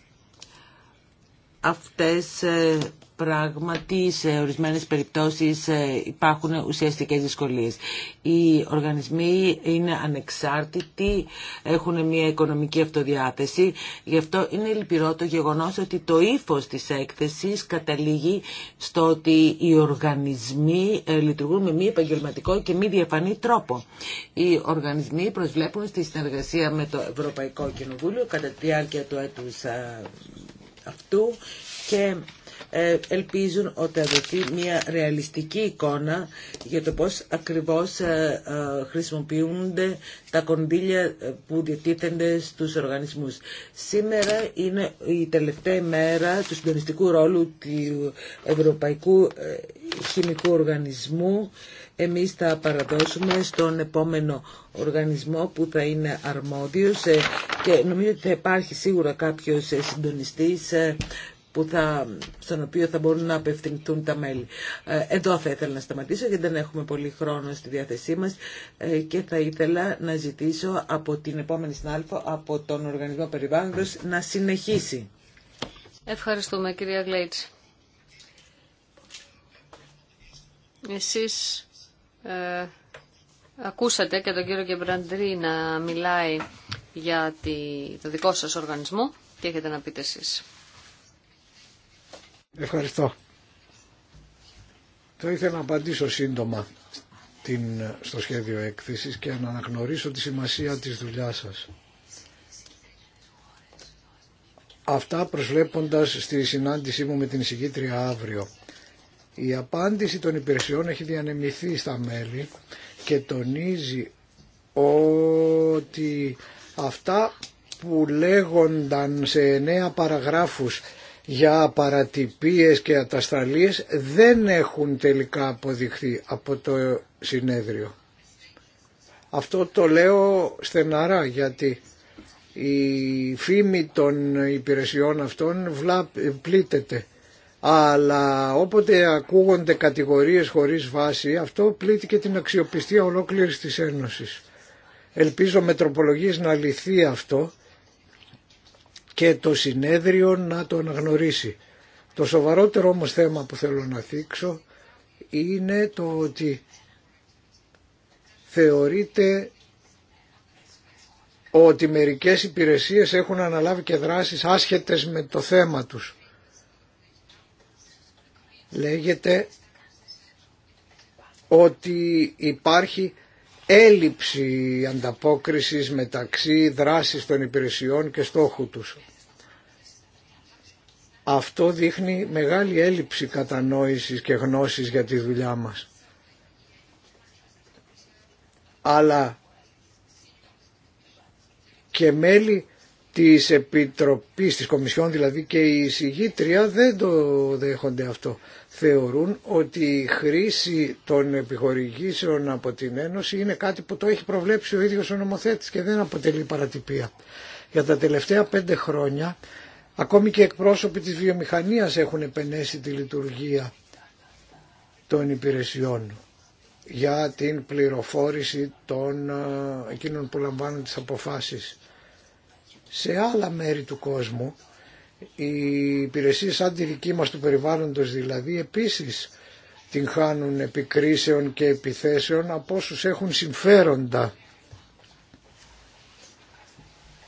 αυτές ε, πράγματι σε ορισμένες περιπτώσεις ε, υπάρχουν ουσιαστικές δυσκολίες. Οι οργανισμοί είναι ανεξάρτητοι, έχουν μια οικονομική αυτοδιάθεση, γι' αυτό είναι λυπηρό το γεγονός ότι το ύφος της έκθεσης καταλήγει στο ότι οι οργανισμοί ε, λειτουργούν με μη επαγγελματικό και μη διαφανή τρόπο. Οι οργανισμοί προσβλέπουν στη συνεργασία με το Ευρωπαϊκό Κοινοβούλιο κατά τη διάρκεια του έτους αυτού και ε, ελπίζουν ότι θα δοθεί μια ρεαλιστική εικόνα για το πώς ακριβώς ε, ε, χρησιμοποιούνται τα κονδύλια που διατίθενται στους οργανισμούς. Σήμερα είναι η τελευταία μέρα του συντονιστικού ρόλου του Ευρωπαϊκού Χημικού Οργανισμού εμείς θα παραδώσουμε στον επόμενο οργανισμό που θα είναι αρμόδιος ε, και νομίζω ότι θα υπάρχει σίγουρα κάποιος ε, συντονιστής ε, που θα, στον οποίο θα μπορούν να απευθυνθούν τα μέλη. Εδώ θα ήθελα να σταματήσω γιατί δεν έχουμε πολύ χρόνο στη διάθεσή μας και θα ήθελα να ζητήσω από την επόμενη συνάλφο, από τον Οργανισμό Περιβάλλοντος, να συνεχίσει. Ευχαριστούμε κυρία Γλέτς. Εσείς ε, ακούσατε και τον κύριο Κεμπραντρή να μιλάει για τη, το δικό σας οργανισμό και έχετε να πείτε εσείς. Ευχαριστώ. Θα ήθελα να απαντήσω σύντομα την, στο σχέδιο έκθεσης και να αναγνωρίσω τη σημασία της δουλειάς σας. Αυτά προσβλέποντας στη συνάντησή μου με την εισηγήτρια αύριο. Η απάντηση των υπηρεσιών έχει διανεμηθεί στα μέλη και τονίζει ότι αυτά που λέγονταν σε εννέα παραγράφους για παρατυπίες και ατασταλίες δεν έχουν τελικά αποδειχθεί από το συνέδριο. Αυτό το λέω στεναρά γιατί η φήμη των υπηρεσιών αυτών πλήτεται αλλά όποτε ακούγονται κατηγορίες χωρίς βάση αυτό πλήττει και την αξιοπιστία ολόκληρης της Ένωσης. Ελπίζω με να λυθεί αυτό και το συνέδριο να το αναγνωρίσει. Το σοβαρότερο όμως θέμα που θέλω να θίξω είναι το ότι θεωρείται ότι μερικές υπηρεσίες έχουν αναλάβει και δράσεις άσχετες με το θέμα τους λέγεται ότι υπάρχει έλλειψη ανταπόκρισης μεταξύ δράσης των υπηρεσιών και στόχου τους. Αυτό δείχνει μεγάλη έλλειψη κατανόησης και γνώσης για τη δουλειά μας. Αλλά και μέλη της Επιτροπής της Κομισιόν, δηλαδή και η εισηγήτρια δεν το δέχονται αυτό θεωρούν ότι η χρήση των επιχορηγήσεων από την Ένωση είναι κάτι που το έχει προβλέψει ο ίδιος ο νομοθέτης και δεν αποτελεί παρατυπία. Για τα τελευταία πέντε χρόνια ακόμη και εκπρόσωποι της βιομηχανίας έχουν επενέσει τη λειτουργία των υπηρεσιών για την πληροφόρηση των ε, εκείνων που λαμβάνουν τις αποφάσεις. Σε άλλα μέρη του κόσμου οι υπηρεσίες σαν τη δική μας του περιβάλλοντος δηλαδή επίσης την χάνουν επικρίσεων και επιθέσεων από όσου έχουν συμφέροντα.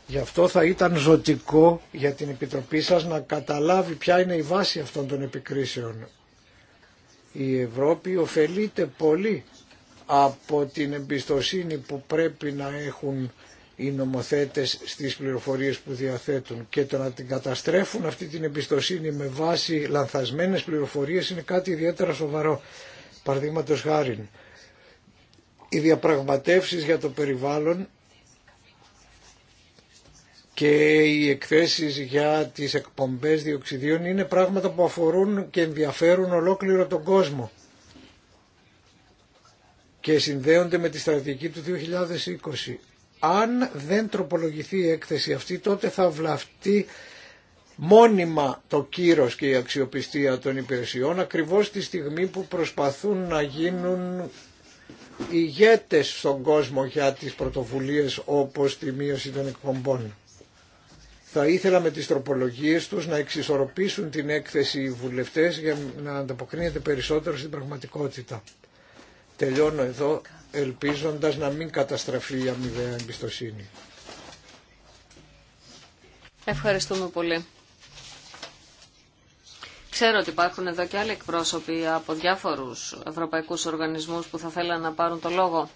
Γι' αυτό θα ήταν ζωτικό για την Επιτροπή σας να καταλάβει ποια είναι η βάση αυτών των επικρίσεων. Η Ευρώπη ωφελείται πολύ από την εμπιστοσύνη που πρέπει να έχουν οι νομοθέτες στις πληροφορίες που διαθέτουν και το να την καταστρέφουν αυτή την εμπιστοσύνη με βάση λανθασμένες πληροφορίες είναι κάτι ιδιαίτερα σοβαρό. Παραδείγματος χάρη, οι διαπραγματεύσεις για το περιβάλλον και οι εκθέσεις για τις εκπομπές διοξιδίων είναι πράγματα που αφορούν και ενδιαφέρουν ολόκληρο τον κόσμο και συνδέονται με τη στρατηγική του 2020 αν δεν τροπολογηθεί η έκθεση αυτή τότε θα βλαφτεί μόνιμα το κύρος και η αξιοπιστία των υπηρεσιών ακριβώς τη στιγμή που προσπαθούν να γίνουν ηγέτες στον κόσμο για τις πρωτοβουλίες όπως τη μείωση των εκπομπών. Θα ήθελα με τις τροπολογίες τους να εξισορροπήσουν την έκθεση οι βουλευτές για να ανταποκρίνεται περισσότερο στην πραγματικότητα. Τελειώνω εδώ ελπίζοντας να μην καταστραφεί η αμοιβαία εμπιστοσύνη. Ευχαριστούμε πολύ. Ξέρω ότι υπάρχουν εδώ και άλλοι εκπρόσωποι από διάφορους ευρωπαϊκούς οργανισμούς που θα θέλαν να πάρουν το λόγο.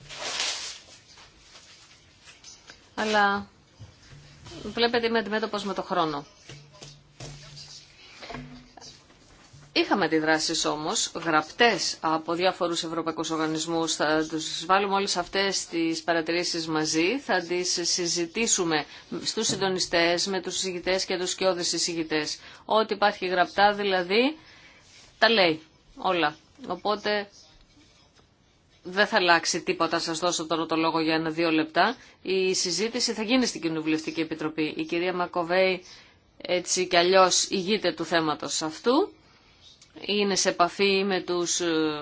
Αλλά βλέπετε είμαι αντιμέτωπος με το χρόνο. Είχαμε αντιδράσει όμω, γραπτέ από διάφορου Ευρωπαϊκού Οργανισμού. Θα του βάλουμε όλε αυτέ τι παρατηρήσει μαζί, θα τι συζητήσουμε στου συντονιστέ, με του συζητητέ και τους σκιώδες συζητητέ. Ό,τι υπάρχει γραπτά δηλαδή, τα λέει όλα. Οπότε δεν θα αλλάξει τίποτα, σα δώσω τώρα το λόγο για ένα-δύο λεπτά. Η συζήτηση θα γίνει στην Κοινοβουλευτική Επιτροπή. Η κυρία Μακοβέη έτσι κι αλλιώ ηγείται του θέματο αυτού είναι σε επαφή με τους ε,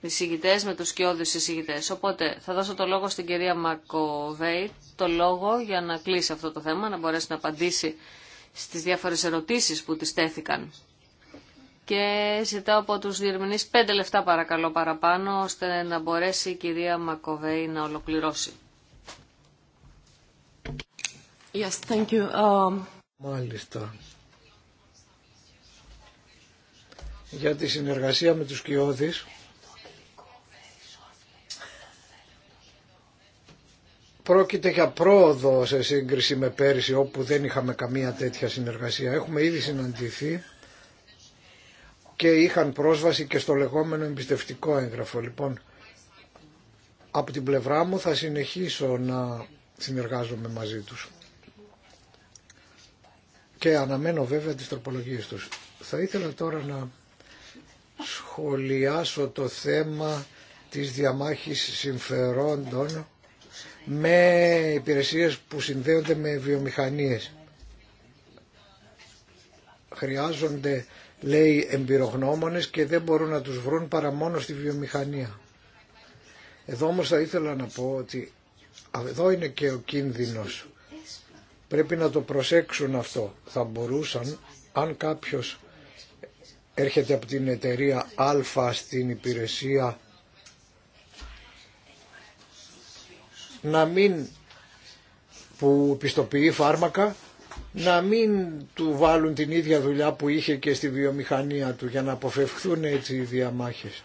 εισηγητές, με τους σκιώδους εισηγητές. Οπότε θα δώσω το λόγο στην κυρία Μακοβέη, το λόγο για να κλείσει αυτό το θέμα, να μπορέσει να απαντήσει στις διάφορες ερωτήσεις που της τέθηκαν. Και ζητάω από τους διερμηνείς πέντε λεφτά παρακαλώ παραπάνω, ώστε να μπορέσει η κυρία Μακοβέη να ολοκληρώσει. Yes, thank you. Um... Μάλιστα. για τη συνεργασία με τους Κιώδης. Πρόκειται για πρόοδο σε σύγκριση με πέρυσι όπου δεν είχαμε καμία τέτοια συνεργασία. Έχουμε ήδη συναντηθεί και είχαν πρόσβαση και στο λεγόμενο εμπιστευτικό έγγραφο. Λοιπόν, από την πλευρά μου θα συνεχίσω να συνεργάζομαι μαζί τους. Και αναμένω βέβαια τις τροπολογίες τους. Θα ήθελα τώρα να σχολιάσω το θέμα της διαμάχης συμφερόντων με υπηρεσίες που συνδέονται με βιομηχανίες. Χρειάζονται, λέει, εμπειρογνώμονες και δεν μπορούν να τους βρουν παρά μόνο στη βιομηχανία. Εδώ όμως θα ήθελα να πω ότι εδώ είναι και ο κίνδυνος. Πρέπει να το προσέξουν αυτό. Θα μπορούσαν, αν κάποιος έρχεται από την εταιρεία Α στην υπηρεσία να μην που πιστοποιεί φάρμακα να μην του βάλουν την ίδια δουλειά που είχε και στη βιομηχανία του για να αποφευχθούν έτσι οι διαμάχες.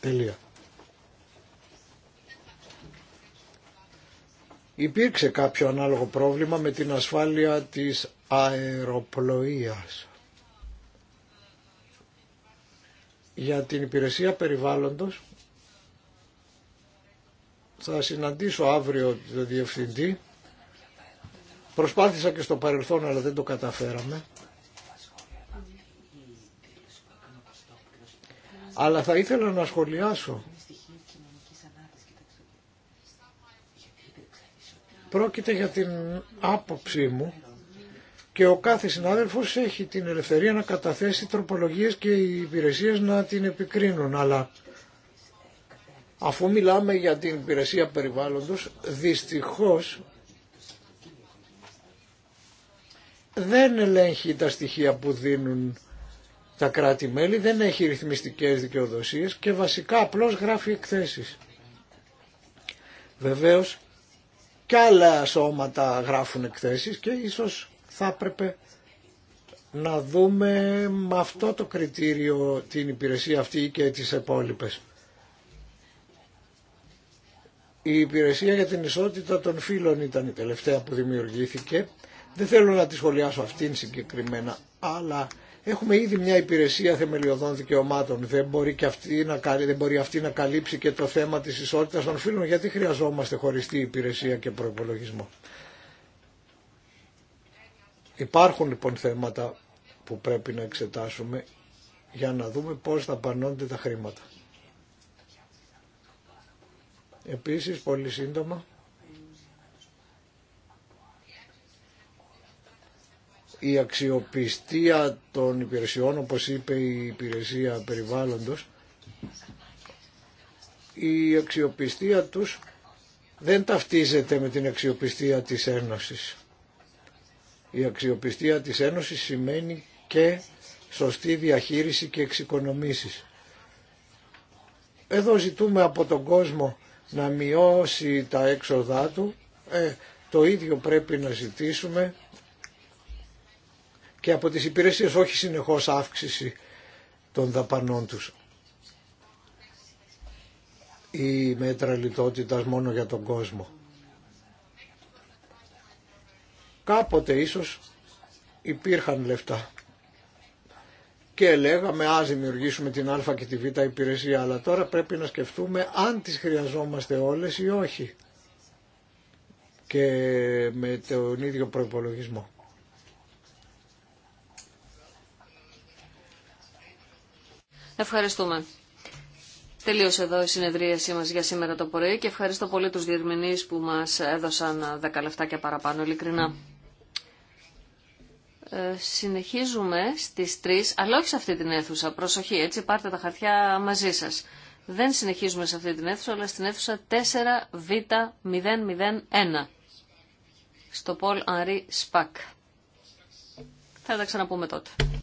Τελεία. Υπήρξε κάποιο ανάλογο πρόβλημα με την ασφάλεια της αεροπλοείας. Για την υπηρεσία περιβάλλοντος θα συναντήσω αύριο τον διευθυντή. Προσπάθησα και στο παρελθόν αλλά δεν το καταφέραμε. Αλλά θα ήθελα να σχολιάσω Πρόκειται για την άποψή μου και ο κάθε συνάδελφος έχει την ελευθερία να καταθέσει τροπολογίες και οι υπηρεσίες να την επικρίνουν, αλλά αφού μιλάμε για την υπηρεσία περιβάλλοντος, δυστυχώς δεν ελέγχει τα στοιχεία που δίνουν τα κράτη-μέλη, δεν έχει ρυθμιστικές δικαιοδοσίες και βασικά απλώς γράφει εκθέσεις. Βεβαίως και άλλα σώματα γράφουν εκθέσεις και ίσως θα έπρεπε να δούμε με αυτό το κριτήριο την υπηρεσία αυτή και τις επόλοιπε. Η υπηρεσία για την ισότητα των φύλων ήταν η τελευταία που δημιουργήθηκε. Δεν θέλω να τη σχολιάσω αυτήν συγκεκριμένα, αλλά Έχουμε ήδη μια υπηρεσία θεμελιωδών δικαιωμάτων. Δεν μπορεί, και αυτή, να, δεν μπορεί αυτή να καλύψει και το θέμα της ισότητας των φίλων. Γιατί χρειαζόμαστε χωριστή υπηρεσία και προπολογισμό. Υπάρχουν λοιπόν θέματα που πρέπει να εξετάσουμε για να δούμε πώς θα πανώνται τα χρήματα. Επίσης, πολύ σύντομα, η αξιοπιστία των υπηρεσιών, όπως είπε η υπηρεσία περιβάλλοντος, η αξιοπιστία τους δεν ταυτίζεται με την αξιοπιστία της Ένωσης. Η αξιοπιστία της Ένωσης σημαίνει και σωστή διαχείριση και εξοικονομήσεις. Εδώ ζητούμε από τον κόσμο να μειώσει τα έξοδά του, ε, το ίδιο πρέπει να ζητήσουμε και από τις υπηρεσίες όχι συνεχώς αύξηση των δαπανών τους ή μέτρα λιτότητας μόνο για τον κόσμο. Κάποτε ίσως υπήρχαν λεφτά και λέγαμε ας δημιουργήσουμε την α και τη β υπηρεσία αλλά τώρα πρέπει να σκεφτούμε αν τις χρειαζόμαστε όλες ή όχι και με τον ίδιο προϋπολογισμό. Ευχαριστούμε. Τελείωσε εδώ η συνεδρίασή μας για σήμερα το πρωί και ευχαριστώ πολύ τους διερμηνείς που μας έδωσαν 10 λεφτά και παραπάνω, ειλικρινά. Ε, συνεχίζουμε στις 3, αλλά όχι σε αυτή την αίθουσα. Προσοχή, έτσι, πάρτε τα χαρτιά μαζί σας. Δεν συνεχίζουμε σε αυτή την αίθουσα, αλλά στην αίθουσα 4Β001, στο Πολ Ανρί Σπακ. Θα τα ξαναπούμε τότε.